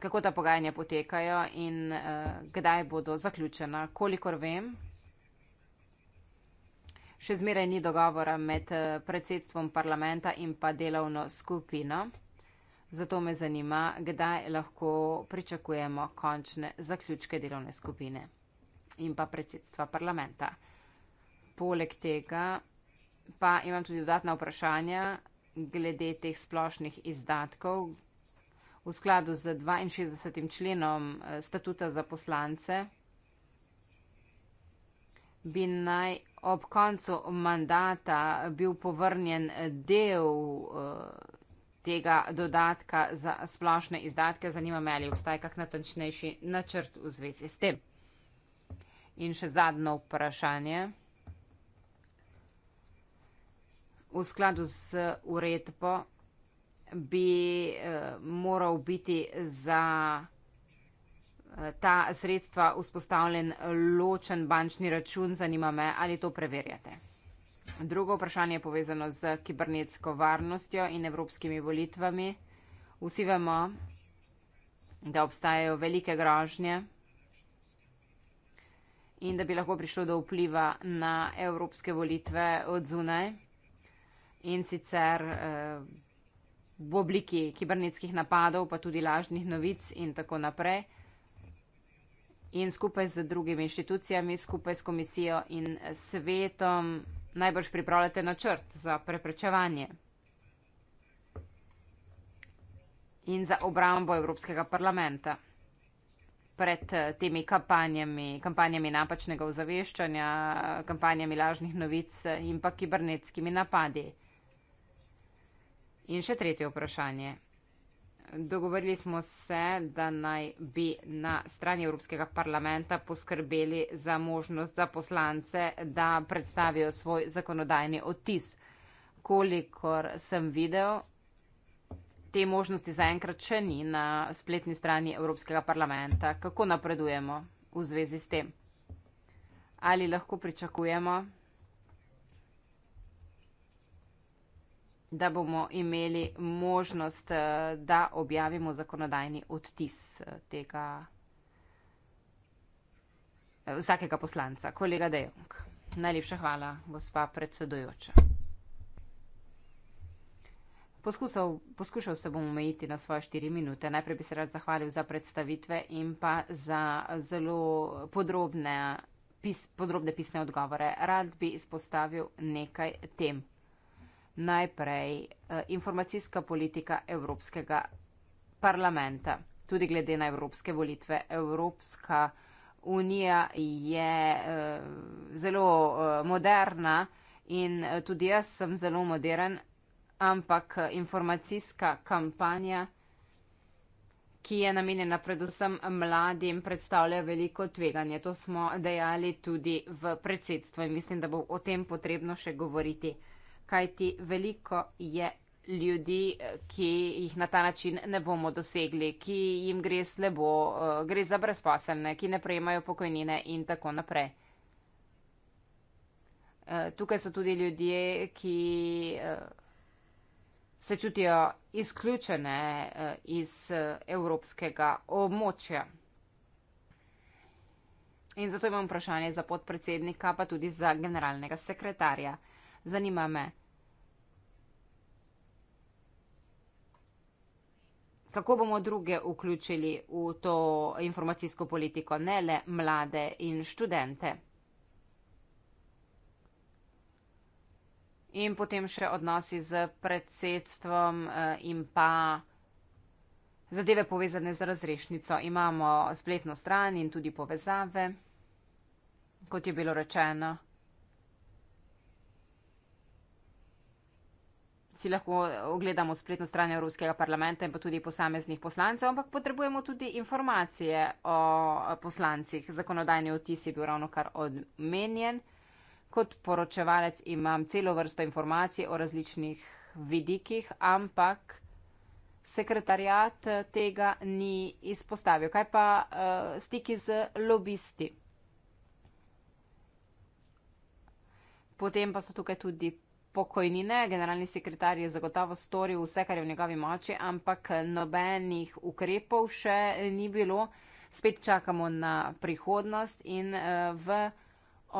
kako ta pogajanja potekajo in uh, kdaj bodo zaključena. Kolikor vem, še zmeraj ni dogovora med eh, predsedstvom parlamenta in pa delovno skupino. Zato me zanima, kdaj lahko pričakujemo končne zaključke delovne skupine in pa predsedstva parlamenta. Poleg tega pa imam tudi dodatna vprašanja glede teh splošnih izdatkov, v skladu z 62. členom eh, statuta za poslance, bi naj ob koncu mandata bil povrnjen del eh, tega dodatka za splošne izdatke. Zanima me, ali obstaja kak natančnejši načrt v zvezi s tem. In še zadnjo vprašanje. V skladu z uredbo bi uh, moral biti za uh, ta sredstva vzpostavljen ločen bančni račun. Zanima me, ali to preverjate. Drugo vprašanje je povezano z kibernetsko varnostjo in evropskimi volitvami. Vsi vemo, da obstajajo velike grožnje in da bi lahko prišlo do vpliva na evropske volitve od zunaj. In sicer eh, v obliki kibernetskih napadov, pa tudi lažnih novic in tako naprej. In skupaj z drugimi inštitucijami, skupaj s komisijo in svetom najbrž pripravljate načrt za preprečevanje in za obrambo Evropskega parlamenta pred eh, temi kampanjami, kampanjami napačnega ozaveščanja, kampanjami lažnih novic eh, in pa kibernetskimi napadi. In še tretje vprašanje. Dogovorili smo se, da naj bi na strani Evropskega parlamenta poskrbeli za možnost za poslance, da predstavijo svoj zakonodajni otis. Kolikor sem videl, te možnosti zaenkrat še ni na spletni strani Evropskega parlamenta. Kako napredujemo v zvezi s tem? Ali lahko pričakujemo? da bomo imeli možnost, eh, da objavimo zakonodajni odtis eh, tega eh, vsakega poslanca. Kolega Dejong, najlepša hvala, gospa predsedujoča. Poskusal, poskušal se bom omejiti na svoje štiri minute. Najprej bi se rad zahvalil za predstavitve in pa za zelo podrobne, pis, podrobne pisne odgovore. Rad bi izpostavil nekaj tem najprej eh, informacijska politika Evropskega parlamenta, tudi glede na evropske volitve. Evropska unija je eh, zelo eh, moderna in tudi jaz sem zelo modern, ampak informacijska kampanja, ki je namenjena predvsem mladim, predstavlja veliko tveganje. To smo dejali tudi v predsedstvu in mislim, da bo o tem potrebno še govoriti kajti veliko je ljudi, ki jih na ta način ne bomo dosegli, ki jim gre slabo, eh, gre za brezposelne, ki ne prejemajo pokojnine in tako naprej. Eh, tukaj so tudi ljudje, ki eh, se čutijo izključene iz evropskega območja. In zato imam vprašanje za podpredsednika, pa tudi za generalnega sekretarja. Zanima me, kako bomo druge vključili v to informacijsko politiko, ne le mlade in študente. In potem še odnosi z predsedstvom eh, in pa zadeve povezane z razrešnico. Imamo spletno stran in tudi povezave, kot je bilo rečeno. si lahko ogledamo spletno stran Evropskega parlamenta in pa tudi posameznih poslancev, ampak potrebujemo tudi informacije o poslancih. Zakonodajni otis je bil ravno kar odmenjen. Kot poročevalec imam celo vrsto informacij o različnih vidikih, ampak sekretarjat eh, tega ni izpostavil. Kaj pa uh, stiki z lobisti? Potem pa so tukaj tudi pokojnine. Generalni sekretar je zagotovo storil vse, kar je v njegovi moči, ampak nobenih ukrepov še ni bilo. Spet čakamo na prihodnost in eh, v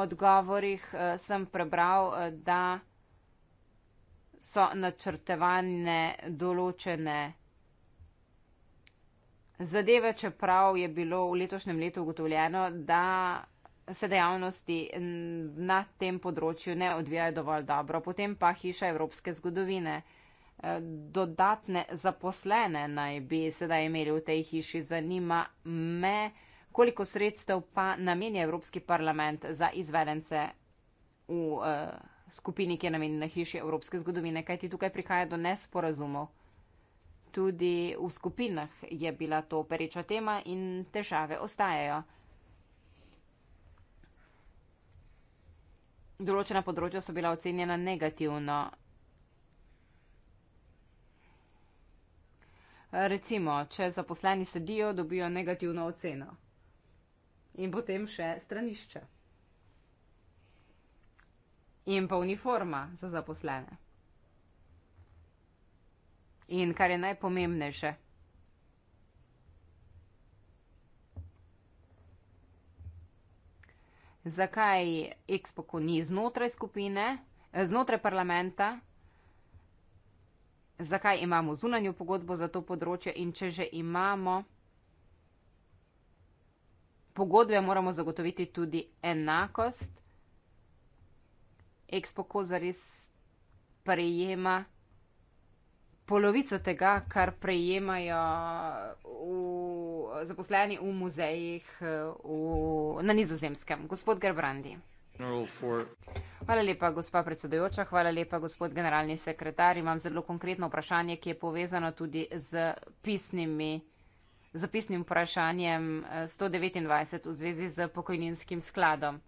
odgovorih eh, sem prebral, eh, da so načrtevane določene zadeve, čeprav je bilo v letošnjem letu ugotovljeno, da se dejavnosti na tem področju ne odvijajo dovolj dobro. Potem pa hiša evropske zgodovine. E, dodatne zaposlene naj bi sedaj imeli v tej hiši. Zanima me, koliko sredstev pa namenja Evropski parlament za izvedence v uh, skupini, ki je namenjena hiši evropske zgodovine, kajti tukaj prihaja do nesporazumov. Tudi v skupinah je bila to pereča tema in težave ostajajo. Določena področja so bila ocenjena negativno. Recimo, če zaposleni sedijo, dobijo negativno oceno. In potem še stranišče. In pa uniforma za zaposlene. In kar je najpomembnejše. zakaj Expoko ni znotraj skupine, eh, znotraj parlamenta, zakaj imamo zunanjo pogodbo za to področje in če že imamo pogodbe, moramo zagotoviti tudi enakost. Expoko zares prejema polovico tega, kar prejemajo v zaposleni v muzejih eh, v, na nizozemskem, gospod Gerbrandi. Hvala lepa, gospa predsedojoča, hvala lepa, gospod generalni sekretar. Imam zelo konkretno vprašanje, ki je povezano tudi z pisnimi. Zapisnim vprašanjem 129 eh, v zvezi z pokojninskim skladom.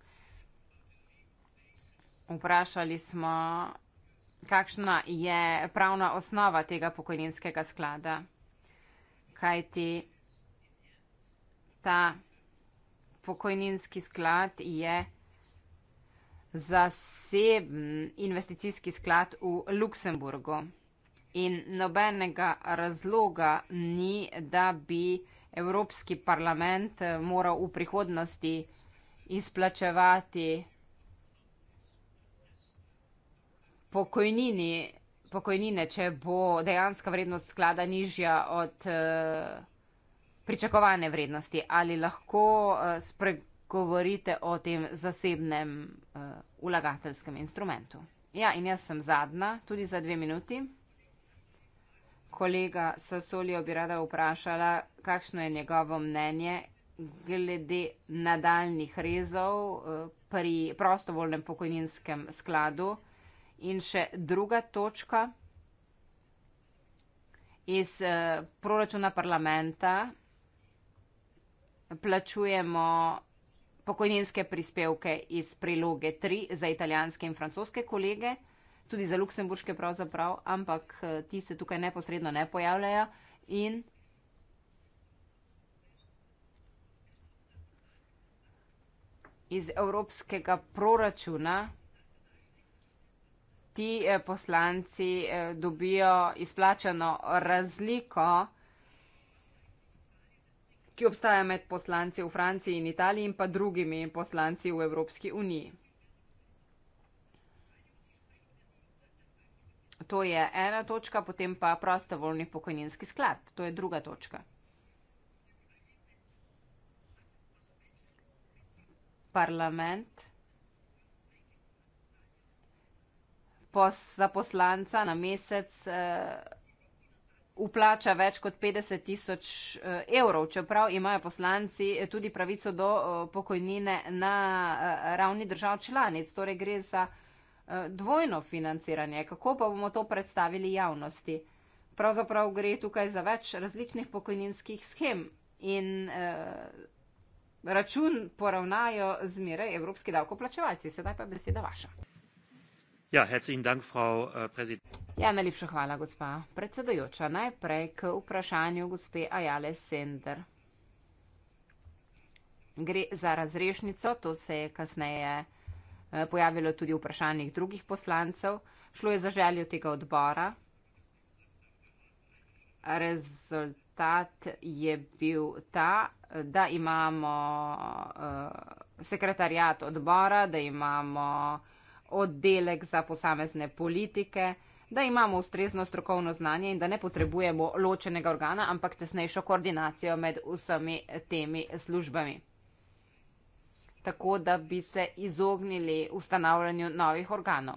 Vprašali smo, kakšna je pravna osnova tega pokojninskega sklada, kajti ta pokojninski sklad je zaseben investicijski sklad v Luksemburgu. In nobenega razloga ni, da bi Evropski parlament eh, moral v prihodnosti izplačevati pokojnine, če bo dejansko vrednost sklada nižja od. Uh, pričakovane vrednosti. Ali lahko uh, spregovorite o tem zasebnem uh, eh, ulagateljskem instrumentu? Ja, in jaz sem zadnja, tudi za dve minuti. Kolega Sasolijo bi rada vprašala, kakšno je njegovo mnenje glede nadaljnih rezov eh, pri prostovoljnem pokojninskem skladu. In še druga točka iz proračuna parlamenta plačujemo pokojninske prispevke iz priloge 3 za italijanske in francoske kolege, tudi za luksemburške pravzaprav, ampak eh, ti se tukaj neposredno ne pojavljajo. In iz evropskega proračuna ti eh, poslanci eh, dobijo izplačano razliko, ki obstaja med poslanci v Franciji in Italiji in pa drugimi poslanci v Evropski uniji. To je ena točka, potem pa prostovoljni pokojninski sklad. To je druga točka. Parlament Pos, za poslanca na mesec. Eh, Uplača več kot 50 tisoč eh, evrov, čeprav imajo poslanci eh, tudi pravico do eh, pokojnine na ravni držav članic, torej gre za dvojno financiranje. Kako pa bomo to predstavili javnosti? Pravzaprav gre tukaj za več različnih pokojninskih schem in račun poravnajo zmeraj evropski davkoplačevalci. Sedaj pa beseda vaša. Ja, dank, Frau, uh, ja, najlepša hvala, gospa predsedujoča. Najprej k vprašanju gospe Ajale Sender. Gre za razrešnico, to se je kasneje e, pojavilo tudi v vprašanjih drugih poslancev. Šlo je za željo tega odbora. Rezultat je bil ta, da imamo uh, e, sekretarjat odbora, da imamo uh, oddelek za posamezne politike, da imamo ustrezno strokovno znanje in da ne potrebujemo ločenega organa, ampak tesnejšo koordinacijo med vsemi temi službami. Tako da bi se izognili ustanavljanju novih organov.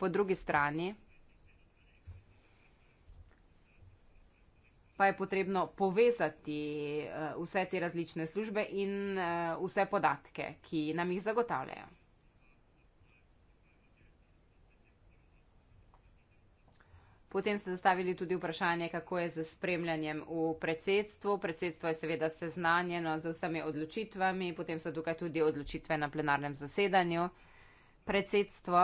Po drugi strani pa je potrebno povezati eh, vse te različne službe in eh, vse podatke, ki nam jih zagotavljajo. Potem ste zastavili tudi vprašanje, kako je z spremljanjem v predsedstvu. Predsedstvo je seveda seznanjeno z vsemi odločitvami, potem so tukaj tudi odločitve na plenarnem zasedanju. Predsedstvo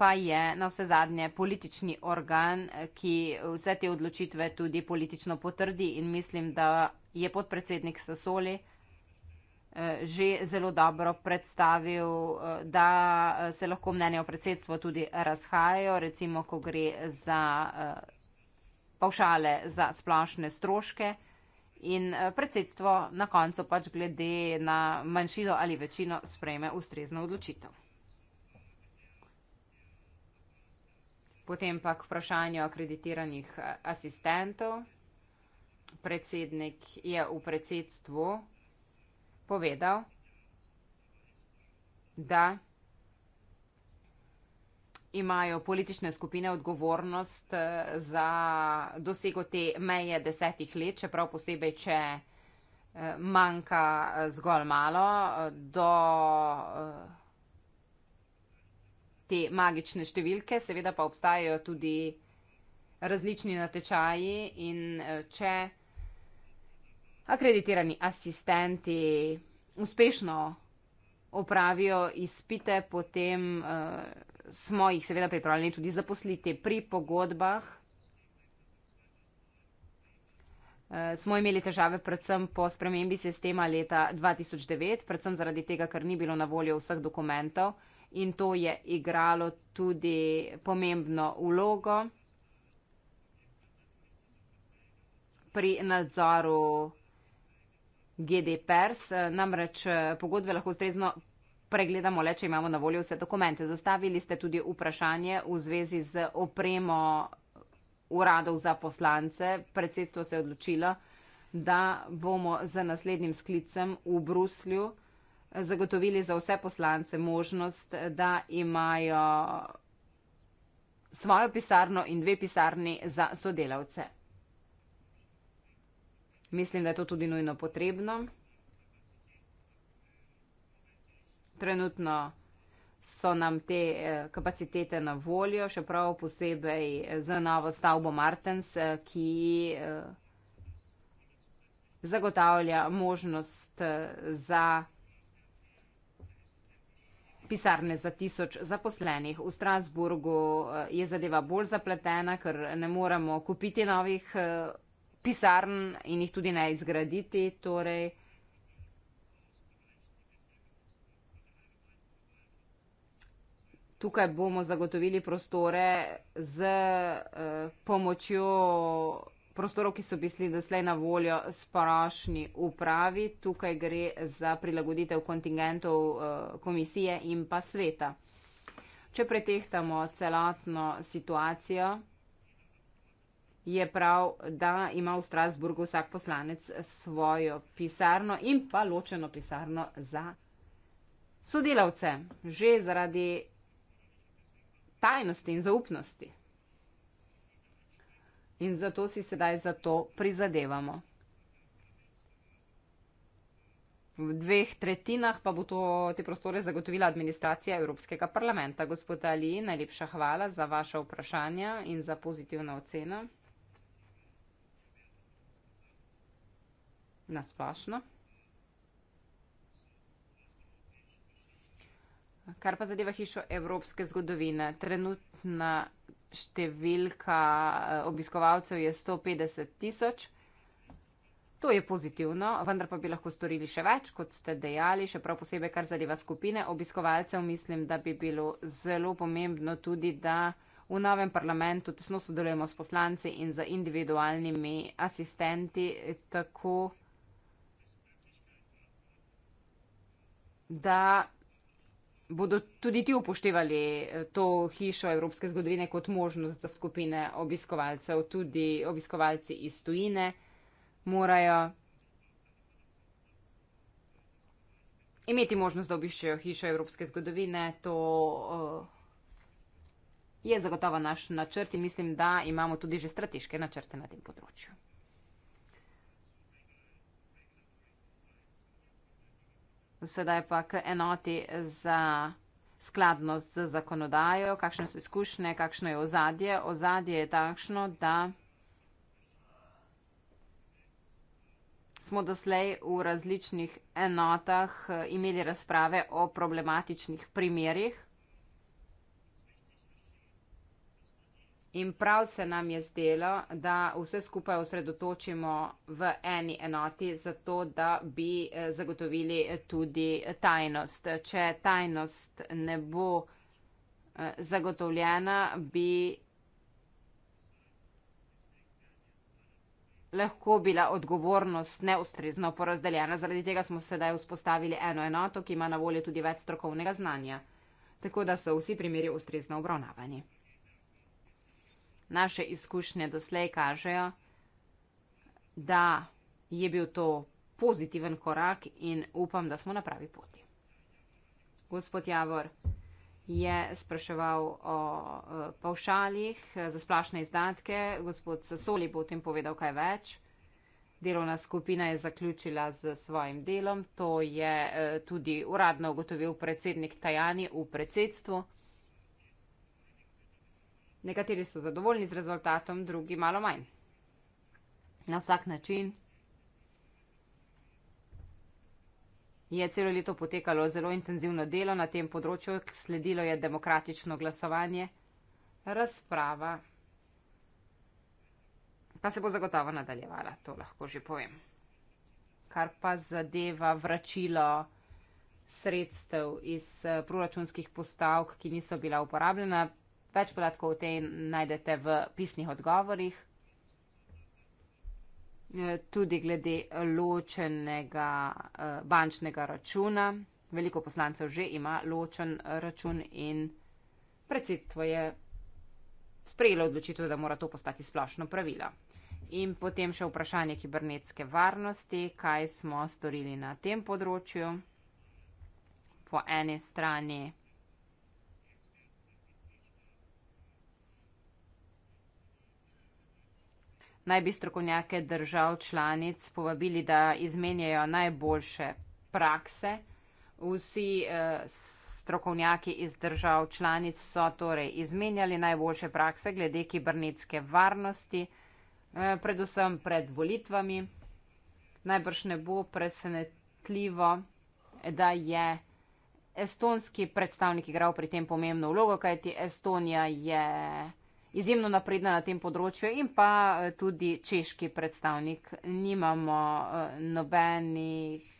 pa je na vse zadnje politični organ, ki vse te odločitve tudi politično potrdi in mislim, da je podpredsednik Sosoli. Eh, že zelo dobro predstavil, eh, da eh, se lahko mnenja o predsedstvu tudi razhajajo, recimo, ko gre za pavšale, za splošne stroške in predsedstvo na koncu pač glede na manjšino ali večino sprejme ustrezno odločitev. Potem pa k vprašanju akreditiranih asistentov. Predsednik je v predsedstvu povedal, da imajo politične skupine odgovornost eh, za dosego te meje desetih let, čeprav posebej, če eh, manjka eh, zgolj malo do te magične številke, seveda pa obstajajo tudi različni natečaji in če akreditirani asistenti uspešno opravijo izpite, potem uh, smo jih seveda pripravljeni tudi zaposliti pri pogodbah. Uh, smo imeli težave predvsem po spremembi sistema leta 2009, predvsem zaradi tega, ker ni bilo na voljo vseh dokumentov in to je igralo tudi pomembno vlogo pri nadzoru GDPRS, eh, namreč eh, pogodbe lahko ustrezno pregledamo le, če imamo na voljo vse dokumente. Zastavili ste tudi vprašanje v zvezi z opremo uradov za poslance. Predsedstvo se je odločilo, da bomo z naslednjim sklicem v Bruslju eh, zagotovili za vse poslance možnost, da imajo svojo pisarno in dve pisarni za sodelavce. Mislim, da je to tudi nujno potrebno. Trenutno so nam te eh, kapacitete na voljo, še prav posebej eh, za novo stavbo Martens, eh, ki zagotavlja možnost za pisarne za tisoč zaposlenih. V Strasburgu je zadeva bolj zapletena, ker ne moremo kupiti novih pisarn in jih tudi naj zgraditi. Torej. Tukaj bomo zagotovili prostore z uh, pomočjo prostorov, ki so bili doslej na voljo sporošni upravi. Tukaj gre za prilagoditev kontingentov uh, komisije in pa sveta. Če pretehtamo celotno situacijo, je prav, da ima v Strasburgu vsak poslanec svojo pisarno in pa ločeno pisarno za sodelavce, že zaradi tajnosti in zaupnosti. In zato si sedaj za to prizadevamo. V dveh tretjinah pa bo to te prostore zagotovila administracija Evropskega parlamenta. Gospod Ali, najlepša hvala za vaše vprašanja in za pozitivno oceno. na splošno. Kar pa zadeva hišo evropske zgodovine, trenutna številka eh, obiskovalcev je 150 tisoč. To je pozitivno, vendar pa bi lahko storili še več, kot ste dejali, še prav posebej, kar zadeva skupine obiskovalcev. Mislim, da bi bilo zelo pomembno tudi, da v novem parlamentu tesno sodelujemo s poslanci in z individualnimi asistenti, tako da bodo tudi ti upoštevali eh, to hišo evropske zgodovine kot možnost za skupine obiskovalcev. Tudi obiskovalci iz tujine morajo imeti možnost, da obiščejo hišo evropske zgodovine. To uh, je zagotovo naš načrt in mislim, da imamo tudi že strateške načrte na tem področju. sedaj pa k enoti za skladnost z zakonodajo, kakšne so izkušnje, kakšno je ozadje. Ozadje je takšno, da smo doslej v različnih enotah eh, imeli razprave o problematičnih primerjih. In prav se nam je zdelo, da vse skupaj osredotočimo v eni enoti, zato da bi eh, zagotovili tudi tajnost. Če tajnost ne bo eh, zagotovljena, bi lahko bila odgovornost neustrezno porazdeljena. Zaradi tega smo sedaj vzpostavili eno enoto, ki ima na voljo tudi več strokovnega znanja. Tako da so vsi primeri ustrezno obravnavani naše izkušnje doslej kažejo, da je bil to pozitiven korak in upam, da smo na pravi poti. Gospod Javor je spraševal o e, pavšalih e, za splašne izdatke, gospod Sasoli bo o tem povedal kaj več. Delovna skupina je zaključila z svojim delom, to je e, tudi uradno ugotovil predsednik Tajani v predsedstvu. Nekateri so zadovoljni z rezultatom, drugi malo manj. Na vsak način je celo leto potekalo zelo intenzivno delo na tem področju, sledilo je demokratično glasovanje, razprava. Pa se bo zagotovo nadaljevala, to lahko že povem. Kar pa zadeva vračilo sredstev iz eh, proračunskih postavk, ki niso bila uporabljena, Več podatkov o tej najdete v pisnih odgovorih. E, tudi glede ločenega e, bančnega računa. Veliko poslancev že ima ločen račun in predsedstvo je sprejelo odločitev, da mora to postati splošno pravilo. In potem še vprašanje kibernetske varnosti, kaj smo storili na tem področju. Po eni strani naj bi strokovnjake držav članic povabili, da izmenjajo najboljše prakse. Vsi eh, strokovnjaki iz držav članic so torej izmenjali najboljše prakse glede kibernetske varnosti, eh, predvsem pred volitvami. Najbrž ne bo presenetljivo, da je estonski predstavnik igral pri tem pomembno vlogo, kajti Estonija je izjemno napredna na tem področju in pa eh, tudi češki predstavnik. Nimamo eh, nobenih.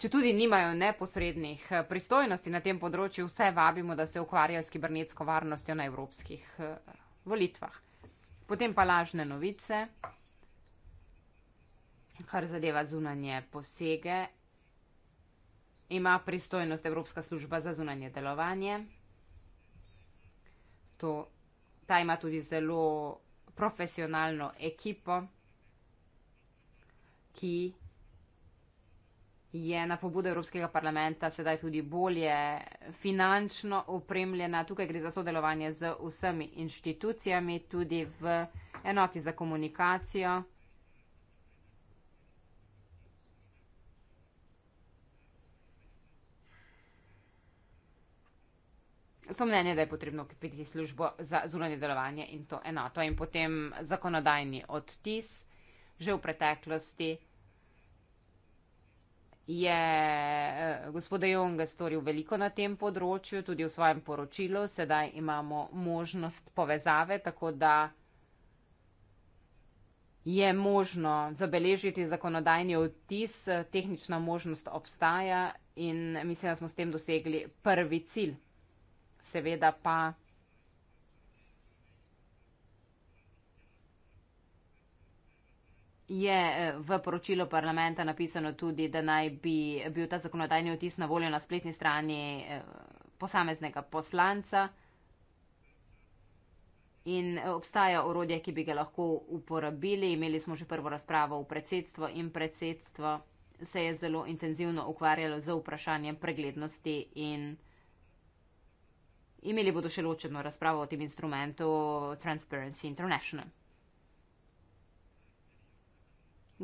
Če tudi nimajo neposrednih eh, pristojnosti na tem področju, vse vabimo, da se ukvarjajo s kibernetsko varnostjo na evropskih volitvah. Potem pa lažne novice, kar zadeva zunanje posege. Ima pristojnost Evropska služba za zunanje delovanje to, ta ima tudi zelo profesionalno ekipo, ki je na pobudo Evropskega parlamenta sedaj tudi bolje finančno opremljena. Tukaj gre za sodelovanje z vsemi inštitucijami, tudi v enoti za komunikacijo. so mnenje, da je potrebno ukrepiti službo za zunanje delovanje in to enoto. In potem zakonodajni odtis že v preteklosti je eh, gospoda Junga storil veliko na tem področju, tudi v svojem poročilu. Sedaj imamo možnost povezave, tako da je možno zabeležiti zakonodajni odtis, tehnična možnost obstaja in mislim, da smo s tem dosegli prvi cilj seveda pa je eh, v poročilu parlamenta napisano tudi, da naj bi bil ta zakonodajni otis na voljo na spletni strani eh, posameznega poslanca in eh, obstaja orodje, ki bi ga lahko uporabili. Imeli smo že prvo razpravo v predsedstvo in predsedstvo se je zelo intenzivno ukvarjalo z vprašanjem preglednosti in Imeli bodo še ločeno razpravo o tem instrumentu Transparency International.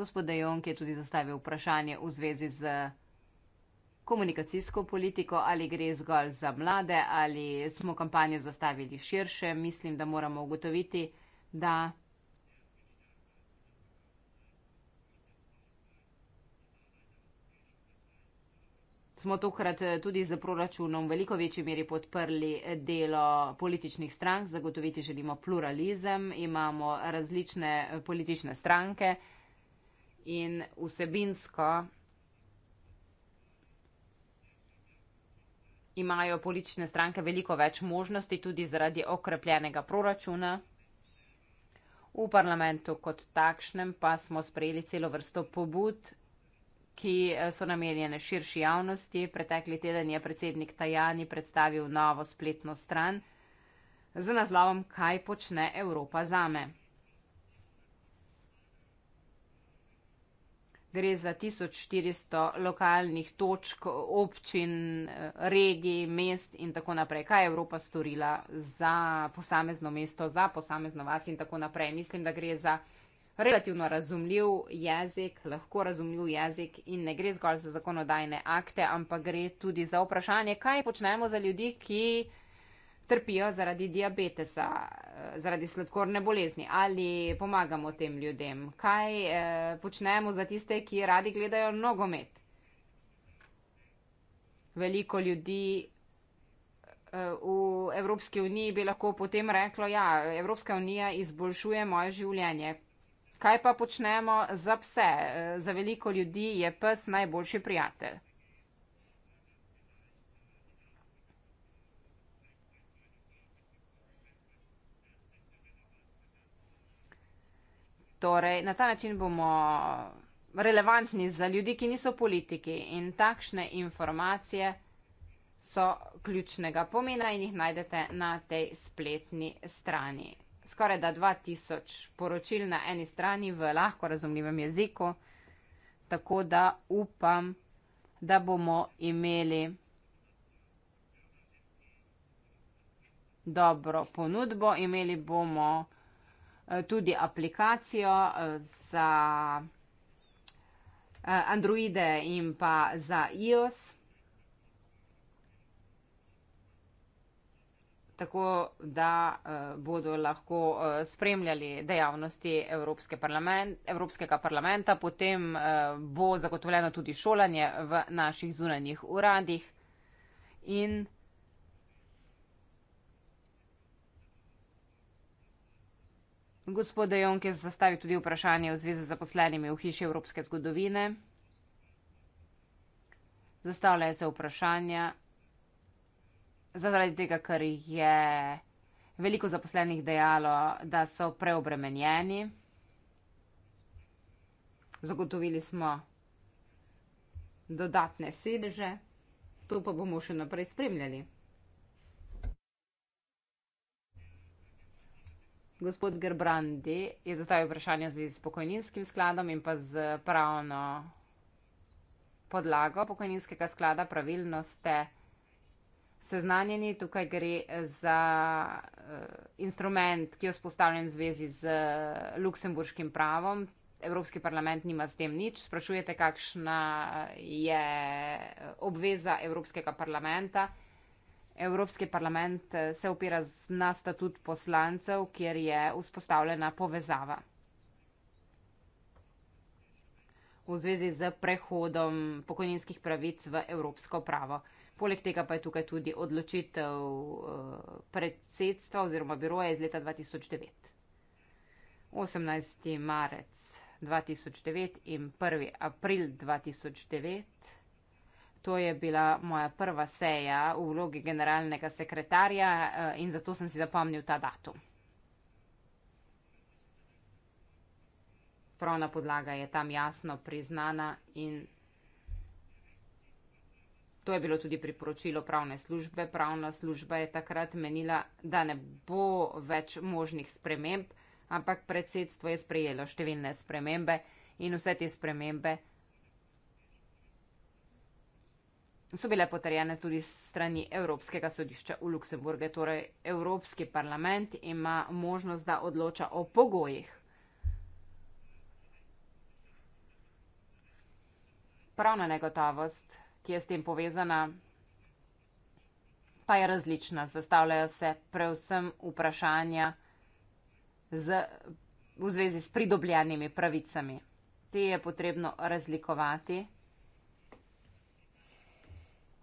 Gospod Dejonk je tudi zastavil vprašanje v zvezi z komunikacijsko politiko, ali gre zgolj za mlade, ali smo kampanjo zastavili širše. Mislim, da moramo ugotoviti, da smo tokrat eh, tudi z proračunom v veliko večji meri podprli eh, delo političnih strank, zagotoviti želimo pluralizem, imamo različne eh, politične stranke in vsebinsko imajo politične stranke veliko več možnosti tudi zaradi okrepljenega proračuna. V parlamentu kot takšnem pa smo sprejeli celo vrsto pobud ki eh, so namenjene širši javnosti. Pretekli teden je predsednik Tajani predstavil novo spletno stran z naslovom Kaj počne Evropa zame. Gre za 1400 lokalnih točk, občin, eh, regij, mest in tako naprej. Kaj je Evropa storila za posamezno mesto, za posamezno vas in tako naprej. Mislim, da gre za relativno razumljiv jezik, lahko razumljiv jezik in ne gre zgolj za zakonodajne akte, ampak gre tudi za vprašanje, kaj počnemo za ljudi, ki trpijo zaradi diabetesa, eh, zaradi sladkorne bolezni, ali pomagamo tem ljudem, kaj eh, počnemo za tiste, ki radi gledajo nogomet. Veliko ljudi eh, v Evropski uniji bi lahko potem reklo, ja, Evropska unija izboljšuje moje življenje, Kaj pa počnemo za pse? Eh, za veliko ljudi je pes najboljši prijatelj. Torej, na ta način bomo relevantni za ljudi, ki niso politiki in takšne informacije so ključnega pomena in jih najdete na tej spletni strani skoraj da 2000 poročil na eni strani v lahko razumljivem jeziku, tako da upam, da bomo imeli dobro ponudbo, imeli bomo eh, tudi aplikacijo eh, za eh, Androide in pa za iOS. tako da uh, bodo lahko uh, spremljali dejavnosti Evropske parlament, Evropskega parlamenta. Potem uh, bo zagotovljeno tudi šolanje v naših zunanjih uradih. In gospod Dejonk je zastavil tudi vprašanje v zvezi z zaposlenimi v hiši Evropske zgodovine. Zastavljajo se vprašanja Zaradi tega, ker je veliko zaposlenih dejalo, da so preobremenjeni. Zagotovili smo dodatne sedeže, to pa bomo še naprej spremljali. Gospod Gerbrandi je zastavil vprašanje z pokojninskim skladom in pa z pravno podlago pokojninskega sklada. Pravilno ste seznanjeni. Tukaj gre za uh, instrument, ki je vzpostavljen v zvezi z uh, luksemburškim pravom. Evropski parlament nima s tem nič. Sprašujete, kakšna eh, je obveza Evropskega parlamenta. Evropski parlament se opira na statut poslancev, kjer je vzpostavljena povezava v zvezi z prehodom pokojninskih pravic v evropsko pravo. Poleg tega pa je tukaj tudi odločitev eh, predsedstva oziroma biroja iz leta 2009. 18. marec 2009 in 1. april 2009. To je bila moja prva seja v vlogi generalnega sekretarja eh, in zato sem si zapomnil ta datum. Pravna podlaga je tam jasno priznana in To je bilo tudi priporočilo pravne službe. Pravna služba je takrat menila, da ne bo več možnih sprememb, ampak predsedstvo je sprejelo številne spremembe in vse te spremembe so bile potrjene tudi strani Evropskega sodišča v Luksemburgu. Torej, Evropski parlament ima možnost, da odloča o pogojih. Pravna negotovost ki je s tem povezana, pa je različna. Zastavljajo se predvsem vprašanja z, v zvezi s pridobljenimi pravicami. Te je potrebno razlikovati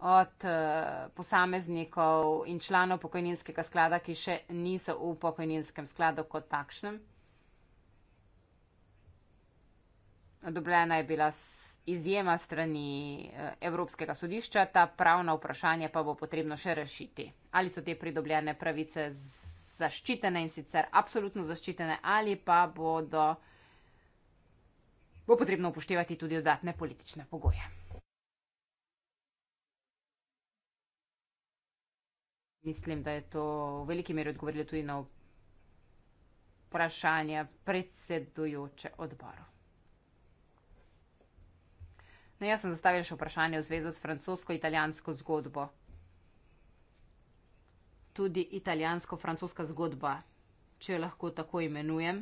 od eh, posameznikov in članov pokojninskega sklada, ki še niso v pokojninskem skladu kot takšnem. Odobljena je bila izjema strani eh, Evropskega sodišča, ta pravna vprašanja pa bo potrebno še rešiti. Ali so te pridobljene pravice zaščitene in sicer absolutno zaščitene, ali pa bodo, bo potrebno upoštevati tudi dodatne politične pogoje. Mislim, da je to v veliki meri odgovorilo tudi na vprašanje predsedujoče odboru. Ne, no, jaz sem zastavil še vprašanje v zvezi s francosko-italijansko zgodbo. Tudi italijansko-francoska zgodba, če jo lahko tako imenujem,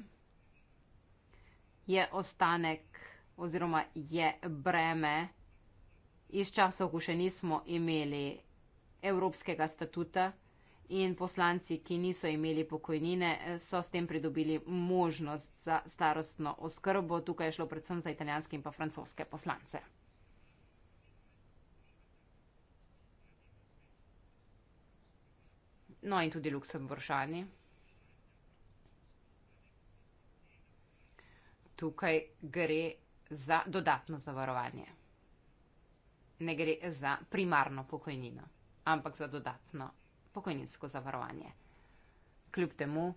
je ostanek oziroma je breme iz časov, ko še nismo imeli evropskega statuta in poslanci, ki niso imeli pokojnine, so s tem pridobili možnost za starostno oskrbo. Tukaj je šlo predvsem za italijanske in pa francoske poslance. no in tudi Luksemburžani. Tukaj gre za dodatno zavarovanje. Ne gre za primarno pokojnino, ampak za dodatno pokojninsko zavarovanje. Kljub temu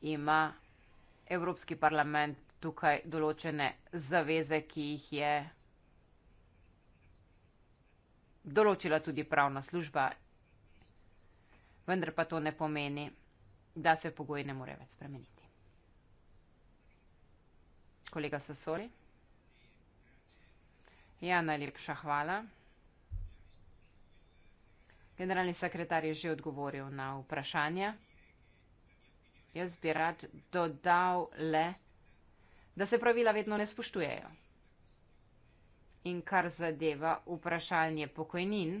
ima Evropski parlament tukaj določene zaveze, ki jih je določila tudi pravna služba vendar pa to ne pomeni, da se pogoji ne more več spremeniti. Kolega Sasoli. Ja, najlepša hvala. Generalni sekretar je že odgovoril na vprašanje. Jaz bi rad dodal le, da se pravila vedno ne spoštujejo. In kar zadeva vprašanje pokojnin,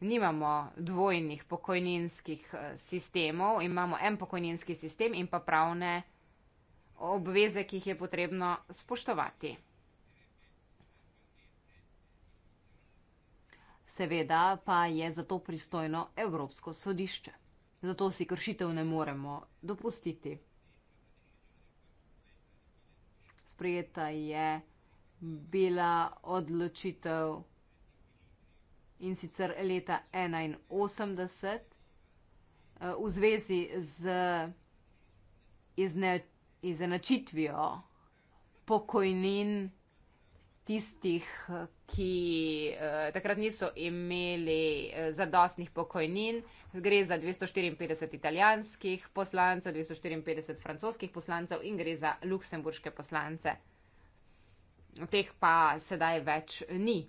nimamo dvojnih pokojninskih eh, sistemov, imamo en pokojninski sistem in pa pravne obveze, ki jih je potrebno spoštovati. Seveda pa je za to pristojno Evropsko sodišče. Zato si kršitev ne moremo dopustiti. Sprejeta je bila odločitev in sicer leta 81 eh, v zvezi z izne, izenačitvijo pokojnin tistih, ki eh, takrat niso imeli eh, zadostnih pokojnin. Gre za 254 italijanskih poslancev, 254 francoskih poslancev in gre za luksemburške poslance. Teh pa sedaj več ni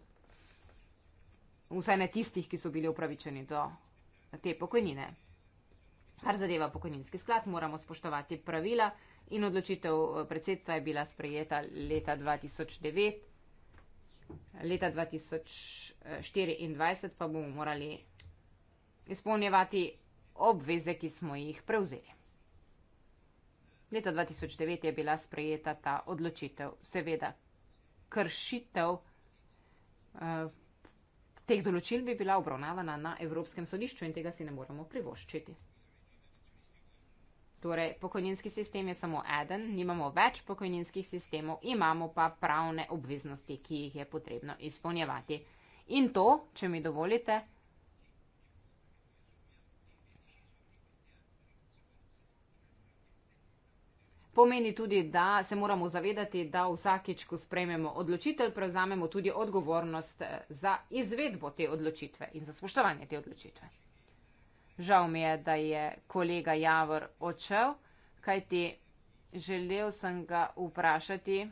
vsaj ne tistih, ki so bili upravičeni do te pokojnine. Kar zadeva pokojninski sklad, moramo spoštovati pravila in odločitev eh, predsedstva je bila sprejeta leta 2009. Leta 2024 eh, pa bomo morali izpolnjevati obveze, ki smo jih prevzeli. Leta 2009 je bila sprejeta ta odločitev. Seveda, kršitev. Uh, teh določil bi bila obravnavana na Evropskem sodišču in tega si ne moremo privoščiti. Torej, pokojninski sistem je samo eden, nimamo več pokojninskih sistemov, imamo pa pravne obveznosti, ki jih je potrebno izpolnjevati. In to, če mi dovolite, pomeni tudi, da se moramo zavedati, da vsakič, ko sprejmemo odločitev, prevzamemo tudi odgovornost eh, za izvedbo te odločitve in za spoštovanje te odločitve. Žal mi je, da je kolega Javor odšel, kajti želel sem ga vprašati.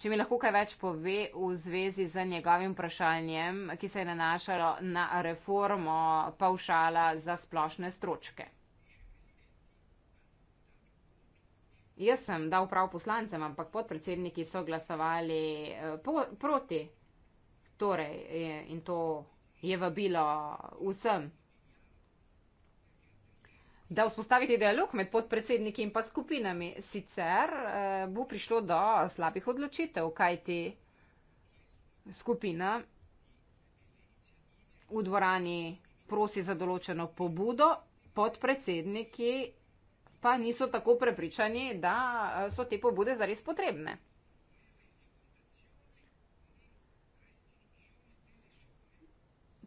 Če mi lahko kaj več pove v zvezi z njegovim vprašanjem, ki se je nanašalo na reformo paušala za splošne stročke. Jaz sem dal prav poslancem, ampak podpredsedniki so glasovali eh, po, proti. Torej, in to je vabilo vsem da vzpostavite dialog med podpredsedniki in pa skupinami. Sicer eh, bo prišlo do slabih odločitev, kajti skupina v dvorani prosi za določeno pobudo, podpredsedniki pa niso tako prepričani, da eh, so te pobude zares potrebne.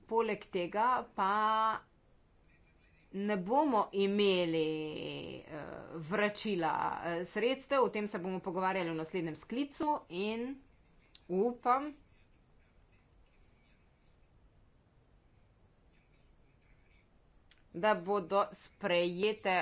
Poleg tega pa ne bomo imeli uh, vračila uh, sredstev, o tem se bomo pogovarjali v naslednjem sklicu in upam, da bodo sprejete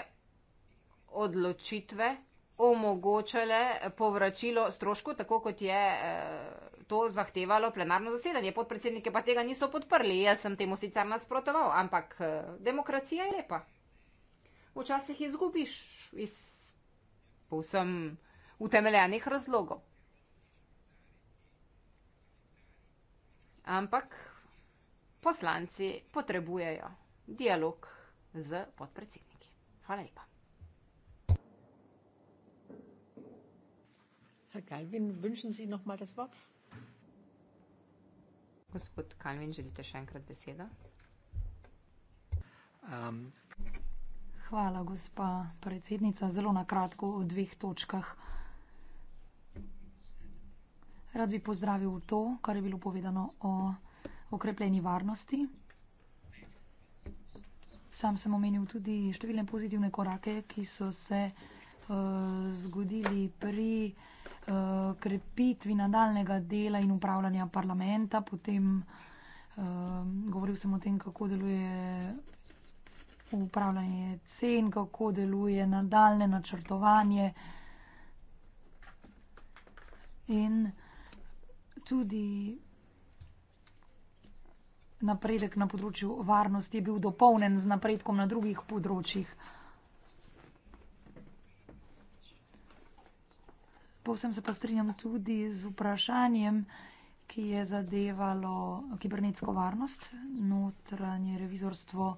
odločitve omogočale povračilo stroškov, tako kot je. Uh, to zahtevalo plenarno zasedanje. Podpredsednike pa tega niso podprli. Jaz sem temu sicer nasprotoval, ampak eh, demokracija je lepa. Včasih izgubiš iz povsem utemeljenih razlogov. Ampak poslanci potrebujejo dialog z podpredsedniki. Hvala lepa. Herr Galvin, wünschen Sie noch mal das Wort? Gospod Kalvin, želite še enkrat besedo? Um. Hvala, gospa predsednica. Zelo na kratko o dveh točkah. Rad bi pozdravil to, kar je bilo povedano o okrepljeni varnosti. Sam sem omenil tudi številne pozitivne korake, ki so se uh, zgodili pri. Eh, krepitvi nadaljnega dela in upravljanja parlamenta, potem uh, govoril sem o tem, kako deluje upravljanje cen, kako deluje nadaljne načrtovanje in tudi napredek na področju varnosti je bil dopolnen z napredkom na drugih področjih. povsem se pa strinjam tudi z vprašanjem, ki je zadevalo kibernetsko varnost, notranje revizorstvo.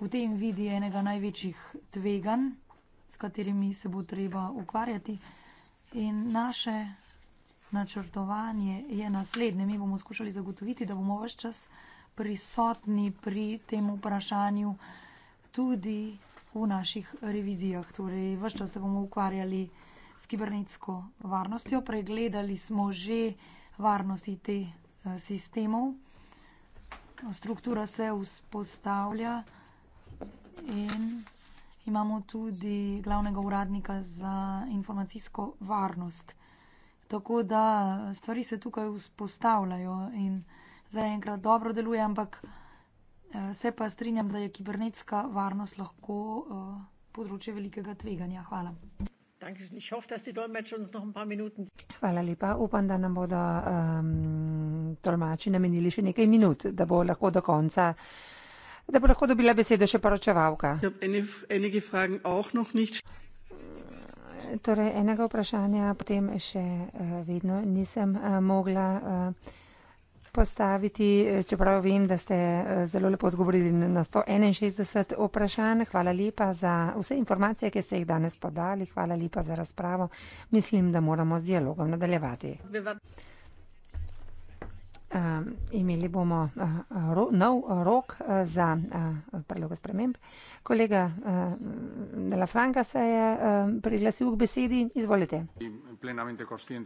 V tem vidi enega največjih tveganj, s katerimi se bo treba ukvarjati. In naše načrtovanje je naslednje. Mi bomo skušali zagotoviti, da bomo vse čas prisotni pri tem vprašanju tudi v naših revizijah. Torej, vse čas se bomo ukvarjali s kibernetsko varnostjo. Pregledali smo že varnosti te eh, sistemov. Struktura se vzpostavlja in imamo tudi glavnega uradnika za informacijsko varnost. Tako da eh, stvari se tukaj vzpostavljajo in zaenkrat dobro deluje, ampak eh, se pa strinjam, da je kibernetska varnost lahko področje velikega tveganja. Hvala. Hvala lepa. Upam, da nam bodo um, tolmači namenili še nekaj minut, da bo lahko do konca. Da bo lahko dobila besedo še poročevalka. Torej, enega vprašanja potem še uh, vedno nisem uh, mogla. Uh, postaviti, eh, čeprav vem, da ste eh, zelo lepo odgovorili na 161 vprašanj. Hvala lepa za vse informacije, ki ste jih danes podali. Hvala lepa za razpravo. Mislim, da moramo z dialogom nadaljevati. Uh, imeli bomo uh, ro, nov rok uh, za uh, predloge sprememb. Kolega uh, Dela Franka se je uh, priglasil k besedi. Izvolite. Plenamente koštijen.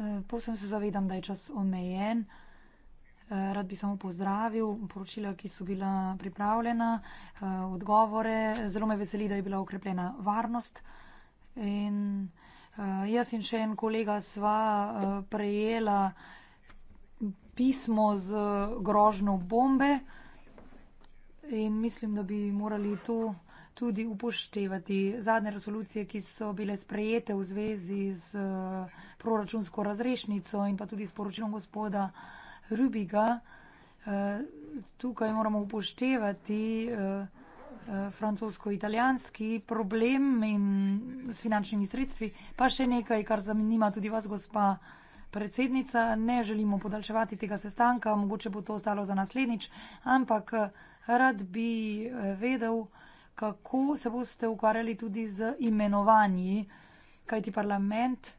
Eh, povsem se zavedam, da je čas omejen. Eh, rad bi samo pozdravil poročila, ki so bila pripravljena, eh, odgovore. Zelo me veseli, da je bila okrepljena varnost. In jaz in še en kolega sva prejela pismo z grožno bombe in mislim, da bi morali tu tudi upoštevati zadnje resolucije, ki so bile sprejete v zvezi z eh, proračunsko razrešnico in pa tudi s poročilom gospoda Rubiga. Eh, tukaj moramo upoštevati eh, francosko-italijanski problem in s finančnimi sredstvi. Pa še nekaj, kar zanima tudi vas, gospa predsednica. Ne želimo podaljševati tega sestanka, mogoče bo to ostalo za naslednjič, ampak rad bi vedel, kako se boste ukvarjali tudi z imenovanji, kajti parlament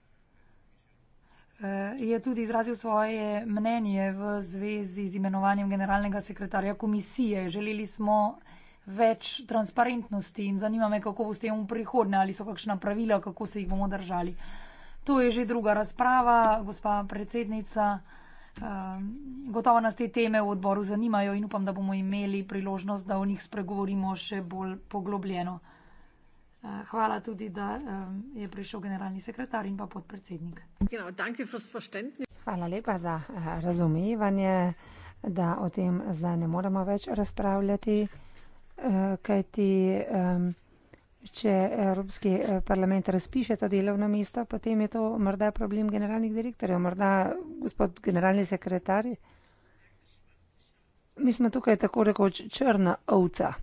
eh, je tudi izrazil svoje mnenje v zvezi z imenovanjem generalnega sekretarja komisije. Želeli smo več transparentnosti in zanima me, kako boste jim v prihodne ali so kakšna pravila, kako se jih bomo držali. To je že druga razprava, gospa predsednica. Um, gotovo nas te teme v odboru zanimajo in upam, da bomo imeli priložnost, da o njih spregovorimo še bolj poglobljeno. Eh, hvala tudi, da ehm, je prišel generalni sekretar in pa podpredsednik. Hvala lepa za eh, razumevanje, da o tem zdaj ne moremo več razpravljati, eh, kajti ehm, če Evropski eh, parlament razpiše to delovno mesto, potem je to morda problem generalnih direktorjev, morda gospod generalni sekretar. Mi smo tukaj tako rekoč črna ovca.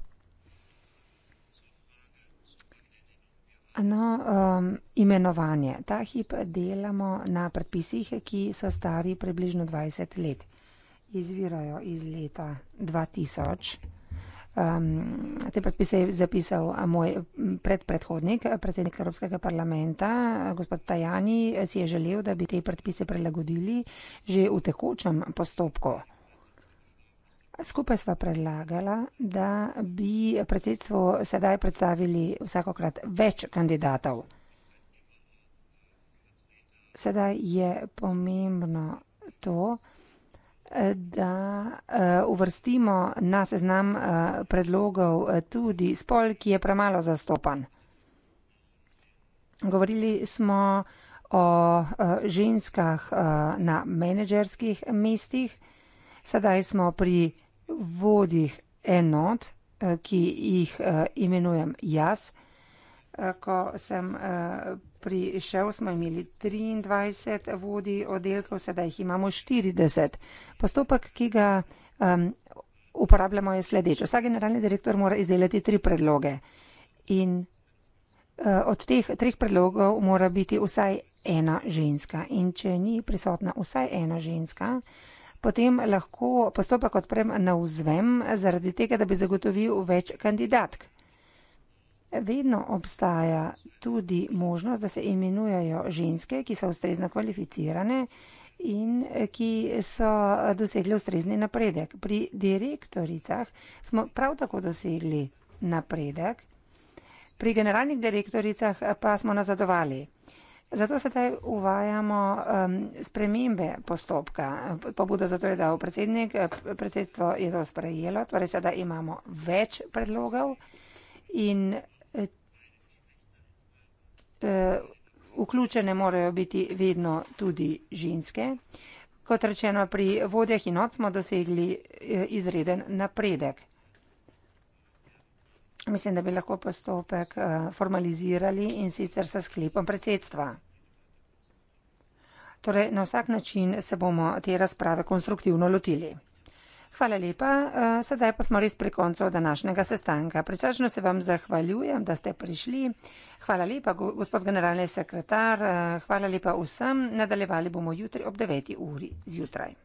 No, um, imenovanje. Ta hip delamo na predpisih, ki so stari približno 20 let. Izvirajo iz leta 2000 um, te predpise je zapisal moj predpredhodnik, predsednik Evropskega parlamenta, gospod Tajani, si je želel, da bi te predpise prilagodili že v tekočem postopku. Skupaj sva predlagala, da bi predsedstvo sedaj predstavili vsakokrat več kandidatov. Sedaj je pomembno to, da eh, uvrstimo na seznam eh, predlogov eh, tudi spol, ki je premalo zastopan. Govorili smo o ženskah na menedžerskih mestih, sedaj smo pri vodih enot, ki jih imenujem jaz. Ko sem Prišel smo imeli 23 vodij oddelkov, sedaj jih imamo 40. Postopek, ki ga um, uporabljamo, je sledeč. Vsak generalni direktor mora izdelati tri predloge. In uh, od teh treh predlogov mora biti vsaj ena ženska. In če ni prisotna vsaj ena ženska, potem lahko postopek odprem na vzvem, zaradi tega, da bi zagotovil več kandidatk. Vedno obstaja tudi možnost, da se imenujejo ženske, ki so ustrezno kvalificirane in ki so dosegli ustrezni napredek. Pri direktoricah smo prav tako dosegli napredek, pri generalnih direktoricah pa smo nazadovali. Zato se taj uvajamo um, spremembe postopka. Pobuda za to je, da v predsednik, predsedstvo je to sprejelo, torej sedaj imamo več predlogov in Eh, eh, vključene morajo biti vedno tudi ženske. Kot rečeno, pri vodjah in noc smo dosegli eh, izreden napredek. Mislim, da bi lahko postopek formalizirali in sicer sa sklepom predsedstva. Torej, na vsak način se bomo te razprave konstruktivno lotili. Hvala lepa. Eh, sedaj pa smo res pri koncu današnjega sestanka. Prisrčno se vam zahvaljujem, da ste prišli. Hvala lepa, gospod generalni sekretar. Eh, hvala lepa vsem. Nadaljevali bomo jutri ob 9. uri zjutraj.